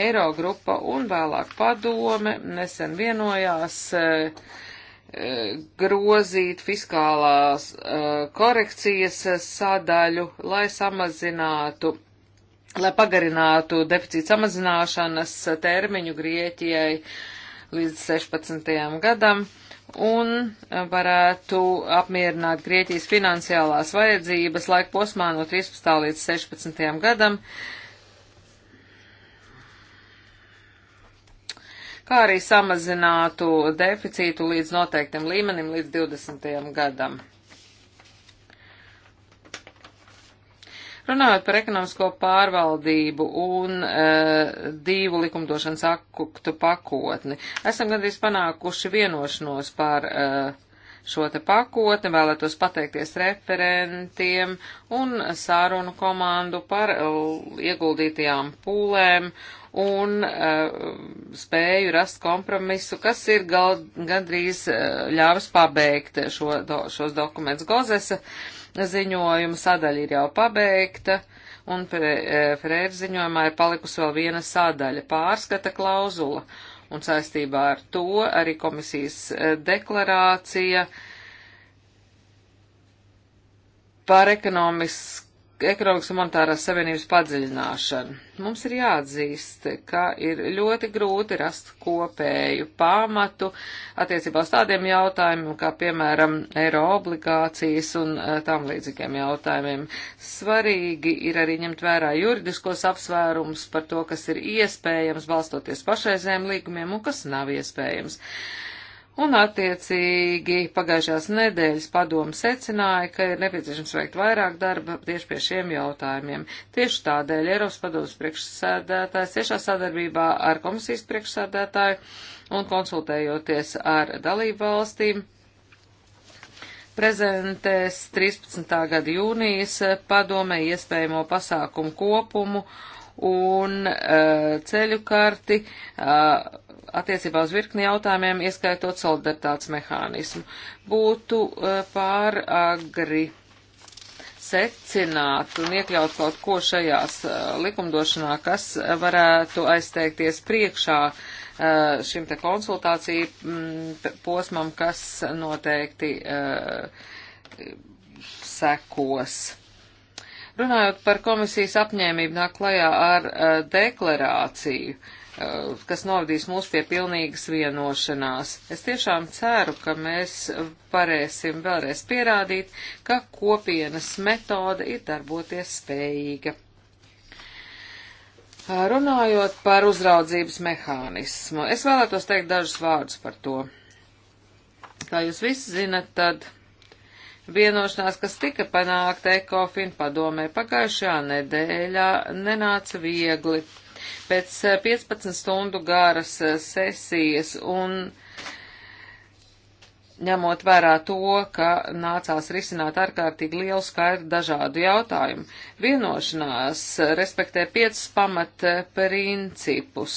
Eirogrupa un vēlāk padome nesen vienojās e, e, grozīt fiskālās e, korekcijas sadaļu, lai samazinātu lai pagarinātu deficīta samazināšanas termiņu Grieķijai līdz 16. gadam un varētu apmierināt Grieķijas finansiālās vajadzības laika posmā no 13. līdz 16. gadam, kā arī samazinātu deficītu līdz noteiktam līmenim līdz 20. gadam. Runājot par ekonomisko pārvaldību un e, divu likumdošanas aktu pakotni, esam gandrīz panākuši vienošanos par e, šo te pakotni, vēlētos pateikties referentiem un sārunu komandu par eh, ieguldītajām pūlēm un uh, spēju rast kompromisu, kas ir gal, gandrīz uh, ļāvis pabeigt šo, do, šos dokumentus. Gozesa uh, ziņojuma sadaļa ir jau pabeigta, un Frēra e, ziņojumā ir palikusi vēl viena sadaļa - pārskata klauzula, un saistībā ar to arī komisijas e, deklarācija par ekonomisku ekonomikas un monetārās savienības padziļināšanu. Mums ir jāatzīst, ka ir ļoti grūti rast kopēju pamatu attiecībā uz tādiem jautājumiem, kā piemēram eiro obligācijas un eh, tam līdzīgiem jautājumiem. Svarīgi ir arī ņemt vērā juridiskos apsvērums par to, kas ir iespējams balstoties pašreizējiem līgumiem un kas nav iespējams. Uh, un attiecīgi pagājušās nedēļas padomu secināja, ka ir nepieciešams veikt vairāk darba tieši pie šiem jautājumiem. Tieši tādēļ Eiropas padomas priekšsēdētājs tiešā sadarbībā ar komisijas priekšsēdētāju un konsultējoties ar dalību valstīm prezentēs 13. gada jūnijas padomē iespējamo pasākumu kopumu un uh, ceļu karti uh, attiecībā uz virkni jautājumiem, ieskaitot solidaritātes mehānismu. Būtu eh, pār agri secināt un iekļaut kaut ko šajās eh, likumdošanā, kas varētu aizteikties priekšā eh, šim te konsultāciju mm, posmam, kas noteikti sekos. Runājot par komisijas apņēmību nāk klajā ar deklarāciju. Uh, Eh, kas novadīs mūs pie pilnīgas vienošanās. Es tiešām ceru, ka mēs varēsim vēlreiz pierādīt, ka kopienas metode ir darboties spējīga. Eh, runājot par uzraudzības mehānismu, es vēlētos teikt dažus vārdus par to. Kā jūs visi zinat, tad Vienošanās, kas tika panākta Ekofin padomē pagājušajā nedēļā, nenāca viegli. Pēc 15 eh, stundu garas eh, sesijas un ņemot vērā to, ka nācās risināt ārkārtīgi lielu skaitu dažādu jautājumu, vienošanās eh, respektē piecus pamat principus,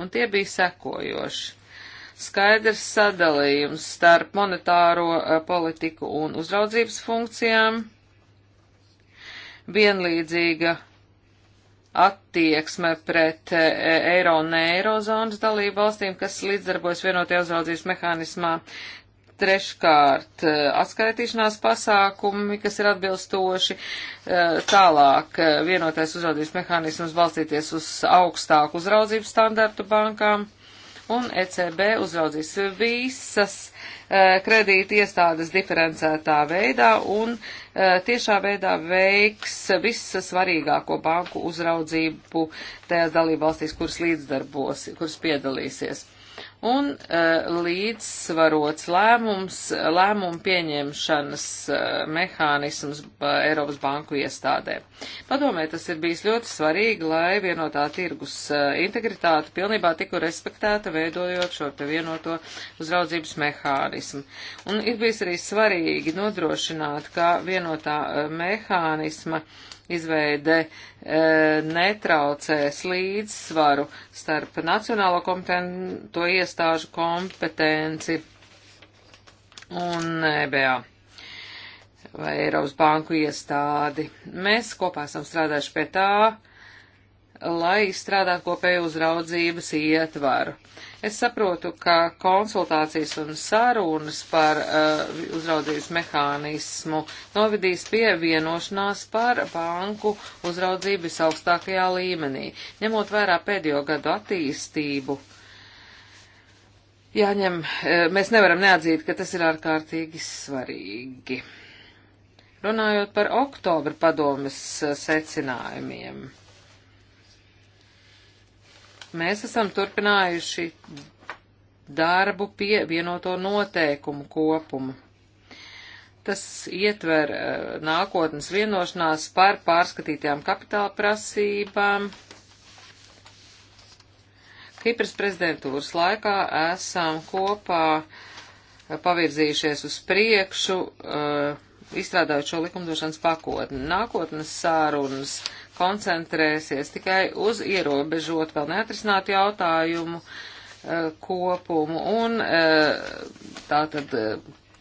un tie bija sekojoši. Skaidrs sadalījums starp monetāro politiku un uzraudzības funkcijām, vienlīdzīga attieksme pret e, e, eiro un eirozonas dalību valstīm, kas līdzdarbojas vienotajā uzraudzības mehānismā. Treškārt, e, atskaitīšanās pasākumi, kas ir atbilstoši. Tālāk, vienotais uzraudzības mehānisms balstīties uz augstāku uzraudzības standartu bankām un ECB uzraudzīs visas e, eh, kredīti iestādes diferencētā veidā un e, tiešā veidā veiks visu svarīgāko banku uzraudzību tajās dalībvalstīs, kuras līdzdarbos, kuras piedalīsies un eh, līdzsvarots lēmums, lēmumu pieņemšanas eh, mehānisms eh, Eiropas banku iestādē. Padomē, tas ir bijis ļoti svarīgi, lai vienotā tirgus integritāte pilnībā tiku respektēta, veidojot šo pievienoto uzraudzības mehānismu. Un ir bijis arī svarīgi nodrošināt, ka vienotā mehānisma uh, izveide e, netraucēs līdzsvaru starp nacionālo kompetento iestāžu kompetenci un EBA vai Eiropas banku iestādi. Mēs kopā esam strādājuši pie tā, lai izstrādātu kopēju uzraudzības ietvaru. Es saprotu, ka konsultācijas un sarunas par uh, uzraudzības mehānismu novedīs pie vienošanās par banku uzraudzību visaugstākajā līmenī, ņemot vērā pēdējo gadu attīstību. Jāņem, uh, mēs nevaram neatzīt, ka tas ir ārkārtīgi svarīgi. Runājot par oktobra padomas uh, secinājumiem. Uh, Mēs esam turpinājuši darbu pie vienoto noteikumu kopuma. Tas ietver eh, nākotnes vienošanās par pārskatītajām kapitāla prasībām. Kipras prezidentūras laikā esam kopā eh, pavirzījušies uz priekšu, eh, izstrādājot šo likumdošanas pakotni. Nākotnes sārunas koncentrēsies tikai uz ierobežot vēl neatrisinātu jautājumu eh, kopumu un eh, tātad eh,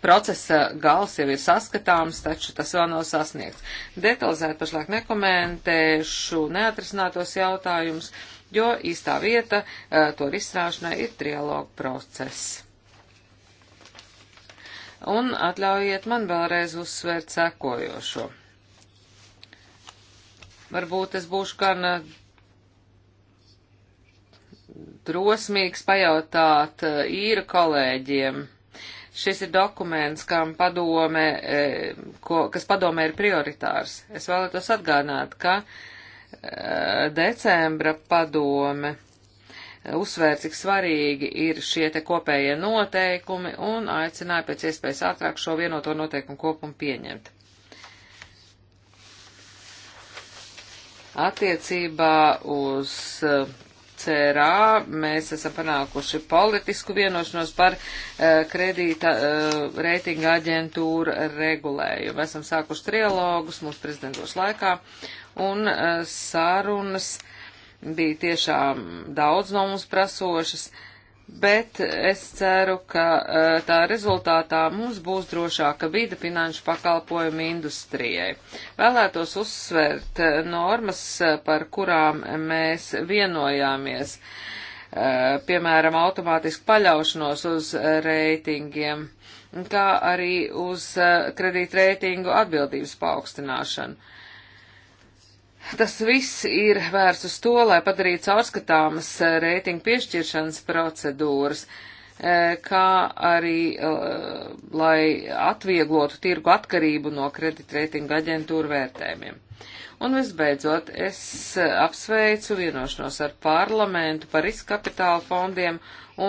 procesa gals jau ir saskatāms, taču tas vēl nav sasniegts. Detalizēt pašlaik nekomentēšu neatrisinātos jautājumus, jo īstā vieta to risināšanai ir trialogu process. Un atļaujiet man vēlreiz uzsvērt sekojošo. Varbūt es būšu gan eh, drosmīgs pajautāt eh, īra kolēģiem. Šis ir dokuments, kam padome, eh, ko, kas padome ir prioritārs. Es vēlētos atgādināt, ka decembra padome uzsvēra, cik svarīgi ir šie te kopējie noteikumi un aicināja pēc iespējas ātrāk šo vienoto noteikumu kopumu pieņemt. Attiecībā uz eh, CRA mēs esam panākuši politisku vienošanos par uh, kredīta uh, reitinga aģentūra regulējumu. Esam sākuši trialogus mūsu prezidentos laikā un uh, sarunas bija tiešām daudz no mums prasošas. Uh, bet es ceru, ka eh, tā rezultātā mums būs drošāka vīda finanšu pakalpojumu industrijai. Vēlētos uzsvērt eh, normas, eh, par kurām mēs vienojāmies, piemēram, automātisku paļaušanos uz reitingiem, kā arī uz kredītreitingu atbildības paaugstināšanu. Tas viss ir vērsts uz to, lai padarītu caurskatāmas eh, reitingu piešķiršanas procedūras, eh, kā arī eh, lai atvieglotu tirgu atkarību no kreditreitingu aģentūru vērtējumiem. Un visbeidzot, es apsveicu vienošanos ar parlamentu par riska kapitāla fondiem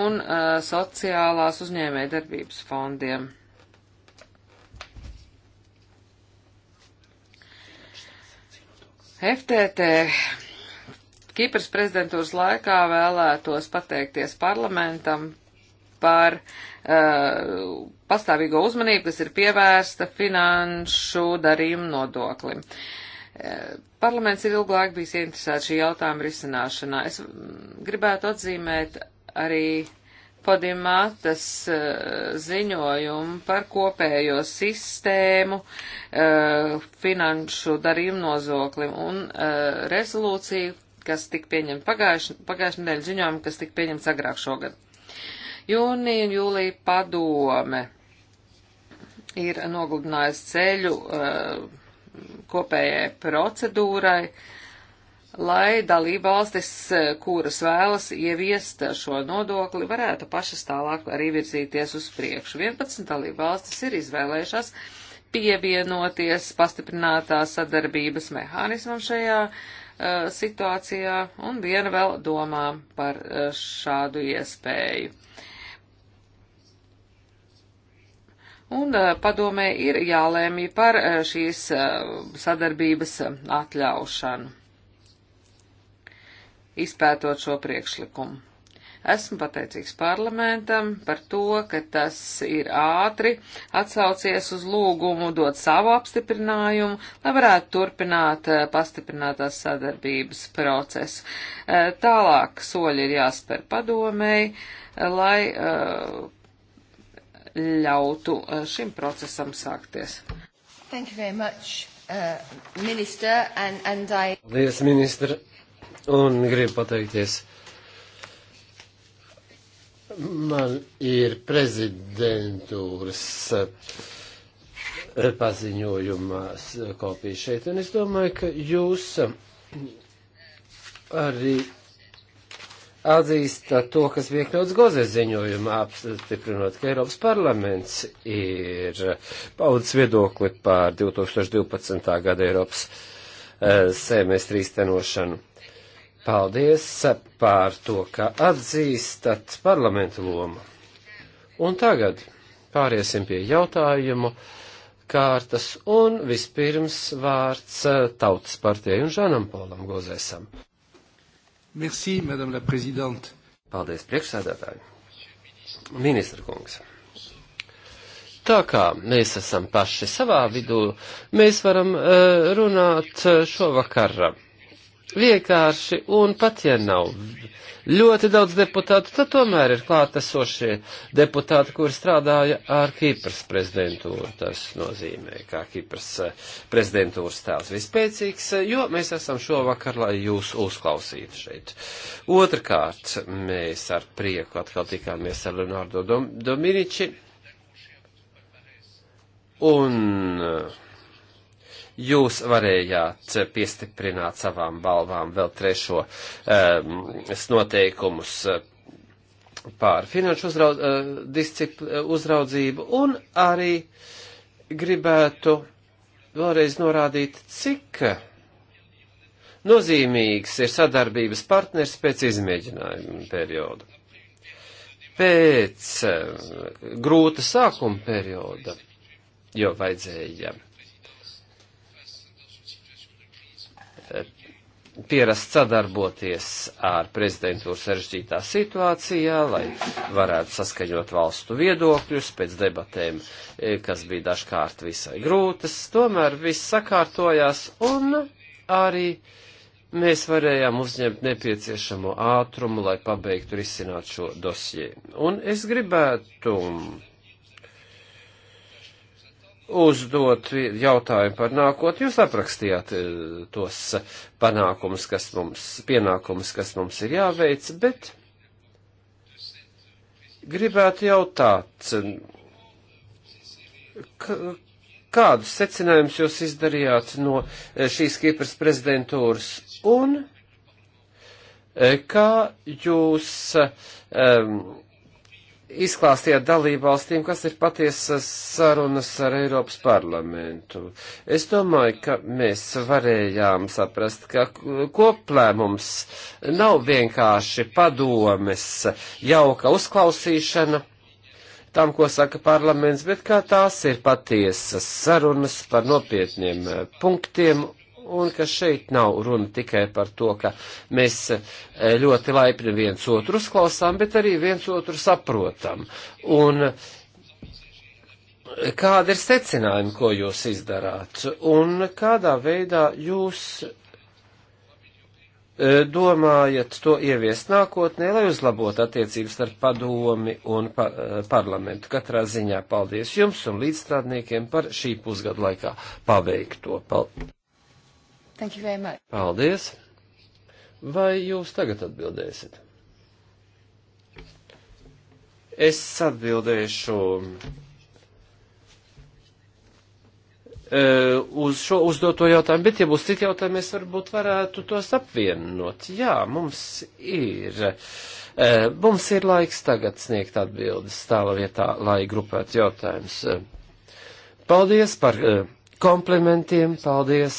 un uh, sociālās uzņēmējdarbības fondiem. FTT. Kipras prezidentūras laikā vēlētos pateikties parlamentam par uh, pastāvīgo uzmanību, kas ir pievērsta finanšu darījumu nodoklim. Uh, parlaments ir ilgāk bijis interesēts šī jautājuma risināšanā. Es mm, gribētu atzīmēt arī Podimātas eh, ziņojumu par kopējo sistēmu eh, finanšu darījumu nozoklim un eh, rezolūciju, kas tika pieņemta pagājušajā nedēļa ziņojumu, kas tika pieņemts agrāk šogad. Jūnija un jūlija padome ir nogludinājusi ceļu kopējai procedūrai, uh, lai dalībvalstis, eh, kuras vēlas ieviest šo nodokli, varētu pašas tālāk arī virzīties uz priekšu. 11 dalībvalstis ir izvēlējušās pievienoties pastiprinātās sadarbības mehānismam šajā uh, situācijā, un viena vēl domā par uh, šādu iespēju. Un uh, padomē ir jālēmī par šīs sadarbības atļaušanu izpētot šo priekšlikumu. Esmu pateicīgs parlamentam par to, ka tas ir ātri atsaucies uz lūgumu dot savu apstiprinājumu, lai varētu turpināt eh, pastiprinātās sadarbības procesu. Eh, tālāk soļi ir jāspēr padomēji, eh, lai ļautu šim procesam sākties. Thank you very much, uh, minister, and, and I... Paldies, ministra un gribu pateikties. Man ir prezidentūras eh, paziņojuma eh, kopija šeit, un es domāju, ka jūs eh, arī atzīstat to, kas bija iekļauts Gozes ziņojumā, apstiprinot, ka Eiropas parlaments ir paudzes viedokli pār 2012. gada Eiropas semestri īstenošanu. Paldies par to, ka atzīstat parlamentu lomu. Un tagad pāriesim pie jautājumu kārtas un vispirms vārds e, Tautas partijai un Žanam Polam Gozēsam. Merci, madame la prezidente. Paldies, priekšsēdētāji. Ministra kungs. Tā kā mēs esam paši savā vidū, mēs varam uh, runāt uh, šovakar. Uh, vienkārši, un pat ja nav ļoti daudz deputātu, tad tomēr ir klātesošie deputāti, kuri strādāja ar Kipras prezidentūru. Tas nozīmē, kā Kipras eh, prezidentūras tēls vispēcīgs, eh, jo mēs esam šovakar, lai jūs uzklausītu šeit. Otrkārt, mēs ar prieku atkal tikāmies ar Leonardo Dom Dominici. Un uh, jūs varējāt piestiprināt savām balvām vēl trešo um, noteikumus eh, pār finanšu uzraud, uh, eh, eh, uzraudzību un arī gribētu vēlreiz norādīt, cik nozīmīgs ir sadarbības partners pēc izmēģinājuma perioda. Pēc grūta sākuma perioda, jo vajadzēja pierast sadarboties ar prezidentūru sarežģītā situācijā, lai varētu saskaņot valstu viedokļus pēc debatēm, eh, kas bija dažkārt visai grūtas. Tomēr viss sakārtojās un arī mēs varējām uzņemt nepieciešamo ātrumu, lai pabeigtu risināt šo dosie. Un es gribētu uzdot jautājumu par nākotni. Jūs aprakstījāt eh, tos panākumus, kas mums, pienākumus, kas mums ir jāveic, bet gribētu jautāt, kādus secinājumus jūs izdarījāt no eh, šīs Kipras prezidentūras un eh, kā jūs um, izklāstījāt dalībvalstīm, kas ir patiesas sarunas ar Eiropas parlamentu. Es domāju, ka mēs varējām saprast, ka koplēmums nav vienkārši padomes jauka uzklausīšana tam, ko saka parlaments, bet kā tās ir patiesas sarunas par nopietniem eh, punktiem un ka šeit nav runa tikai par to, ka mēs e, ļoti laipni viens otru uzklausām, bet arī viens otru saprotam. Un e, kāda ir secinājuma, ko jūs izdarāt, un kādā veidā jūs e, domājat to ieviest nākotnē, lai uzlabotu attiecības starp padomi un par, parlamentu. Katrā ziņā paldies jums un līdzstrādniekiem par šī pusgada laikā paveikto. Paldies. Thank you very much. Paldies. Vai jūs tagad atbildēsiet? Es atbildēšu e, uz šo uzdoto jautājumu, bet, ja būs citi jautājumi, mēs varbūt varētu tos apvienot. Jā, mums ir. E, mums ir laiks tagad sniegt atbildes stāla vietā, lai grupētu jautājumus. Paldies par e, komplimentiem, paldies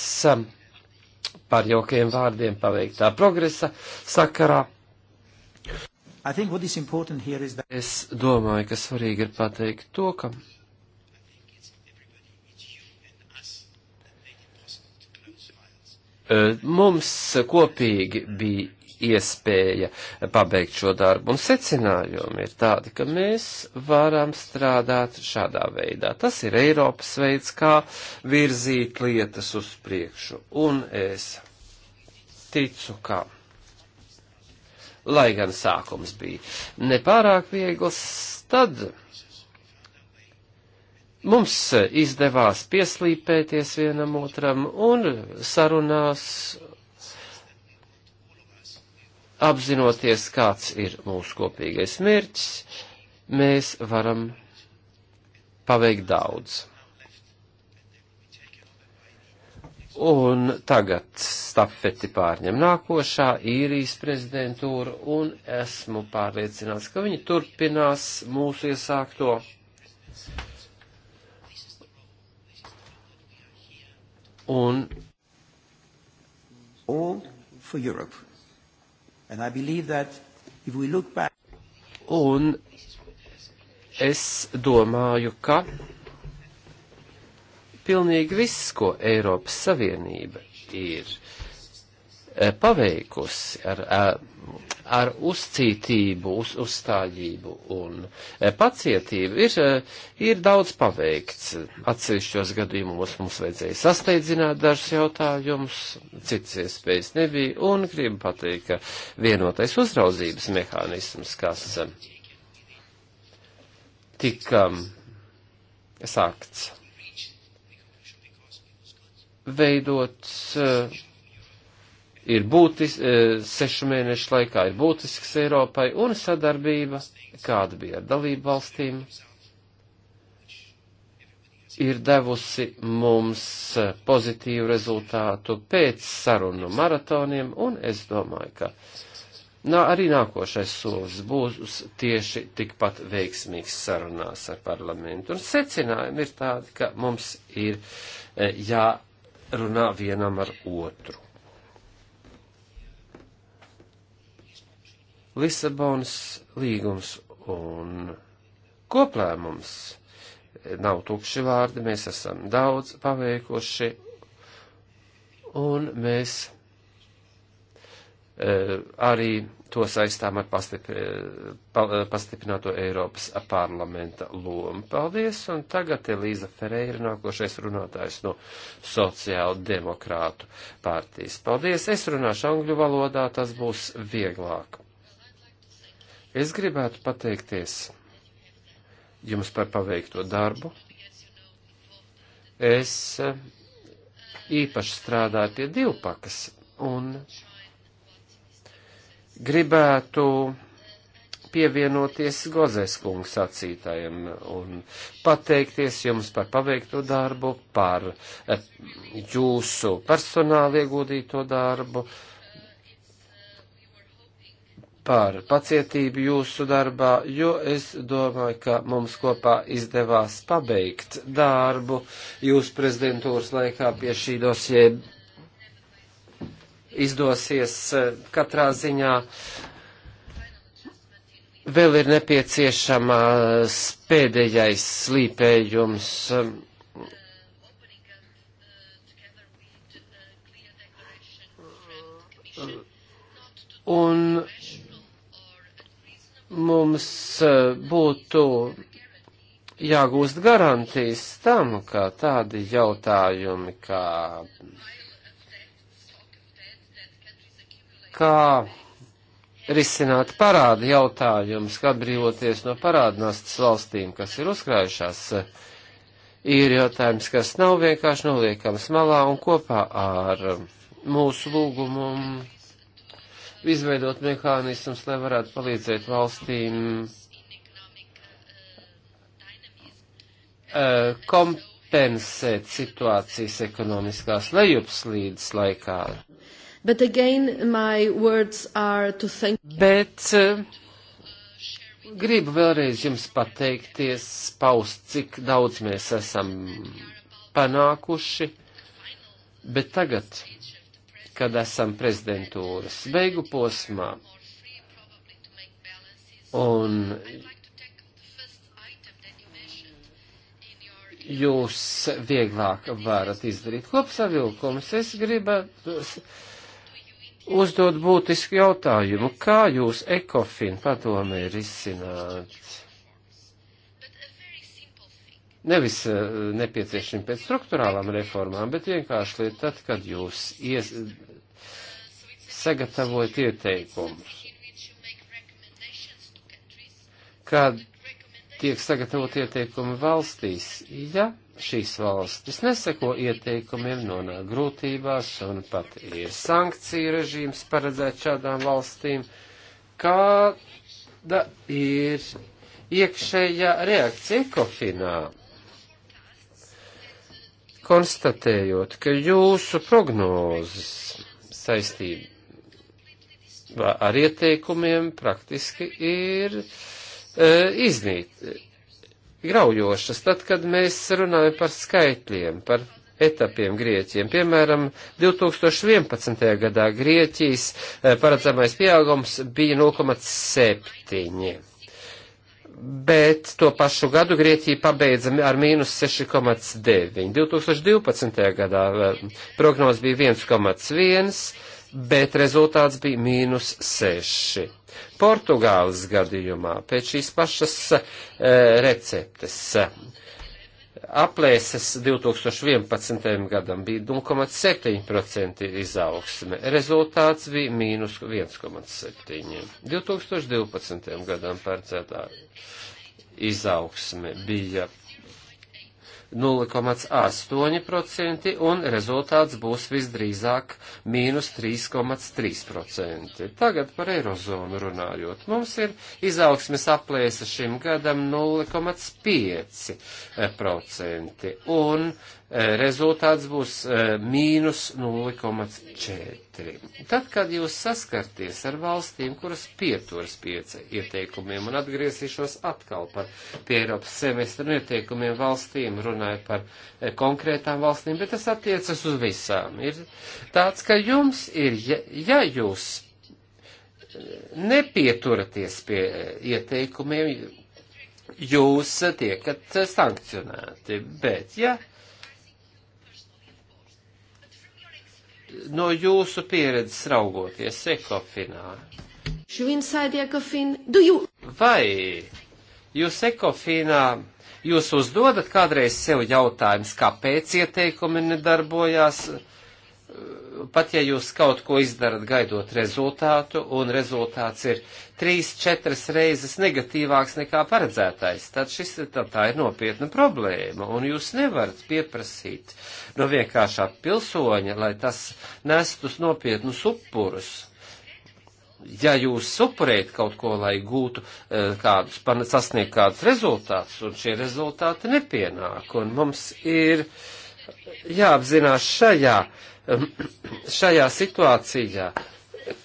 par jaukiem vārdiem paveiktā progresa sakarā. That... Es domāju, ka svarīgi ir pateikt to, ka eh, mums kopīgi bija iespēja pabeigt šo darbu. Un secinājumi ir tādi, ka mēs varam strādāt šādā veidā. Tas ir Eiropas veids, kā virzīt lietas uz priekšu. Un es ticu, ka lai gan sākums bija nepārāk viegls, tad mums izdevās pieslīpēties vienam otram un sarunās apzinoties, kāds ir mūsu kopīgais mērķis, mēs varam paveikt daudz. Un tagad stafeti pārņem nākošā īrijas prezidentūra, un esmu pārliecināts, ka viņi turpinās mūsu iesākto. Un. All for Europe. Back... Un es domāju, ka pilnīgi viss, ko Eiropas Savienība ir E, paveikusi ar, ar uzcītību, uz, uzstājību un e, pacietību, ir, e, ir daudz paveikts. Atsevišķos gadījumos mums vajadzēja sasteidzināt dažus jautājumus, citas iespējas nebija, un gribu pateikt, ka vienotais uzraudzības mehānisms, kas tika sākts veidot uh, ir būtisks, e, sešu mēnešu laikā ir būtisks Eiropai un sadarbība, kāda bija ar dalību valstīm, ir devusi mums e, pozitīvu rezultātu pēc sarunu maratoniem, un es domāju, ka nā, arī nākošais solis būs tieši tikpat veiksmīgs sarunās ar parlamentu. Un secinājumi ir tādi, ka mums ir e, jā runā vienam ar otru. Lisabonas līgums un koplēmums nav tukši vārdi, mēs esam daudz paveikuši un mēs e, arī to saistām ar pastipri, pa, pastiprināto Eiropas parlamenta lomu. Paldies, un tagad Elīza Ferreira, nākošais runātājs no sociāla demokrātu partijas. Paldies, es runāšu angļu valodā, tas būs vieglāk. Es gribētu pateikties jums par paveikto darbu. Es eh, īpaši strādāju pie divpakas un gribētu pievienoties Gozes kungu sacītājiem un pateikties jums par paveikto darbu, par eh, jūsu personāli ieguldīto darbu par pacietību jūsu darbā, jo es domāju, ka mums kopā izdevās pabeigt darbu jūsu prezidentūras laikā pie šī dosie. Izdosies eh, katrā ziņā vēl ir nepieciešama pēdējais slīpējums. Un mums eh, būtu jāgūst garantijas tam, ka tādi jautājumi kā, kā risināt parādu jautājumus, kā atbrīvoties no parādnastas valstīm, kas ir uzkrājušās, eh, ir jautājums, kas nav vienkārši noliekams malā un kopā ar mūsu lūgumu izveidot mehānismus, lai varētu palīdzēt valstīm eh, kompensēt situācijas ekonomiskās lejupslīdes laikā. But again, my words are to thank you. Bet uh, gribu vēlreiz jums pateikties, paust, cik daudz mēs esam panākuši, bet tagad kad esam prezidentūras beigu posmā. Un jūs vieglāk varat izdarīt kopsavilkumus. Es gribu uzdot būtisku jautājumu, kā jūs ekofin padomē ir izcināt? Nevis eh, nepieciešami pēc struktūrālām reformām, bet vienkārši tad, kad jūs ies, sagatavojat ieteikumus, kad tiek sagatavot ieteikumi valstīs, ja šīs valstis neseko ieteikumiem, nonāk grūtībās un pat ir sankcija režīms paredzēt šādām valstīm, kāda ir iekšējā reakcija ekofinā, konstatējot, ka jūsu prognozes saistība ar ieteikumiem praktiski ir e, iznīt, graujošas. Tad, kad mēs runājam par skaitļiem, par etapiem Grieķiem, piemēram, 2011. gadā Grieķijas e, paredzamais pieaugums bija 0,7. Bet to pašu gadu Grieķija pabeidza ar mīnus 6,9. 2012. gadā e, prognoz bija 1,1 bet rezultāts bija mīnus 6. Portugāles gadījumā pēc šīs pašas e, receptes aplēses 2011. gadam bija 0,7% izaugsme, rezultāts bija mīnus 1,7. 2012. gadam paredzētā izaugsme bija 0,8% un rezultāts būs visdrīzāk mīnus 3,3%. Tagad par eirozonu runājot. Mums ir izaugsmes aplēsa šim gadam 0,5% un Eh, rezultāts būs eh, mīnus 0,4. Tad, kad jūs saskarties ar valstīm, kuras pieturas pie ieteikumiem, un atgriezīšos atkal par pie Eiropas semestra ieteikumiem valstīm, runāju par eh, konkrētām valstīm, bet tas attiecas uz visām. Ir tāds, ka jums ir, ja, ja jūs nepieturaties pie ieteikumiem, jūs tiekat sankcionēti, bet, ja, no jūsu pieredzes raugoties ekofinā. Vai jūs ekofinā, jūs uzdodat kādreiz sev jautājums, kāpēc ieteikumi nedarbojās? Uh, pat ja jūs kaut ko izdarat gaidot rezultātu, un rezultāts ir trīs, četras reizes negatīvāks nekā paredzētais, tad šis, tad tā ir nopietna problēma, un jūs nevarat pieprasīt no vienkāršā pilsoņa, lai tas nestus nopietnus upurus. Ja jūs upurējat kaut ko, lai gūtu eh, kādus, sasniegt kādus rezultātus, un šie rezultāti nepienāk, un mums ir jāapzinās šajā uh, šajā situācijā,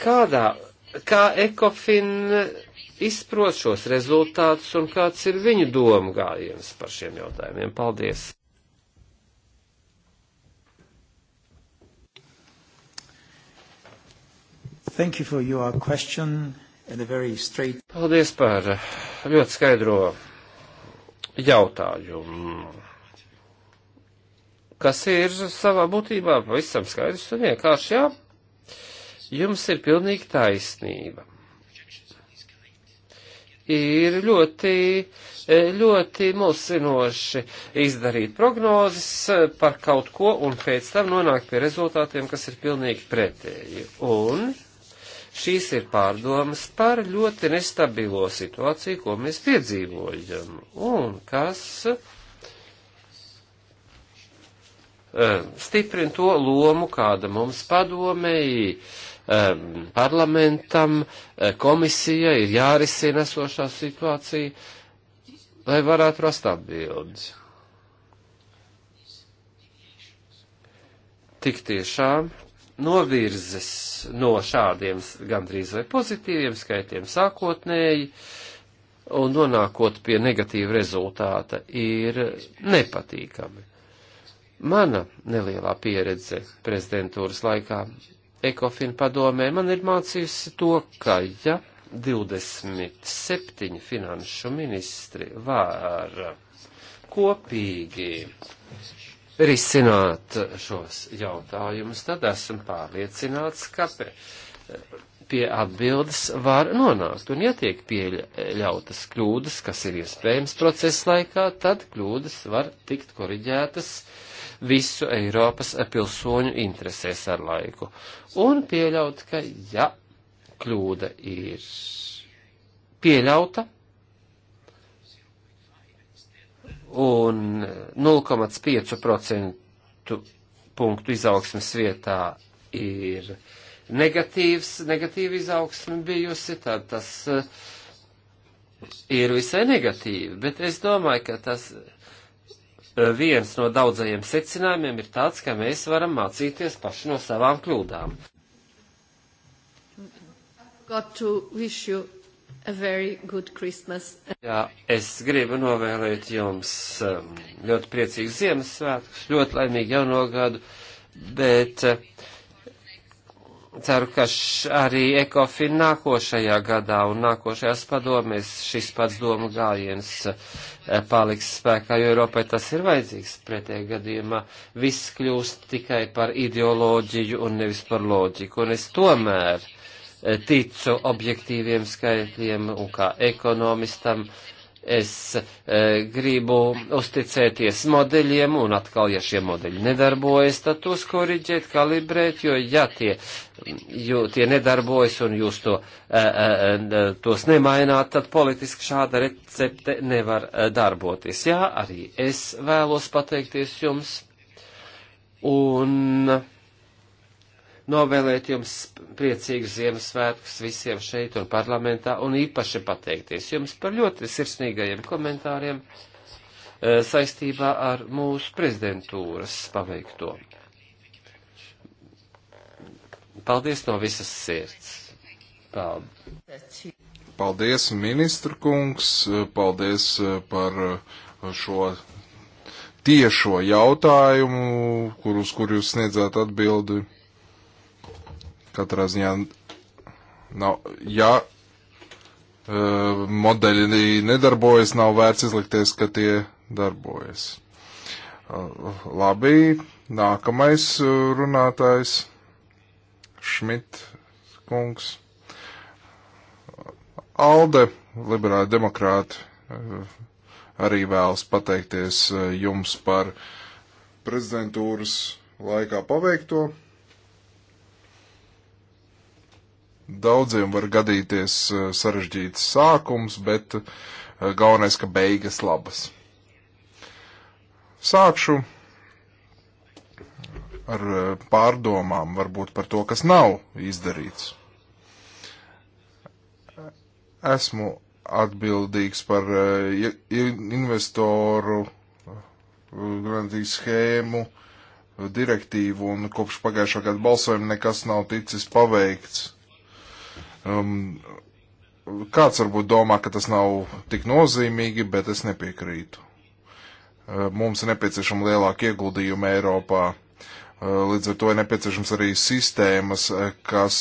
kādā, kā ekofin izprot šos rezultātus un kāds ir viņu domu gājiens par šiem jautājumiem. Paldies! Thank you for your question and a very straight. Paldies par ļoti skaidro jautājumu kas ir savā būtībā pavisam skaidrs un vienkārši, jā, jums ir pilnīgi taisnība. Ir ļoti, ļoti mulsinoši izdarīt prognozes par kaut ko un pēc tam nonākt pie rezultātiem, kas ir pilnīgi pretēji. Un šīs ir pārdomas par ļoti nestabilo situāciju, ko mēs piedzīvojam un kas. Uh, Eh, stiprina to lomu, kāda mums padomēji eh, parlamentam, eh, komisija ir jārisina esošā situācija, lai varētu rast atbildes. Tik tiešām novirzes no šādiem gandrīz vai pozitīviem skaitiem sākotnēji un nonākot pie negatīva rezultāta ir nepatīkami. Mana nelielā pieredze prezidentūras laikā Ekofin padomē man ir mācījusi to, ka ja 27 finanšu ministri var kopīgi risināt šos jautājumus, tad esmu pārliecināts, ka pie atbildes var nonākt. Un, ja tiek pieļautas kļūdas, kas ir iespējams procesa laikā, tad kļūdas var tikt koriģētas uh, visu Eiropas pilsoņu interesēs ar laiku. Un pieļaut, ka ja kļūda ir pieļauta un 0,5% punktu izaugsmes vietā ir negatīvs, negatīva izaugsme bijusi, tad tas eh, ir visai negatīvi, bet es domāju, ka tas Eh, viens no daudzajiem secinājumiem ir tāds, ka mēs varam mācīties paši no savām kļūdām. Jā, es gribu novēlēt jums ļoti priecīgus Ziemassvētkus, ļoti laimīgu jauno gadu, bet uh, ceru, ka š, arī ECOFIN nākošajā gadā un nākošajās padomēs šis pats domu gājiens eh, paliks spēkā, jo Eiropai tas ir vajadzīgs. Pretējā gadījumā viss kļūst tikai par ideoloģiju un nevis par loģiku. Un es tomēr eh, ticu objektīviem skaitļiem un kā ekonomistam. Uh, Es e, gribu uzticēties modeļiem, un atkal, ja šie modeļi nedarbojas, tad tos koriģēt, kalibrēt, jo ja tie, jo tie nedarbojas un jūs to, e, e, tos nemaināt, tad politiski šāda recepte nevar e, darboties. Jā, arī es vēlos pateikties jums. Un novēlēt jums priecīgus Ziemassvētkus visiem šeit un parlamentā un īpaši pateikties jums par ļoti sirsnīgajiem komentāriem e, saistībā ar mūsu prezidentūras paveikto. Paldies no visas sirds. Paldies. Paldies, ministru kungs, paldies e, par e, šo tiešo jautājumu, kur, uz kur jūs sniedzāt atbildi. Katrā ziņā nav, ja uh, modeļi nedarbojas, nav vērts izlikties, ka tie darbojas. Uh, labi, nākamais runātājs Šmit kungs. Alde, liberāli demokrāti, e, arī vēlas pateikties jums par prezidentūras laikā paveikto. Daudziem var gadīties eh, sarežģīts sākums, bet eh, galvenais, ka beigas labas. Sākšu ar eh, pārdomām varbūt par to, kas nav izdarīts. Esmu atbildīgs par investoru garantijas schēmu, direktīvu, un kopš pagājušā gada balsojuma nekas nav ticis paveikts. Um, kāds varbūt domā, ka tas nav tik nozīmīgi, bet es nepiekrītu. Uh, mums ir nepieciešama lielāka ieguldījuma Eiropā. Uh, līdz ar to ir nepieciešams arī sistēmas, uh, kas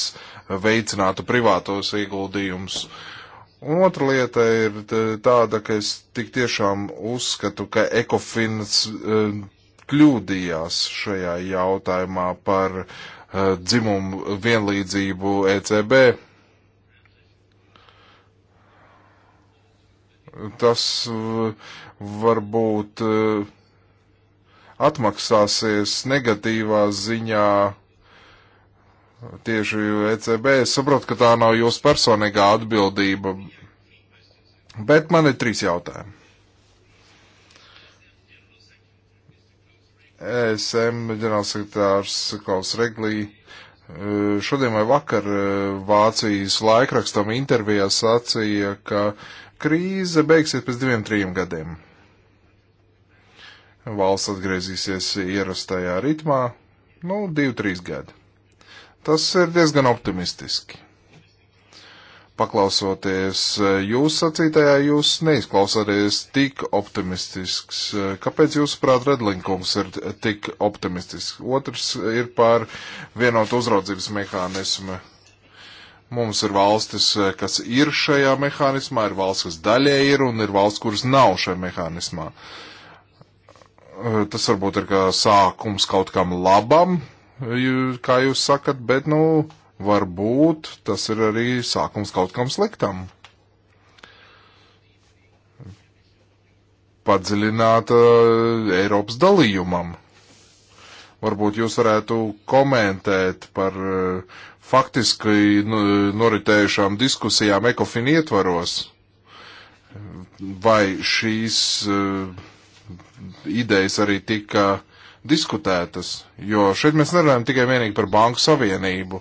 veicinātu privātos ieguldījumus. Un otra lieta ir tāda, ka es tik tiešām uzskatu, ka Ekofins kļūdījās šajā jautājumā par dzimumu vienlīdzību ECB tas uh, varbūt uh, atmaksāsies negatīvā ziņā tieši ECB. Es saprotu, ka tā nav jūsu personīgā atbildība, bet man ir trīs jautājumi. ESM ģenerālsekretārs Klaus Reglī uh, šodien vai vakar Vācijas laikrakstam intervijā sacīja, ka uh, krīze beigsies pēc diviem, trim gadiem. Valsts atgriezīsies ierastajā ritmā, nu, divi, trīs gadi. Tas ir diezgan optimistiski. Paklausoties eh, jūs sacītajā, jūs neizklausāties tik optimistisks. Eh, kāpēc jūsuprāt redlinkums ir tik optimistisks? Otrs ir par vienotu uzraudzības mehānismu Mums ir valstis, eh, kas ir šajā mehānismā, ir valsts, kas daļai ir, un ir valsts, kuras nav šajā mehānismā. Eh, tas varbūt ir kā sākums kaut kam labam, kā jūs sakat, bet, nu, varbūt tas ir arī sākums kaut kam sliktam. Padziļināta eh, Eiropas dalījumam. Varbūt jūs varētu komentēt par uh, faktiski nu, noritējušām diskusijām ekofin ietvaros, vai šīs eh, idejas arī tika diskutētas, jo šeit mēs nerunājam tikai vienīgi par banku savienību.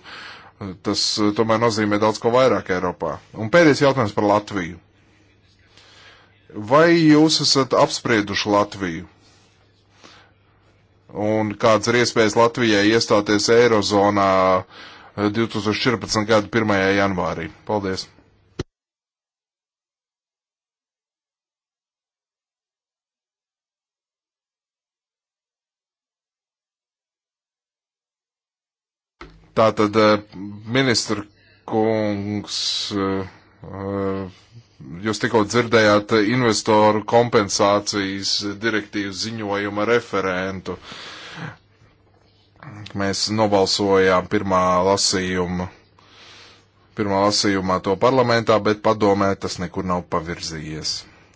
Tas eh, tomēr nozīmē daudz ko vairāk Eiropā. Un pēdējais jautājums par Latviju. Vai jūs esat apsprieduši Latviju? Un kāds ir iespējas Latvijai iestāties Eirozonā uh, 2014. gada 1. janvārī. Paldies! Tātad eh, ministra kungs, eh, jūs tikko dzirdējāt investoru kompensācijas direktīvas ziņojuma referentu. Uh, Mēs nobalsojām pirmā lasījuma, pirmā lasījumā to parlamentā, bet padomē tas nekur nav pavirzījies.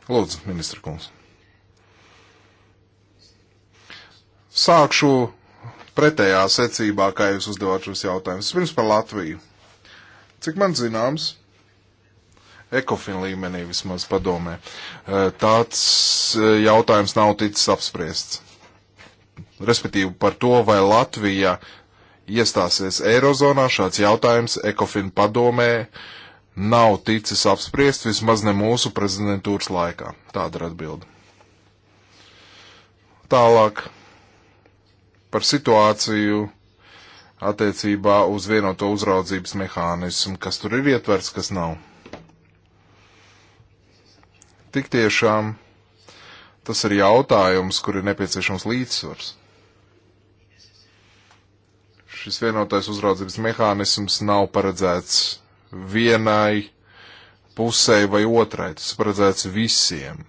Lūdzu, ministra kungs. Sākšu pretējā secībā, kā jūs uzdevāt šos jautājumus. Pirms par Latviju. Cik man zināms, ekofin līmenī vismaz padomē, eh, tāds eh, jautājums nav ticis apspriests respektīvi par to, vai Latvija iestāsies Eirozonā, šāds jautājums Ekofin padomē nav ticis apspriest vismaz ne mūsu prezidentūras laikā. Tāda ir atbilde. Tālāk par situāciju attiecībā uz vienoto uzraudzības mehānismu, kas tur ir ietverts, kas nav. Tik tiešām tas ir jautājums, kur ir nepieciešams līdzsvars. Šis vienotais uzraudzības mehānisms nav paredzēts vienai pusē vai otrai, tas paredzēts visiem.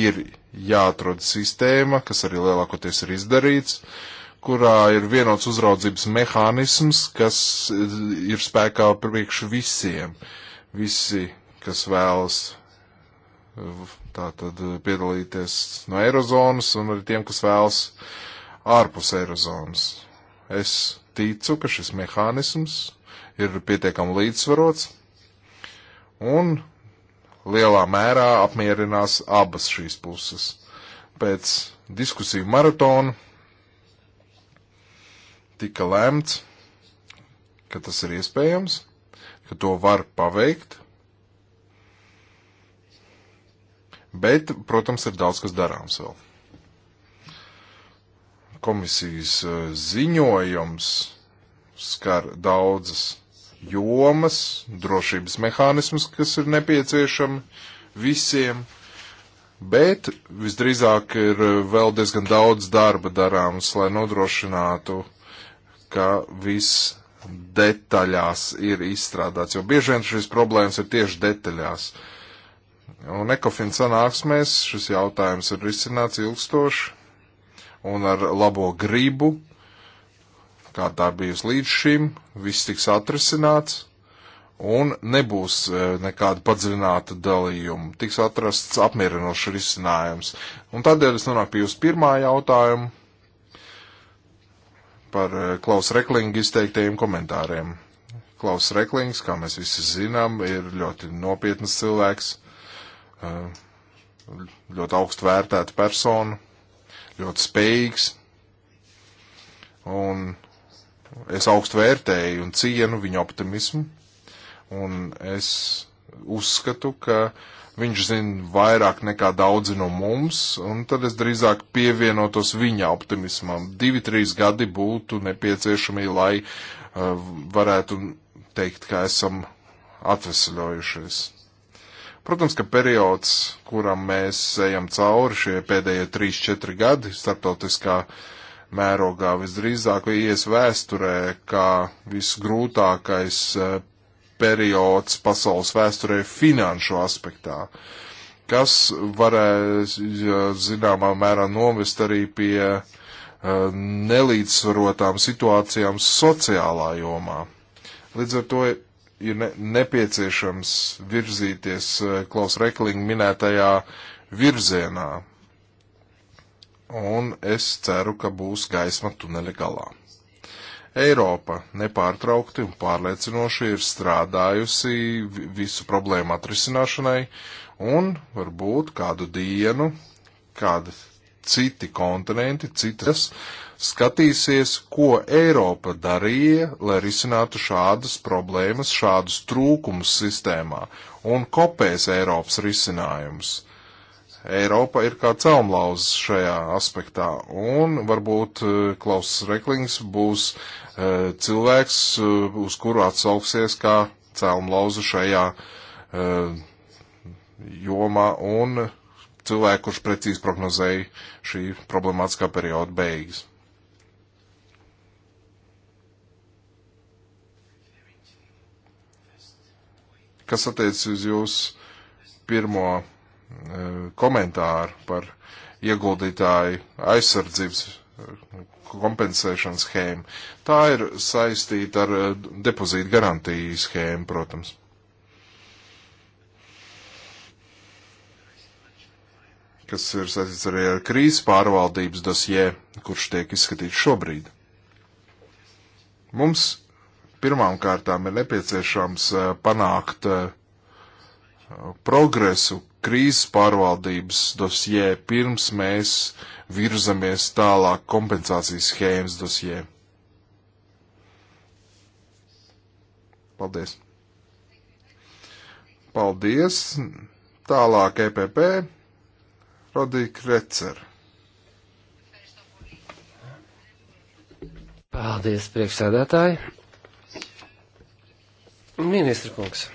Ir jāatrod sistēma, kas arī lielākoties ir izdarīts, kurā ir vienots uzraudzības mehānisms, kas ir spēkā priekš visiem. Visi, kas vēlas tātad piedalīties no Eirozonas un arī tiem, kas vēlas uh, ārpus Eirozonas. Es ticu, ka šis mehānisms ir pietiekami līdzsvarots un lielā mērā apmierinās abas šīs puses. Pēc diskusiju maratona tika lemts, ka tas ir iespējams, ka to var paveikt, bet, protams, ir daudz kas darāms vēl komisijas eh, ziņojums skar daudzas jomas, drošības mehānismus, kas ir nepieciešami visiem, bet visdrīzāk ir eh, vēl diezgan daudz darba darāms, lai nodrošinātu, ka viss detaļās ir izstrādāts, jo bieži vien šīs problēmas ir tieši detaļās. Un ekofin sanāksmēs šis jautājums ir risināts ilgstoši un ar labo gribu, kā tā bijusi līdz šim, viss tiks atrisināts un nebūs e, nekāda padziļināta dalījuma. Tiks atrasts apmierinošs risinājums. Un tādēļ es nonāku pie jūsu pirmā jautājuma par e, Klaus Reklinga izteiktajiem komentāriem. Klaus Reklings, kā mēs visi zinām, ir ļoti nopietnas cilvēks, e, ļoti augstu vērtēta persona ļoti spējīgs, un es augstu vērtēju un cienu viņa optimismu, un es uzskatu, ka viņš zina vairāk nekā daudzi no mums, un tad es drīzāk pievienotos viņa optimismam. Divi, trīs gadi būtu nepieciešami, lai uh, varētu teikt, ka esam atvesaļojušies. Protams, ka periods, kuram mēs ejam cauri šie pēdējie 3-4 gadi starptautiskā mērogā visdrīzāk ies vēsturē kā visgrūtākais eh, periods pasaules vēsturē finanšu aspektā, kas varēs zināmā mērā novest arī pie eh, nelīdzsvarotām situācijām sociālā jomā. Līdz ar to ir ne, nepieciešams virzīties eh, Klaus Reklinga minētajā virzienā. Un es ceru, ka būs gaisma tuneļa galā. Eiropa nepārtraukti un pārliecinoši ir strādājusi visu problēmu atrisināšanai, un varbūt kādu dienu, kādu citi kontinenti, citas skatīsies, ko Eiropa darīja, lai risinātu šādas problēmas, šādus trūkumus sistēmā un kopēs Eiropas risinājumus. Eiropa ir kā celmlauz šajā aspektā, un varbūt eh, Klaus Reklings būs uh, cilvēks, eh, uz kuru atsauksies kā celmlauza šajā uh, jomā, un cilvēku, kurš precīzi prognozēja šī problemātiskā perioda beigas. Kas attiecas uz jūsu pirmo e, komentāru par ieguldītāju aizsardzības e, kompensēšanas schēmu. Tā ir saistīta ar e, depozītu garantiju schēmu, protams. kas ir saistīts arī ar krīzes pārvaldības dosjē, kurš tiek izskatīts šobrīd. Mums pirmām kārtām ir nepieciešams eh, panākt eh, progresu krīzes pārvaldības dosjē, pirms mēs virzamies tālāk kompensācijas schēmas dosjē. Paldies! Paldies! Tālāk EPP Rodīja Krecer. Paldies, priekšsēdētāji! Ministra kungs,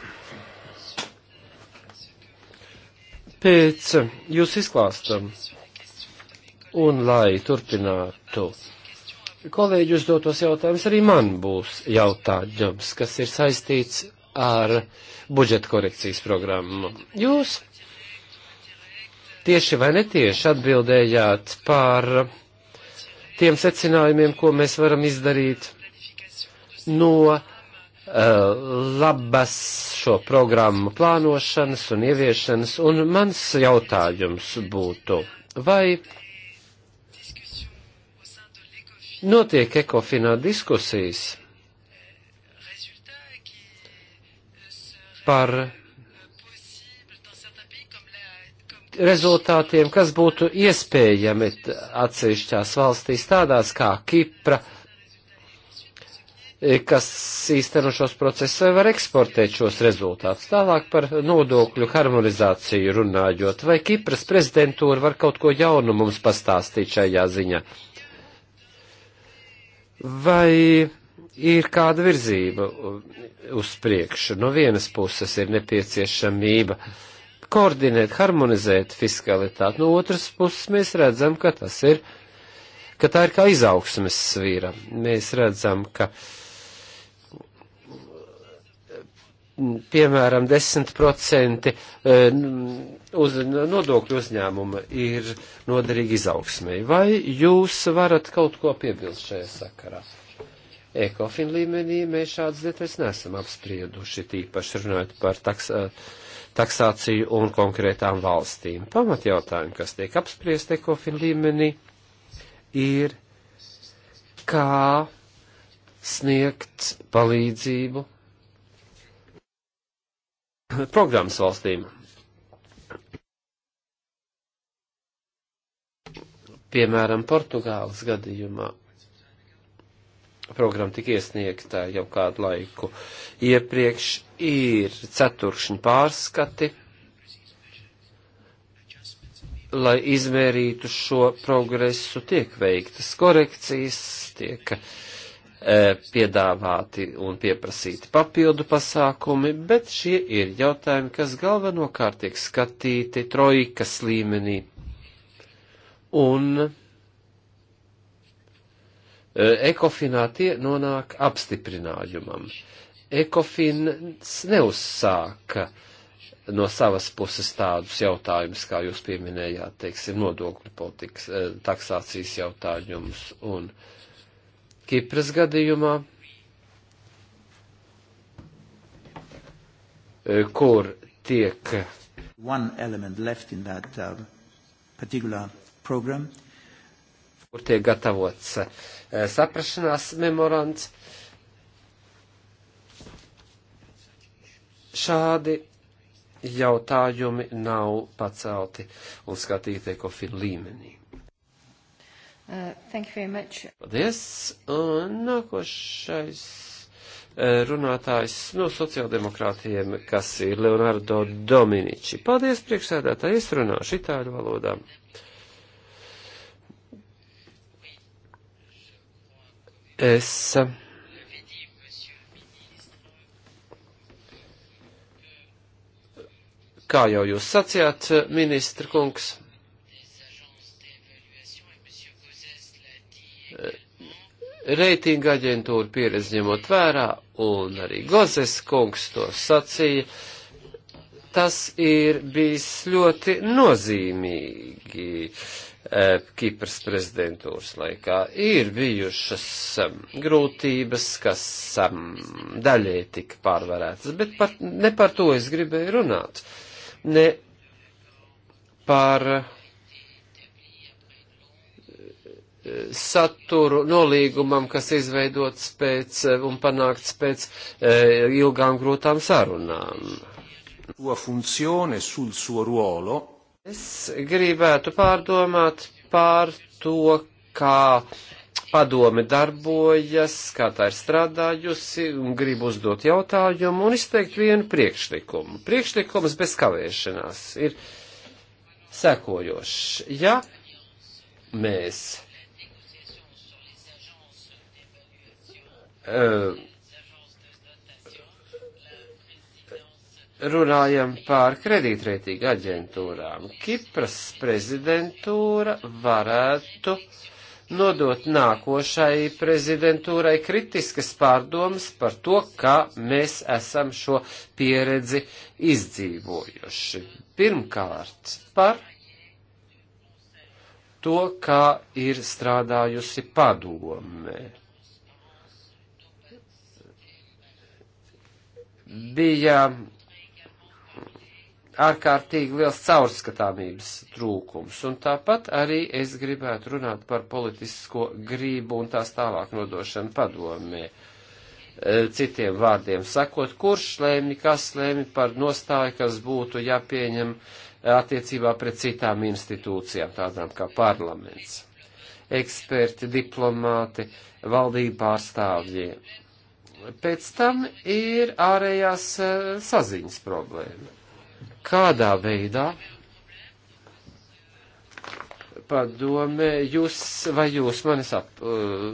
pēc jūs izklāstam un lai turpinātu kolēģi uzdotos jautājumus, arī man būs jautājums, kas ir saistīts ar budžeta korekcijas programmu. Jūs tieši vai netieši atbildējāt par tiem secinājumiem, ko mēs varam izdarīt no Eh, labas šo programmu plānošanas un ieviešanas, un mans jautājums būtu, vai notiek ekofinā diskusijas par rezultātiem, kas būtu iespējami atsevišķās valstīs, tādās kā Kipra, uh, E, kas īsteno šos procesus, vai var eksportēt šos rezultātus. Tālāk par nodokļu harmonizāciju runājot, vai Kipras prezidentūra var kaut ko jaunu mums pastāstīt šajā ziņā? Vai ir kāda virzība uz priekšu? No vienas puses ir nepieciešamība koordinēt, harmonizēt fiskalitāti, no otras puses mēs redzam, ka tas ir, ka tā ir kā izaugsmes svīra. Mēs redzam, ka uh, piemēram, 10% e, uz nodokļu uzņēmuma ir noderīgi izaugsmēji. Vai jūs varat kaut ko piebilst šajā sakarā? Ekofin līmenī mēs šādas lietas nesam apsprieduši, tīpaši runājot par taksa, e, taksāciju un konkrētām valstīm. Pamatjautājumi, kas tiek apspriest ekofin līmenī, ir kā sniegt palīdzību programmas valstīm. Piemēram, Portugāles gadījumā programma tika iesniegta jau kādu laiku iepriekš, ir ceturkšņu pārskati, lai izmērītu šo progresu, tiek veiktas korekcijas, tiek uh, E, piedāvāti un pieprasīti papildu pasākumi, bet šie ir jautājumi, kas galvenokārt tiek skatīti trojkas līmenī. Un e, ekofinā tie nonāk apstiprinājumam. Ekofins neuzsāka no savas puses tādus jautājumus, kā jūs pieminējāt, teiksim, nodokļu politikas, e, taksācijas jautājumus un uh, Kipras gadījumā, e, kur tiek. One element left in that uh, particular program kur tiek gatavots e, saprašanās memorands. Šādi jautājumi nav pacelti un skatīti ekofinu līmenī. Uh, thank you very much. Paldies. Un nākošais uh, runātājs no sociāldemokrātiem, kas ir Leonardo Dominici. Paldies, priekšsēdētāji, es runāšu itāļu valodā. Es kā jau jūs sacījāt, ministra kungs, reitinga aģentūra pieredzi ņemot vērā, un arī Gozes kungs to sacīja, tas ir bijis ļoti nozīmīgi e, Kipras prezidentūras laikā. Ir bijušas um, grūtības, kas um, daļai tika pārvarētas, bet par, ne par to es gribēju runāt. Ne par saturu nolīgumam, kas izveidots pēc eh, un panākts pēc eh, ilgām grūtām sarunām. Es gribētu pārdomāt pār to, kā padome darbojas, kā tā ir strādājusi, un gribu uzdot jautājumu un izteikt vienu priekšlikumu. Priekšlikums bez kavēšanās ir sekojošs. Ja mēs Eh, runājam pār kredītreitīgu aģentūrām. Kipras prezidentūra varētu nodot nākošai prezidentūrai kritiskas pārdomas par to, kā mēs esam šo pieredzi izdzīvojuši. Pirmkārt, par to, kā ir strādājusi padome. bija ārkārtīgi liels caurskatāmības trūkums, un tāpat arī es gribētu runāt par politisko grību un tās tālāk nodošanu padomē. E, citiem vārdiem sakot, kurš lēmi, kas lēmi par nostāju, kas būtu jāpieņem attiecībā pret citām institūcijām, tādām kā parlaments, eksperti, diplomāti, valdība pārstāvjiem Pēc tam ir ārējās e, saziņas problēma. Kādā veidā padome, jūs, vai jūs mani sap, e,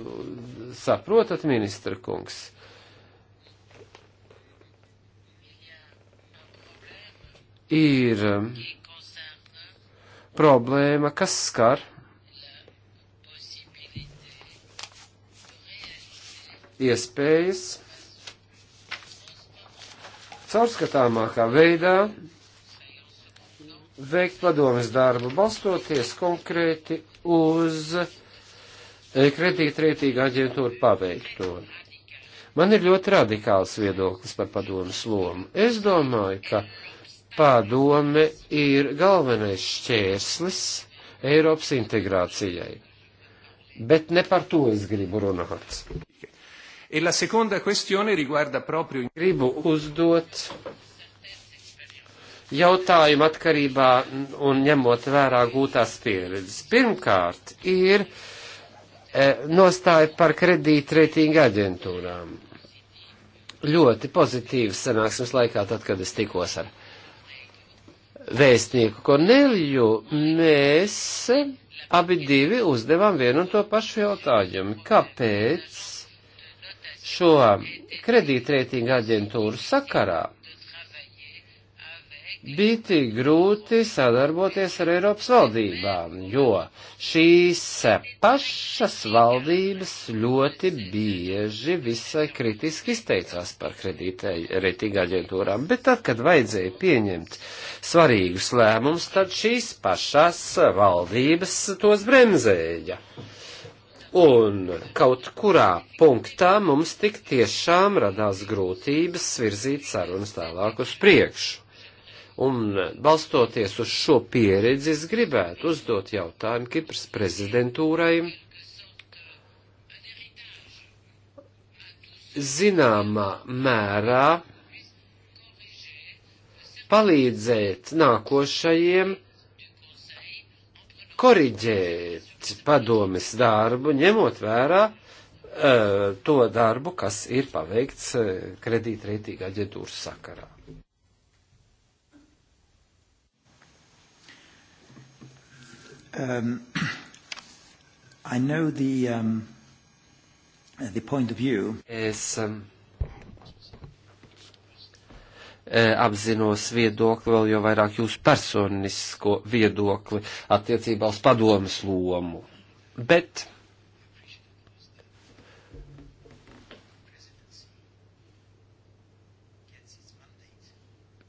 saprotat, ministra kungs? Ir e, problēma, kas skar iespējas caurskatāmākā veidā veikt padomjas darbu, balstoties konkrēti uz e, kredītrētīga aģentūra paveikto. Man ir ļoti radikāls viedoklis par padomas lomu. Es domāju, ka padome ir galvenais šķērslis Eiropas integrācijai. Bet ne par to es gribu runāt. E la seconda questione riguarda proprio. Gribu uzdot jautājumu atkarībā un ņemot vērā gūtās pieredzes. Pirmkārt, ir e, nostāja par kredītreitinga aģentūrām. Ļoti pozitīvas sanāksmes laikā, tad, kad es tikos ar vēstnieku Korneliju, mēs abi divi uzdevām vienu un to pašu jautājumu. Kāpēc? šo kredītreitinga aģentūru sakarā bija tik grūti sadarboties ar Eiropas valdībām, jo šīs pašas valdības ļoti bieži visai kritiski izteicās par kredītreitinga aģentūrām, bet tad, kad vajadzēja pieņemt svarīgus lēmumus, tad šīs pašas valdības tos bremzēja. Un kaut kurā punktā mums tik tiešām radās grūtības virzīt sarunas tālāk uz priekšu. Un balstoties uz šo pieredzi, es gribētu uzdot jautājumu Kipras prezidentūrai. Zināmā mērā palīdzēt nākošajiem koriģēt padomes darbu, ņemot vērā uh, to darbu, kas ir paveikts uh, e, kredītreitīga aģentūras sakarā. Um, (clears throat) I know the, um, the point of view. Es um, E, apzinos viedokli, vēl jau vairāk jūsu personisko viedokli attiecībā uz padomas lomu. Bet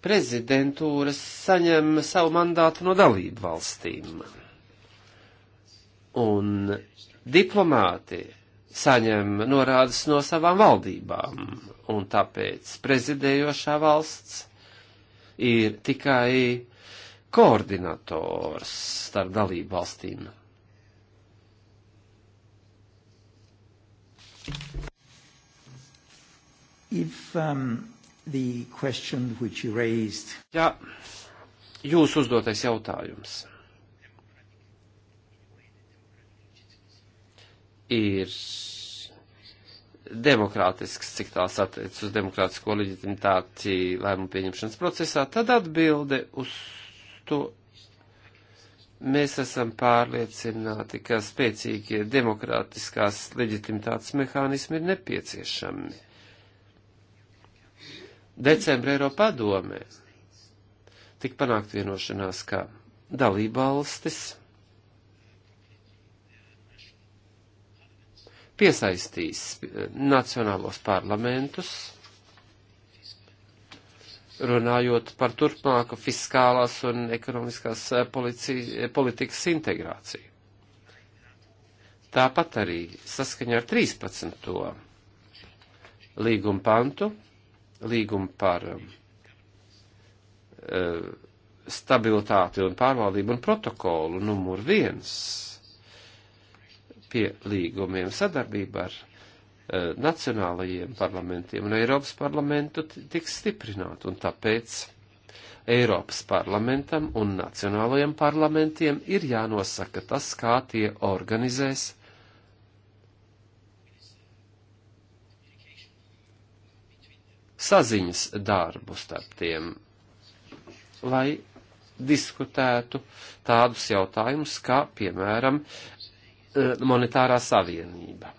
prezidentūras saņem savu mandātu no dalību valstīm. Un diplomātija saņem norādes no savām valdībām, un tāpēc prezidējošā valsts ir tikai koordinators starp dalību valstīm. If, um, the question which you raised... Jā, jūs uzdotais jautājums. ir demokrātisks, cik tās attiecas uz demokrātisko leģitimitāti lēmumu pieņemšanas procesā, tad atbilde uz to mēs esam pārliecināti, ka spēcīgie demokrātiskās leģitimitātes mehānismi ir nepieciešami. Decembra Eiropa padomē tik panākt vienošanās, ka dalībvalstis piesaistīs eh, nacionālos parlamentus, runājot par turpmāku fiskālās un ekonomiskās eh, policija, eh, politikas integrāciju. Tāpat arī saskaņā ar 13. līguma pantu, līguma par uh, stabilitāti un pārvaldību un protokolu numur viens pie līgumiem sadarbībā ar eh, nacionālajiem parlamentiem un Eiropas parlamentu tiks stiprināta, un tāpēc Eiropas parlamentam un nacionālajiem parlamentiem ir jānosaka tas, kā tie organizēs saziņas darbu starp tiem, lai diskutētu tādus jautājumus, kā, piemēram, Eh, monetārā savienība.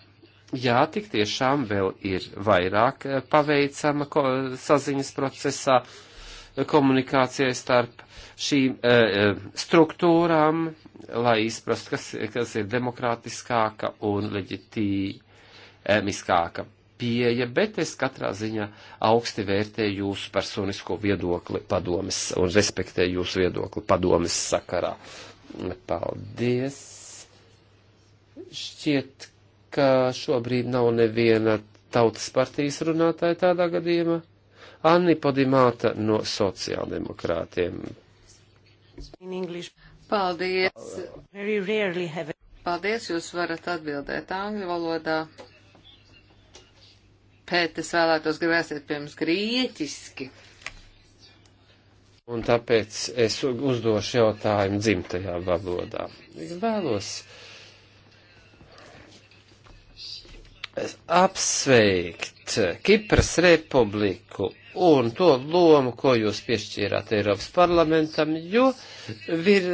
Jā, tik tiešām vēl ir vairāk eh, paveicama ko, eh, saziņas procesā, komunikācijai starp šīm e, struktūrām, lai izprastu, kas, kas ir demokrātiskāka un leģitīmiskāka pieeja, bet es katrā ziņā augsti vērtēju jūsu personisko viedokli padomis un respektēju jūsu viedokli padomis sakarā. Paldies! Šķiet, ka šobrīd nav neviena tautas partijas runātāja tādā gadījumā. Anni Podimāta no sociāldemokrātiem. Paldies. Paldies, jūs varat atbildēt angļu valodā. Bet es vēlētos gribēsiet pirms grieķiski. Un tāpēc es uzdošu jautājumu dzimtajā valodā. Vēlos apsveikt Kipras republiku un to lomu, ko jūs piešķīrāt Eiropas parlamentam, jo vir,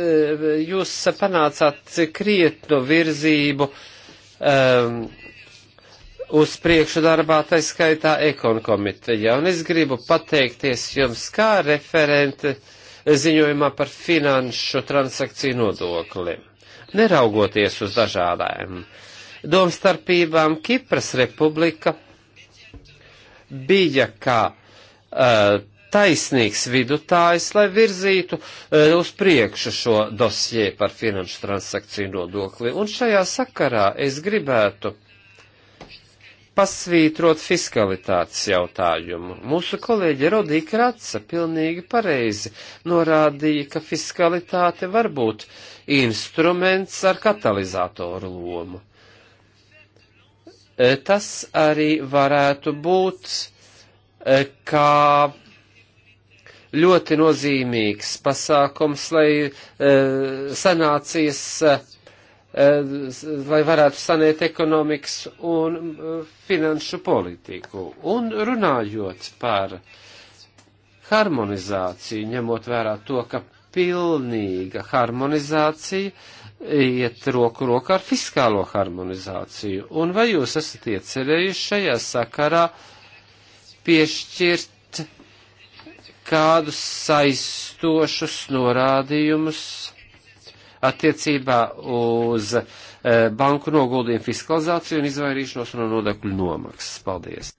jūs panācāt krietnu virzību um, uz priekšu darbā, tā skaitā ekonu komiteja. Un es gribu pateikties jums kā referente ziņojumā par finanšu transakciju nodokli, neraugoties uz dažādām uh, domstarpībām Kipras republika bija kā uh, taisnīgs vidutājs, lai virzītu uh, uz priekšu šo dosie par finanšu transakciju nodokli. Un šajā sakarā es gribētu pasvītrot fiskalitātes jautājumu. Mūsu kolēģi Rodīka Kratsa pilnīgi pareizi norādīja, ka fiskalitāte var būt instruments ar katalizātoru lomu. E, tas arī varētu būt e, kā ļoti nozīmīgs pasākums, lai e, sanācijas, lai varētu sanēt ekonomikas un finanšu politiku. Un runājot par harmonizāciju, ņemot vērā to, ka pilnīga harmonizācija iet roku rokā ar fiskālo harmonizāciju. Un vai jūs esat iecerējuši šajā sakarā piešķirt kādus saistošus norādījumus attiecībā uz e, banku noguldījumu fiskalizāciju un izvairīšanos no nodokļu nomaksas? Paldies!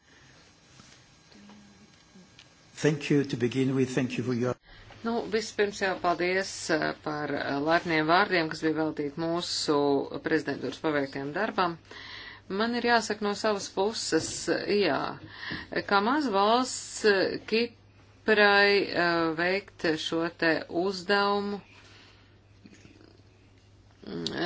Thank you to begin with. Thank you for your Nu, vispirms jau paldies eh, par eh, laipniem vārdiem, kas bija veltīti mūsu prezidentūras paveiktiem darbam. Man ir jāsaka no savas puses, eh, jā, kā maz valsts Kiprai veikt šo te uzdevumu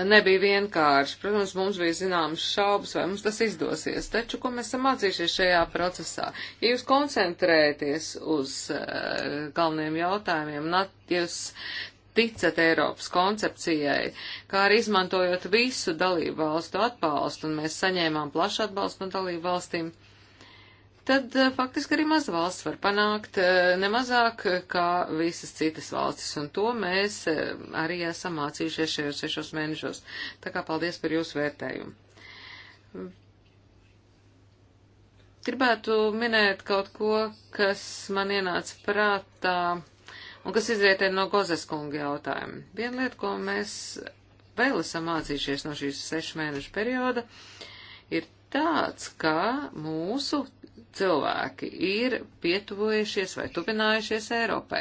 nebija vienkārši. Protams, mums bija zināmas šaubas, vai mums tas izdosies, taču, ko mēs esam mācījušies šajā procesā, ja jūs koncentrēties uz uh, eh, galveniem jautājumiem, nat, jūs ticat Eiropas koncepcijai, kā arī izmantojot visu dalību valstu atbalstu, un mēs saņēmām plašu atbalstu no dalību valstīm. Uh, tad eh, faktiski arī maza valsts var panākt eh, nemazāk eh, kā visas citas valstis, un to mēs arī esam mācījušies šajos sešos mēnešos. Tā kā paldies par jūsu vērtējumu. Gribētu minēt kaut ko, kas man ienāca prātā un kas izrietē no Gozes kunga jautājuma. Viena lieta, ko mēs vēl esam mācījušies no šīs sešu mēnešu perioda, ir tāds, ka mūsu cilvēki ir pietuvojušies vai tuvinājušies Eiropai.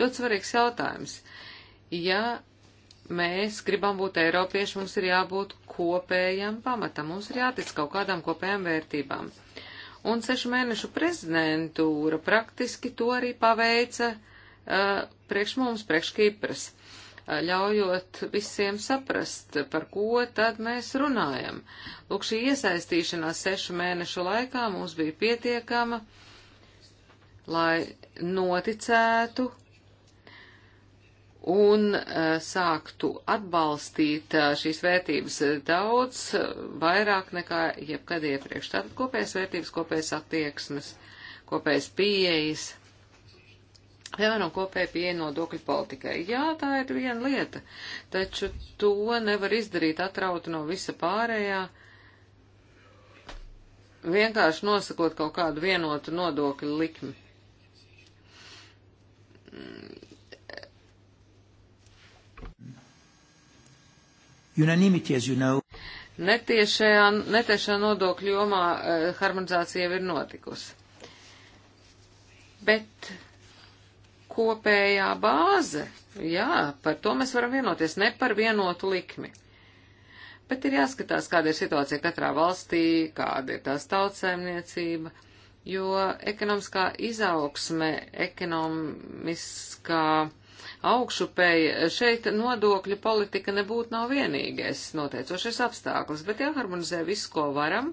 Ļoti svarīgs jautājums. Ja mēs gribam būt eiropieši, mums ir jābūt kopējam pamatam, mums ir jātic kaut kādām kopējām vērtībām. Un sešu mēnešu prezidentūra praktiski to arī paveica uh, priekš mums, priekš Kipras ļaujot visiem saprast, par ko tad mēs runājam. Lūk, šī iesaistīšanās sešu mēnešu laikā mums bija pietiekama, lai noticētu un e, sāktu atbalstīt e, šīs vērtības daudz e, vairāk nekā jebkad iepriekš. Tātad kopējas vērtības, kopējas attieksmes, kopējas pieejas Piemēram, kopēja pieeja nodokļu politikai. Jā, tā ir viena lieta, taču to nevar izdarīt atrautu no visa pārējā. Vienkārši nosakot kaut kādu vienotu nodokļu likmi. Unanimity, as you know. Netiešajā, netiešajā nodokļu jomā eh, harmonizācija jau ir notikusi. Bet kopējā bāze. Jā, par to mēs varam vienoties, ne par vienotu likmi. Bet ir jāskatās, kāda ir situācija katrā valstī, kāda ir tās tautsēmniecība, jo ekonomiskā izaugsme, ekonomiskā augšupēji. Šeit nodokļu politika nebūtu nav vienīgais noteicošais apstākļus, bet jāharmonizē visu, ko varam,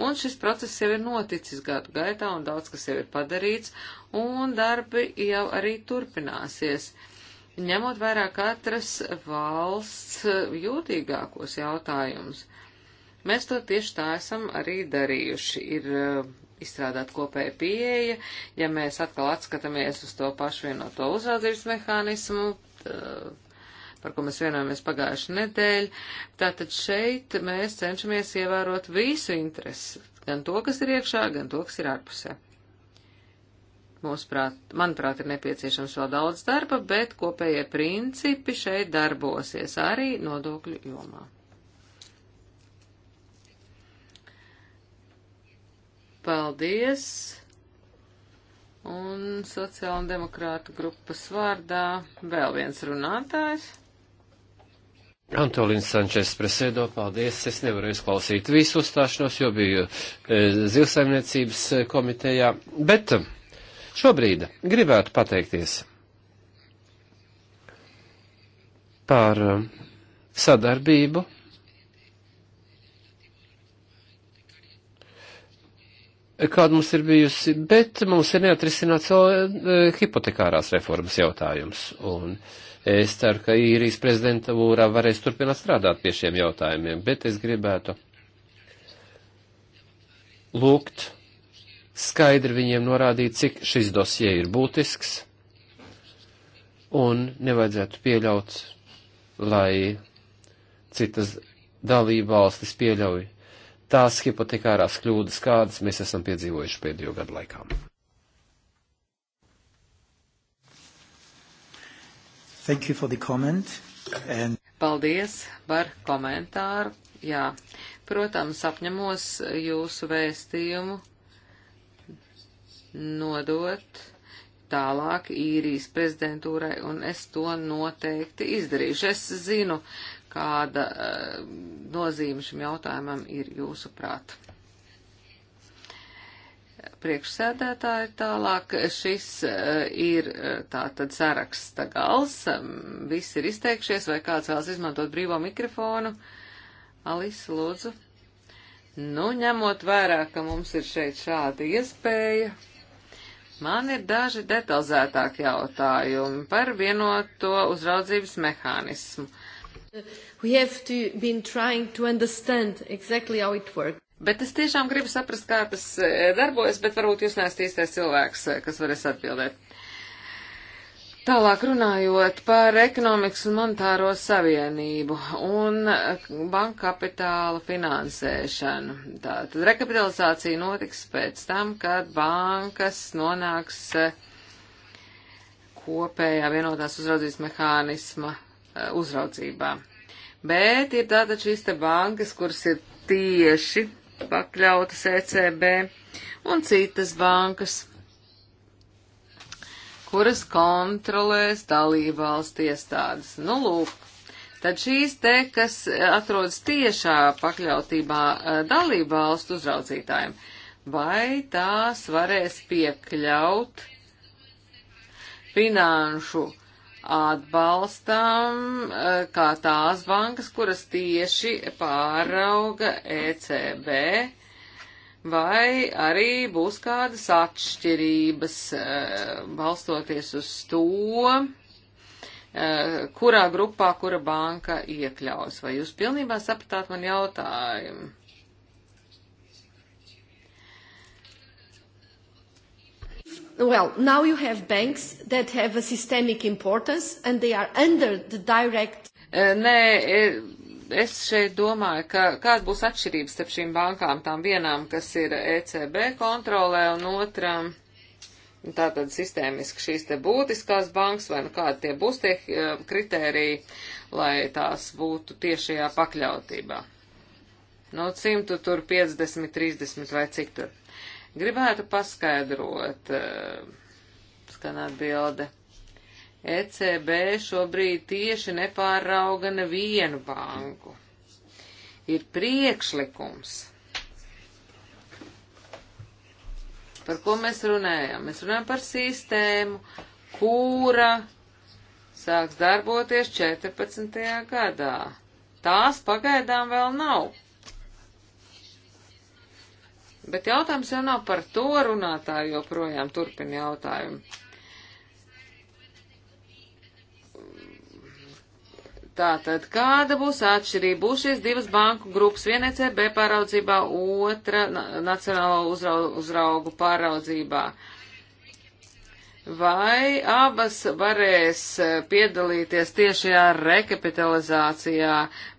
un šis process jau ir noticis gadu gaitā, un daudz kas jau ir padarīts, un darbi jau arī turpināsies. Ņemot vērā katras valsts jūtīgākos jautājumus. Mēs to tieši tā esam arī darījuši. Ir izstrādāt kopēja pieeja. Ja mēs atkal atskatāmies uz to pašu vienoto uzraudzības mehānismu, par ko mēs vienojamies pagājuši nedēļ, tātad šeit mēs cenšamies ievērot visu interesi, gan to, kas ir iekšā, gan to, kas ir ārpusē. Mūsuprāt, manuprāt, ir nepieciešams vēl daudz darba, bet kopējie principi šeit darbosies arī nodokļu jomā. Paldies! Un sociāla un demokrāta grupas vārdā vēl viens runātājs. Antolins Sančes presēdo, paldies. Es nevaru izklausīt visu uzstāšanos, jo biju e, zilsaimniecības e, komitejā. Bet šobrīd gribētu pateikties par e, sadarbību kāda mums ir bijusi, bet mums ir neatrisināts vēl e, hipotekārās reformas jautājums. Un es ceru, ka īrijas prezidentūrā varēs turpināt strādāt pie šiem jautājumiem, bet es gribētu lūgt skaidri viņiem norādīt, cik šis dosie ir būtisks un nevajadzētu pieļaut, lai citas dalībvalstis pieļauj tās hipotekārās kļūdas, kādas mēs esam piedzīvojuši pēdējo gadu laikā. Thank you for the comment. And... Paldies par komentāru. Jā, protams, apņemos jūsu vēstījumu nodot tālāk īrijas prezidentūrai, un es to noteikti izdarīšu. Es zinu, uh, Kāda eh, nozīme šim jautājumam ir jūsuprāt? priekšsēdētāji tālāk. Šis eh, ir eh, tātad saraksta gals. Visi ir izteikšies, vai kāds vēlas izmantot brīvo mikrofonu. Alisa, lūdzu. Nu, ņemot vērā, ka mums ir šeit šāda iespēja, man ir daži detalizētāki jautājumi par vienoto uzraudzības mehānismu. We have to been trying to understand exactly how it works. Bet es tiešām gribu saprast, kā tas e, darbojas, bet varbūt jūs neesat īstais cilvēks, e, kas varēs atbildēt. Tālāk runājot par ekonomikas un monetāro savienību un e, banka kapitāla finansēšanu. Tātad rekapitalizācija notiks pēc tam, kad bankas nonāks kopējā vienotās uzraudzības mehānisma Eh, uzraudzībā. Bet ir tātad šīs te bankas, kuras ir tieši pakļautas ECB un citas bankas, kuras kontrolēs dalībvalsts iestādes. Nu, lūk, tad šīs te, kas atrodas tiešā pakļautībā eh, dalībvalstu uzraudzītājiem, vai tās varēs piekļaut finanšu atbalstām eh, kā tās bankas, kuras tieši pārauga ECB, vai arī būs kādas atšķirības eh, balstoties uz to, eh, kurā grupā, kura banka iekļaus. Vai jūs pilnībā sapratāt man jautājumu? well, now you have banks that have a systemic importance and they are under the direct. Eh, nē, eh, es šeit domāju, ka kāda būs atšķirība starp šīm bankām, tām vienām, kas ir ECB kontrolē un otram. Tātad sistēmiski šīs te būtiskās bankas vai nu kādi tie būs tie eh, kritēriji, lai tās būtu tiešajā pakļautībā. No nu, 100 tur 50, 30 vai cik tur. Gribētu paskaidrot, eh, skan atbilde. ECB šobrīd tieši nepārauga nevienu banku. Ir priekšlikums, par ko mēs runājam. Mēs runājam par sistēmu, kura sāks darboties 14. gadā. Tās pagaidām vēl nav. Bet jautājums jau nav par to runātāju, joprojām turpina jautājumu. Tātad, kāda būs atšķirība? Būs šīs divas banku grupas, viena ECB pāraudzībā, otra Nacionālo uzraugu, uzraugu pāraudzībā. Uh, vai abas varēs eh, piedalīties tiešajā rekapitalizācijā,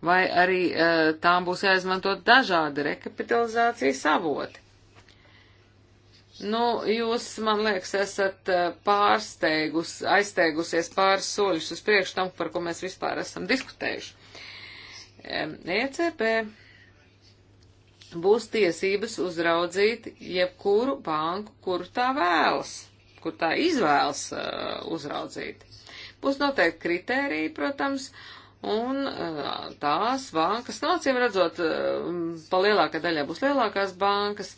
vai arī eh, tām būs jāizmantot dažādi rekapitalizācijas avoti. Nu, jūs, man liekas, esat eh, pārsteigus, aizsteigusies pāris soļus uz priekšu tam, par ko mēs vispār esam diskutējuši. ECP e būs tiesības uzraudzīt jebkuru banku, kuru tā vēlas kur tā izvēlas uh, uzraudzīt. Būs noteikti kritēriji, protams, un uh, tās bankas, nācīm nu, redzot, uh, pa lielākā daļā būs lielākās bankas,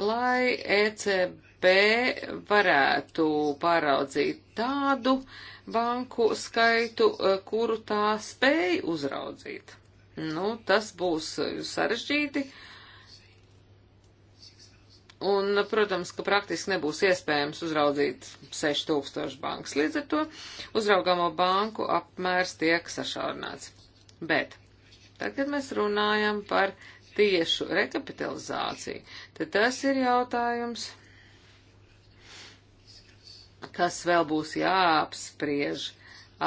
lai ECB varētu pāraudzīt tādu banku skaitu, uh, kuru tā spēj uzraudzīt. Nu, tas būs sarežģīti. Uh, Un, protams, ka praktiski nebūs iespējams uzraudzīt 6000 bankas. Līdz ar to uzraugamo banku apmērs tiek sašaurināts. Bet, tad, kad mēs runājam par tiešu rekapitalizāciju, tad tas ir jautājums, kas vēl būs jāapspriež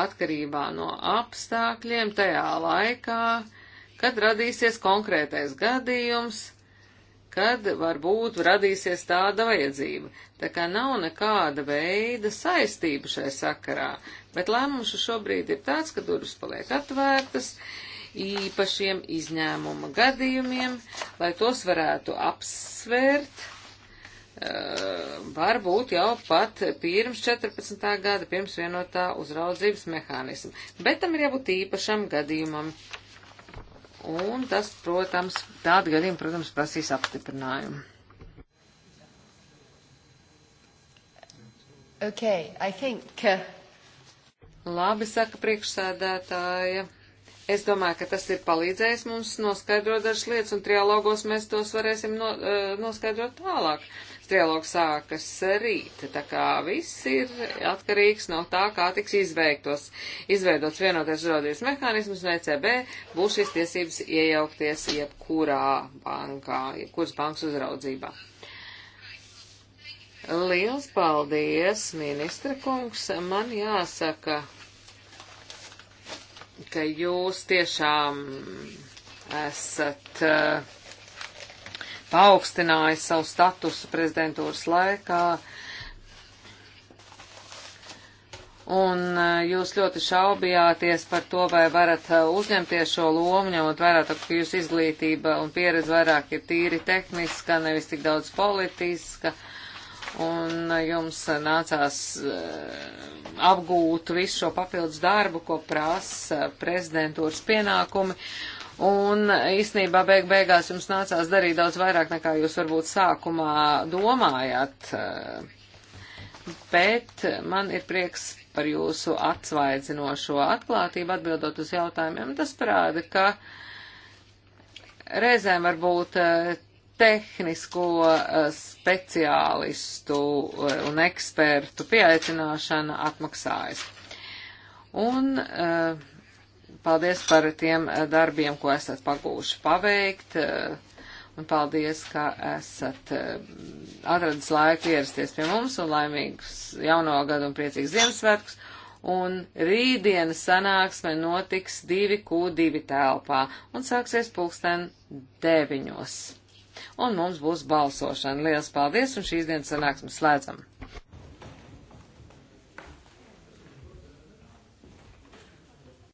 atkarībā no apstākļiem tajā laikā, kad radīsies konkrētais gadījums kad varbūt radīsies tāda vajadzība. Tā kā nav nekāda veida saistība šai sakarā, bet lēmums šobrīd ir tāds, ka durvis paliek atvērtas īpašiem izņēmuma gadījumiem, lai tos varētu apsvērt. Eh, varbūt jau pat pirms 14. gada, pirms vienotā uzraudzības mehānisma. Bet tam ir jābūt īpašam gadījumam. Uh, Un tas, protams, tādu gadījumu, protams, prasīs apstiprinājumu. Okay, I think, ka... Uh, Labi, saka priekšsēdētāja. Es domāju, ka tas ir palīdzējis mums noskaidrot dažas lietas, un trialogos mēs tos varēsim no, uh, noskaidrot tālāk. Uh, Trialogs sākas rīt, tā kā viss ir atkarīgs no tā, kā tiks izveiktos. Izveidots vienoties uzraudzības mehānismus, un ECB būs šīs tiesības iejaukties jebkurā bankā, jebkuras bankas uzraudzībā. Liels paldies, ministra kungs. Man jāsaka, ka jūs tiešām esat. Uh, paaugstinājis savu statusu prezidentūras laikā. Un eh, jūs ļoti šaubījāties par to, vai varat eh, uzņemties šo lomu, ņemot vairāk, ka jūsu izglītība un pieredze vairāk ir tīri tehniska, nevis tik daudz politiska un eh, jums nācās apgūt visu šo papildus darbu, ko prasa prezidentūras pienākumi, Un īsnībā beig beigās jums nācās darīt daudz vairāk nekā jūs varbūt sākumā domājāt. Bet man ir prieks par jūsu atsvaidzinošo atklātību atbildot uz jautājumiem. Tas parāda, ka reizēm varbūt eh, tehnisko eh, speciālistu eh, un ekspertu pieaicināšana atmaksājas. Un uh, Paldies par tiem eh, darbiem, ko esat pagūši paveikt, eh, un paldies, ka esat eh, atradis laiku ierasties pie mums, un laimīgus jauno gadu un priecīgus Ziemassvētkus. Un rītdienas sanāksme notiks 2Q2 telpā un sāksies pulksten 9. Un mums būs balsošana. Lielas paldies, un šīs dienas sanāksme slēdzam!